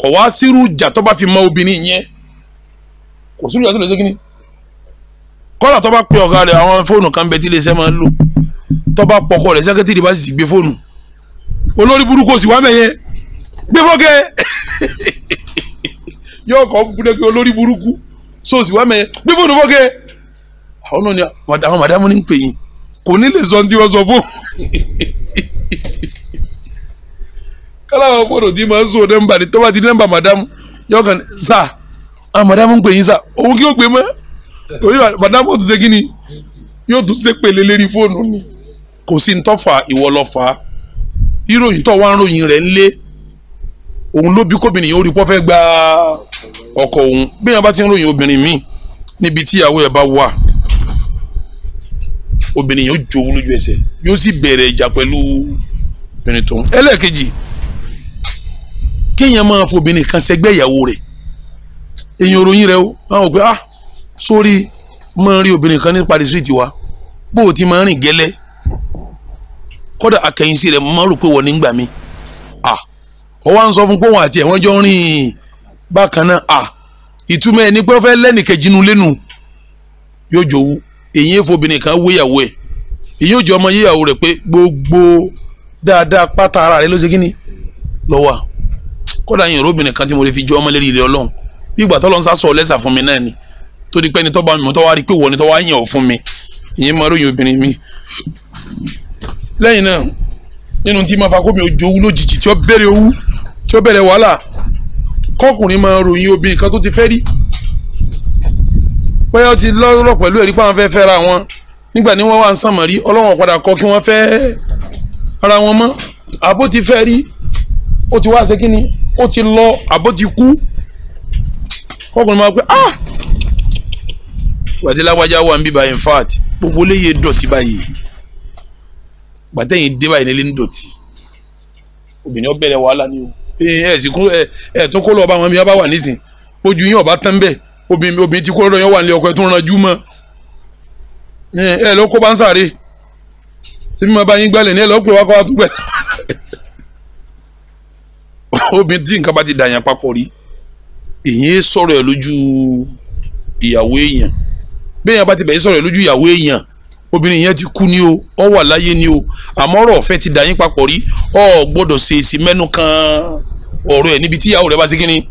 kọ̀ wá sírú ìjà tó bá fi mọ obìnrin yẹn kò sírú ìjà tó lè ṣe kí ni kọ́lá tó bá pe ọ̀gá rẹ̀ àwọn fóònù kan bẹ tí iléeṣẹ́ máa ń lò tó bá pọkọ rẹ̀ sẹ́kẹ́tìrì bá sì gbé fóònù olórí burúkú òsì wá mẹ́yẹ gbé fọ́kẹ́ yóò kọ́ gúnlẹ́gbẹ́ olórí burúkú sóòsì wá mẹ́yẹ gbé fóònù fọ́kẹ́ àwọn náà ni àwọn màdàmú ní ń pè yín kò ní lè ní sọ kálá àwọn tí sọ ni tó ti nẹ́mbà màdàmú yóò kàn sà àwọn màdàmú ń pè yín sà òun kí ó pè mọ́ màdàmú yóò tún ṣe pèlè lérí fóònù ni kò sí tọ́fà ìwọ lọ fà á ìròyìn wá ọkọ òun bí wọn bá ti ń ròyìn obìnrin míì níbi tí ìyàwó ẹ̀ bá wà obìnrin yóò jowú lójú ẹsẹ̀ yóò sì bẹ̀rẹ̀ ìjà pẹ̀lú obìnrin tó ń ẹlẹ́ẹ̀kejì kéèyàn máa fobìnrin kan sẹ́gbẹ́ ìyàwó rẹ̀ èèyàn ròyìn rẹ̀ o àwọn ò pé ah sórí máa ń rí obìnrin kan ní parí síríìtì wa bó o ti máa ń rìn gẹ́lẹ́ kódà akẹ́yìn sí rẹ̀ máa rò pé wọ́n nígbà mi ah ọwọ́ à ń sọ fún pé àti ẹ̀ wọ́n jọ ń rìn bákan náà a ìtumọ̀ ẹni pé ó fẹ́ lẹ́nìkejì nu lẹ́nu yóò jòwú èyí ń fobìnrin kan wéyàwó ẹ̀ èyí ò jọ ọmọ yíyàwó rẹ̀ pé gbogbo dáadáa pátá ara rẹ̀ ló ṣe kí ni lọ́wọ́ kódà yìnyín róbìnrin kan tí mo lè fi jọ ọmọ lérí ilé ọlọ́run bí ìgbà tọ́lọ́ ń sá sọ lẹ́sà fún mi náà ni tó di pẹ́ni tọ́ba mi tọ́wá rí pé wọ́n ni tọ́wá yàn ọ́ fún mi ìyẹn máa ròyìn obìnrin mi lẹ́yìn náà nínú tí máa fa kó mi ò jowú lójijì tí ó bẹ̀rẹ̀ owú tí ó bẹ̀rẹ̀ wàhálà kọkùnrin máa ròyìn obìnrin kan tó ti fẹ́ rí bóyá ó ti lọ́rọ̀ pẹ̀lú ẹ̀rí pàwọn fẹ́ fẹ́ ra wọn nígbà ní wọ́n wá ń sànmọ́ rí ọlọ́wọ́n padà kọ kí wọ́n fẹ́ ara wọn mọ́ àbó ti fẹ́ rí ó ti wá ṣe kí ni ó ti lọ àbó ti kú kọkùnrin máa pẹ́ ah gbàtí lágbájá wà ń bíbá in fact gbogbo léyè dọ̀tí báyìí gbàtẹ́yìn dé báyìí nílé ń dọ̀tí obìnrin ó bẹ̀rẹ̀ wàhálà ni o ẹ sì kún ẹ ẹ tún kó lọ ọba àwọn mi ọba wà nísìn ojú yín ọba tán bẹ obìnrin obìnrin ti kó lọ yẹn wà ní ọkọ ẹ tó ń ranjú mọ ẹ ẹ lọ kó bá ń sáré síbi máa bá yín gbálẹ̀ ní ẹ lọ pé wá kó wá tún gbẹ obìnrin tí nǹkan bá ti dàyàn papọ̀ rí èyí sọ̀rọ̀ ẹ lójú ìyàwó èèyàn bẹ́ẹ̀ yẹn bá ti bẹ̀yìn sọ̀rọ̀ ẹ lójú ìyàwó èèyàn obìnrin yẹn ti kú ni o ọ wà láyé ni o àmọ́ ọ̀rọ̀ ọ̀fẹ́ ti dà yín papọ̀ rí ọ gbọ́dọ̀ ṣe èsì mẹ́nu kan ọ̀rọ̀ ẹ̀ níbi tí ìyàwó rẹ bá ṣe kínní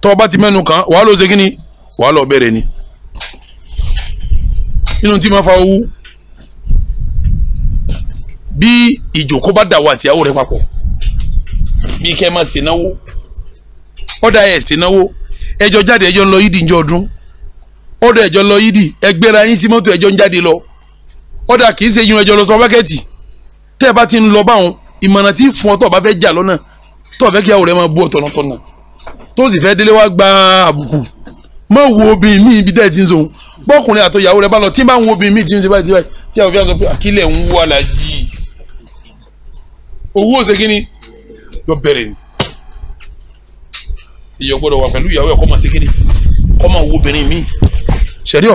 tọ́ ọ bá ti mẹ́nu kan wàá lọ ṣe kínní wàá lọ bẹ̀rẹ̀ ni inú tí máa fa owó bí ìjòkó bá dà wọ àtìyàwó rẹ papọ̀ bí kẹ́ máa ṣe náwó ọ̀dà ẹ̀ ṣe náwó ẹjọ́ jáde ẹjọ́ ń lọ yídì ń jọ ọdún ọ̀dà ẹjọ́ ń lọ yídì ẹgbẹ́ra yín sí mọ́tò ẹjọ́ ń jáde lọ ọ̀dà kì í ṣe yun ẹjọ́ lọ supermarket tẹ́ ẹ bá ti ń lọ báwọn ìmọ̀ràn tí fún ọ tó o bá fẹ́ jà lọ́nà tó o fẹ́ kí àwọn rẹ̀ máa bú ọ tọ̀nàtọ̀nà tó sì fẹ́ délé wá gba àbùkù má wo obìnrin mi ibi dẹ́ ti ń sòun bọ́kùnrin àti ìyàwó rẹ̀ bá lọ tí bá ń wo obìnrin mi ti ń ṣe báyìí tí báyìí tí àwọn fíà sọ pé àkílẹ̀ ń wú alájí owó ṣe kí ni yọ bẹ̀rẹ̀ ni ìyọ̀ gbọ́dọ̀ wà pẹ̀lú ìyàwó ẹ̀ kọ́ máa ṣe kí ni kọ́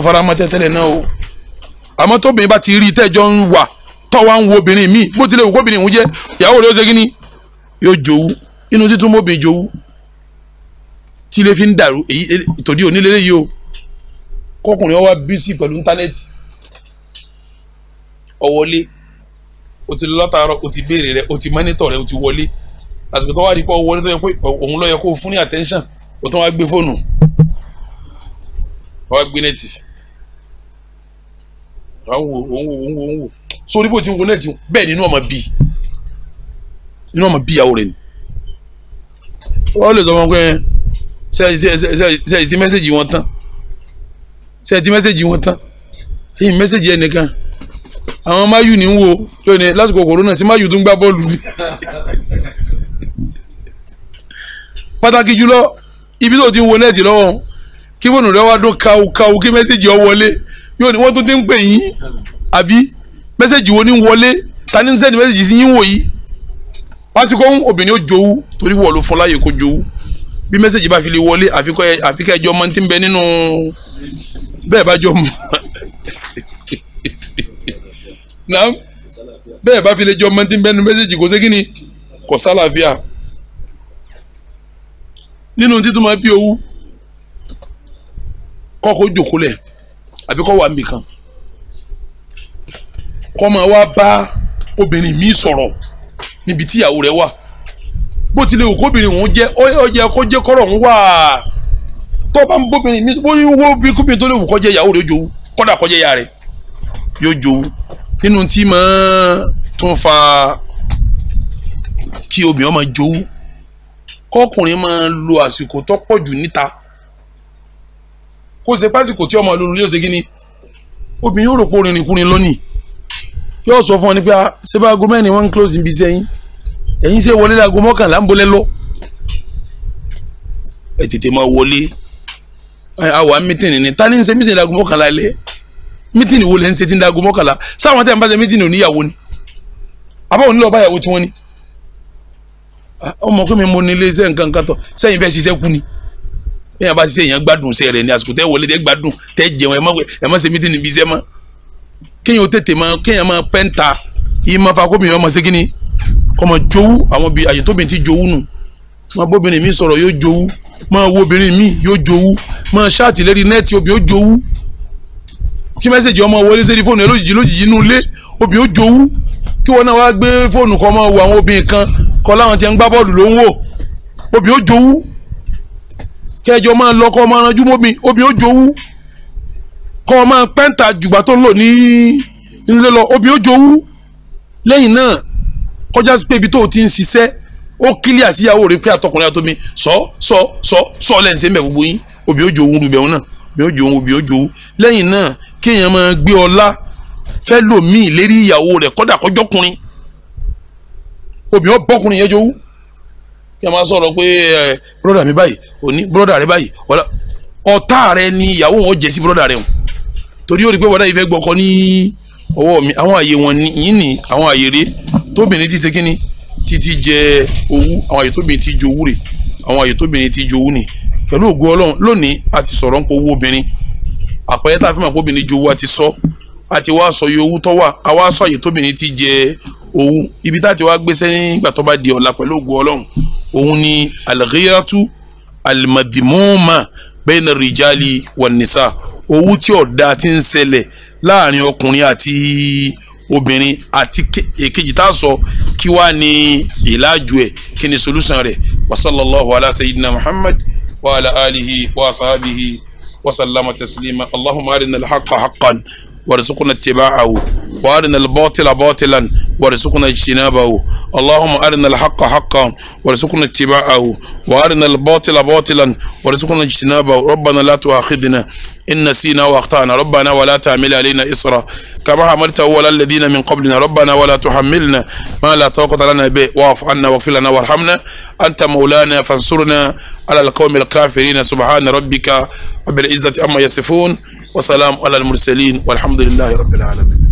àmọ́ tóbìnrin bá ti rí tẹ́jọ́ ń wà tọ́wá ń wo obìnrin míì bó tilẹ̀ òkú obìnrin òun jẹ́ ìyàwó rẹ̀ ó ṣe kí ni yóò jòwú inú títún mọ́bìnrin jòwú tí ilé fi ń dàrú èyí tòdí onílélẹ́ yìí o kọkùnrin ọwọ́ bísí pẹ̀lú íńtánẹ́ẹ̀tì ọwọ́lé o ti lọ látàárọ̀ o ti béèrè rẹ o ti mọ́nítọ̀ rẹ o ti wọlé àsìkò tó wà ní pé ọwọ́lé tó yẹ pé òun ló yẹ kó fún ní attention o tún wá gbé fóònù wá gbé nẹ́ẹ̀tì òun wò òun wò òun wò òun wò sórí bó ti ń wo náà ti bẹ́ẹ̀ nínú ọmọ bíi inú ọmọ bíi ìyàwó rẹ ni wọ́n lè sọ wọn pé ṣe ti mẹ́sẹ̀gì wọn tán ṣe ti mẹ́sẹ̀gì wọn tán èyí mẹ́sẹ̀gì ẹnìkan àwọn mayu ní ń wo yóò ní lásìkò kòrónà sí mayu tó ń gbá bọ́ọ̀lù ni pàtàkì jùlọ ibi tó ti ń wo nẹ́ẹ̀tì lọ́wọ́ kí fóònù rẹ wá dún káwó káwó kí mẹ́sẹ̀gì ọ wọlé yóò ní wọ́n tó ti ń pè yín àbí mẹ́sẹ̀gì wo ni ń wọlé ta ni ń sẹ́ni mẹ́sẹ̀gì sí yín wò yìí lásìkò ń obìnrin ó jowú torí wọ́ọ̀ ló fọlá yẹ kó jowú bí mẹ́sẹ̀gì bá fi lè wọlé àfikẹ́ ẹjọ́ ọmọ tí ń bẹ nínú bẹ́ẹ̀ bá jọ mọ́ naam bẹ́ẹ̀ bá fi lè jọ ọmọ tí ń bẹ nínú mẹ́sẹ̀gì kò sí kíni kò sálàáfíà nínú títún máa owó kọ́kọ́ jòkó lẹ̀ àbí kọ́ wà níbì kan kọ́ máa wá bá obìnrin mi sọ̀rọ̀ níbi tí ìyàwó rẹ̀ wà bó tilẹ̀ òkú obìnrin òun jẹ́ ó yẹ kó jẹ́ kọ́rọ̀ òun wà tó bá ń bóbìnrin mi bó yín wó bí kúbìnrin tó lè wù kó jẹ́ ìyàwó rẹ̀ yóò jowú kódà ìyá rẹ̀ yóò jowú nínú tí máa tún fa kí obìnrin máa jowú kọ́kùnrin máa lo àsìkò tó pọ̀ jù níta kó ṣe pásìkò tí ọmọ ìlú yóò ṣe kí ni obìnrin yóò rò pé orin ìkùnrin lónìí yóò sọ fún ọ ní pé ah, ṣé bá aago mẹ́rin wọ́n ń close níbi iṣẹ́ yín ẹ̀yin ṣe wọlé láago mọ́kànlá ń bolẹ́ lọ ẹ tètè máa wọlé àwa mítìnì ni ta ni ń ṣe mítìnì láago mọ́kànlá lẹ mítìnì wo lẹ ń ṣe ti ń láago mọ́kànlá sáwọn tẹ̀ ń bá ṣe mítìnì oníyàwó ni àbáwọn onílọ̀ báyàwó tí wọ́n ni ah, ọmọ pé mi mo ní ilé nǹkan kan tọ̀ sẹ́yìn fẹ́ ṣiṣẹ́ kú ni bẹ́ẹ̀ bá ti ṣe èèyàn gbádùn ṣe rẹ̀ ní àsìkò tẹ́ wọlé tẹ́ gbádùn tẹ́ jẹun ẹ̀ má ṣe mítí níbi iṣẹ́ mọ́ kéèyàn ó tètè máa kéèyàn máa pẹ́ńta yìí máa fa kóbìnrin ọmọ ṣe kíni kọ́mọ jowú àwọn bi àyè ti jowú nù máa bóbìnrin mi sọ̀rọ̀ yóò jowú máa wo obìnrin mi yóò jowú máa ṣáàtì lérí nẹ́ẹ̀tì obì yóò jowú kí mẹ́sẹ̀jì ọmọ wọlé sí fóònù ẹ lójijì lójijì inú ilé obì yóò jowú kí wọn kẹjọ máa lọ kọ́ máa ranjú bómi omi ó jowú kọ́ máa pẹ́ǹtà jùgbà tó ń lò ní nílé lọ omi ó jowú lẹ́yìn náà kọjá sí pé ibi tó o ti ń ṣiṣẹ́ ó kílíà síyàwó rẹ pé àtọkùnrin àtọmi sọ sọ sọ sọ lẹ́sìn mẹ́ gbogbo yín omi ó jowú rúbẹ̀ wọn náà omi ó jowú omi ó jowú lẹ́yìn náà kéèyàn máa gbé ọlá fẹ́ lòmíì lérí ìyàwó rẹ̀ kọ́dà kọjọ́kùnrin omi ó bọ́kùnrin yẹn jowú kí a máa sọ̀rọ̀ pé ẹ broda mi báyìí òní broda rẹ báyìí wọ́lá ọ̀tá rẹ ni ìyàwó wọn jẹ sí broda rẹ o torí ó rí pé wọ́dà yìí fẹ́ gbọ́kọ ní ọwọ́ mi àwọn àyè wọn yìí ni àwọn àyè rẹ tóbìnrin ti ṣe kínní títí jẹ owó àwọn àyè tóbìnrin ti jowú rè àwọn àyè tóbìnrin ti jowú ni pẹ̀lú ògo ọlọ́run lónìí a ti sọ̀rọ̀ nípa owó obìnrin àpẹẹrẹ tá a fi mọ̀ pé obìnrin jowú a ti sọ a ti wá sọ iye owó tó wà a wá sọ àyè tóbìnrin ti jẹ owó ibi tá a ti wá gbéṣẹ́ nígbà tó bá di ọ̀la pẹ̀lú ògo ọlọ́run òun ni alghiratu almadhmuma bayna rijali wannisa owú tí ọ̀dà ti ń ṣẹlẹ̀ láàrin ọkùnrin àti obìnrin àti èkejì tá a sọ kí wàá ní ìlàjú ẹ̀ kí ni solution rẹ̀ wa sallallahu ala sayyidina muhammad wa ala alihi wa sahabihi wa sallama taslima allahumma arina alhaqa haqqan. وارزقنا اتباعه وارنا الباطل باطلا وارزقنا اجتنابه اللهم ارنا الحق حقا وارزقنا اتباعه وارنا الباطل باطلا وارزقنا اجتنابه ربنا لا تؤاخذنا إن نسينا وأخطأنا ربنا ولا تعمل علينا إصرا كما عملت اولى الذين من قبلنا ربنا ولا تحملنا ما لا طاقة لنا به واعف عنا واغفر لنا وارحمنا أنت مولانا فانصرنا على القوم الكافرين سبحان ربك رب العزة عما يصفون وسلام على المرسلين والحمد لله رب العالمين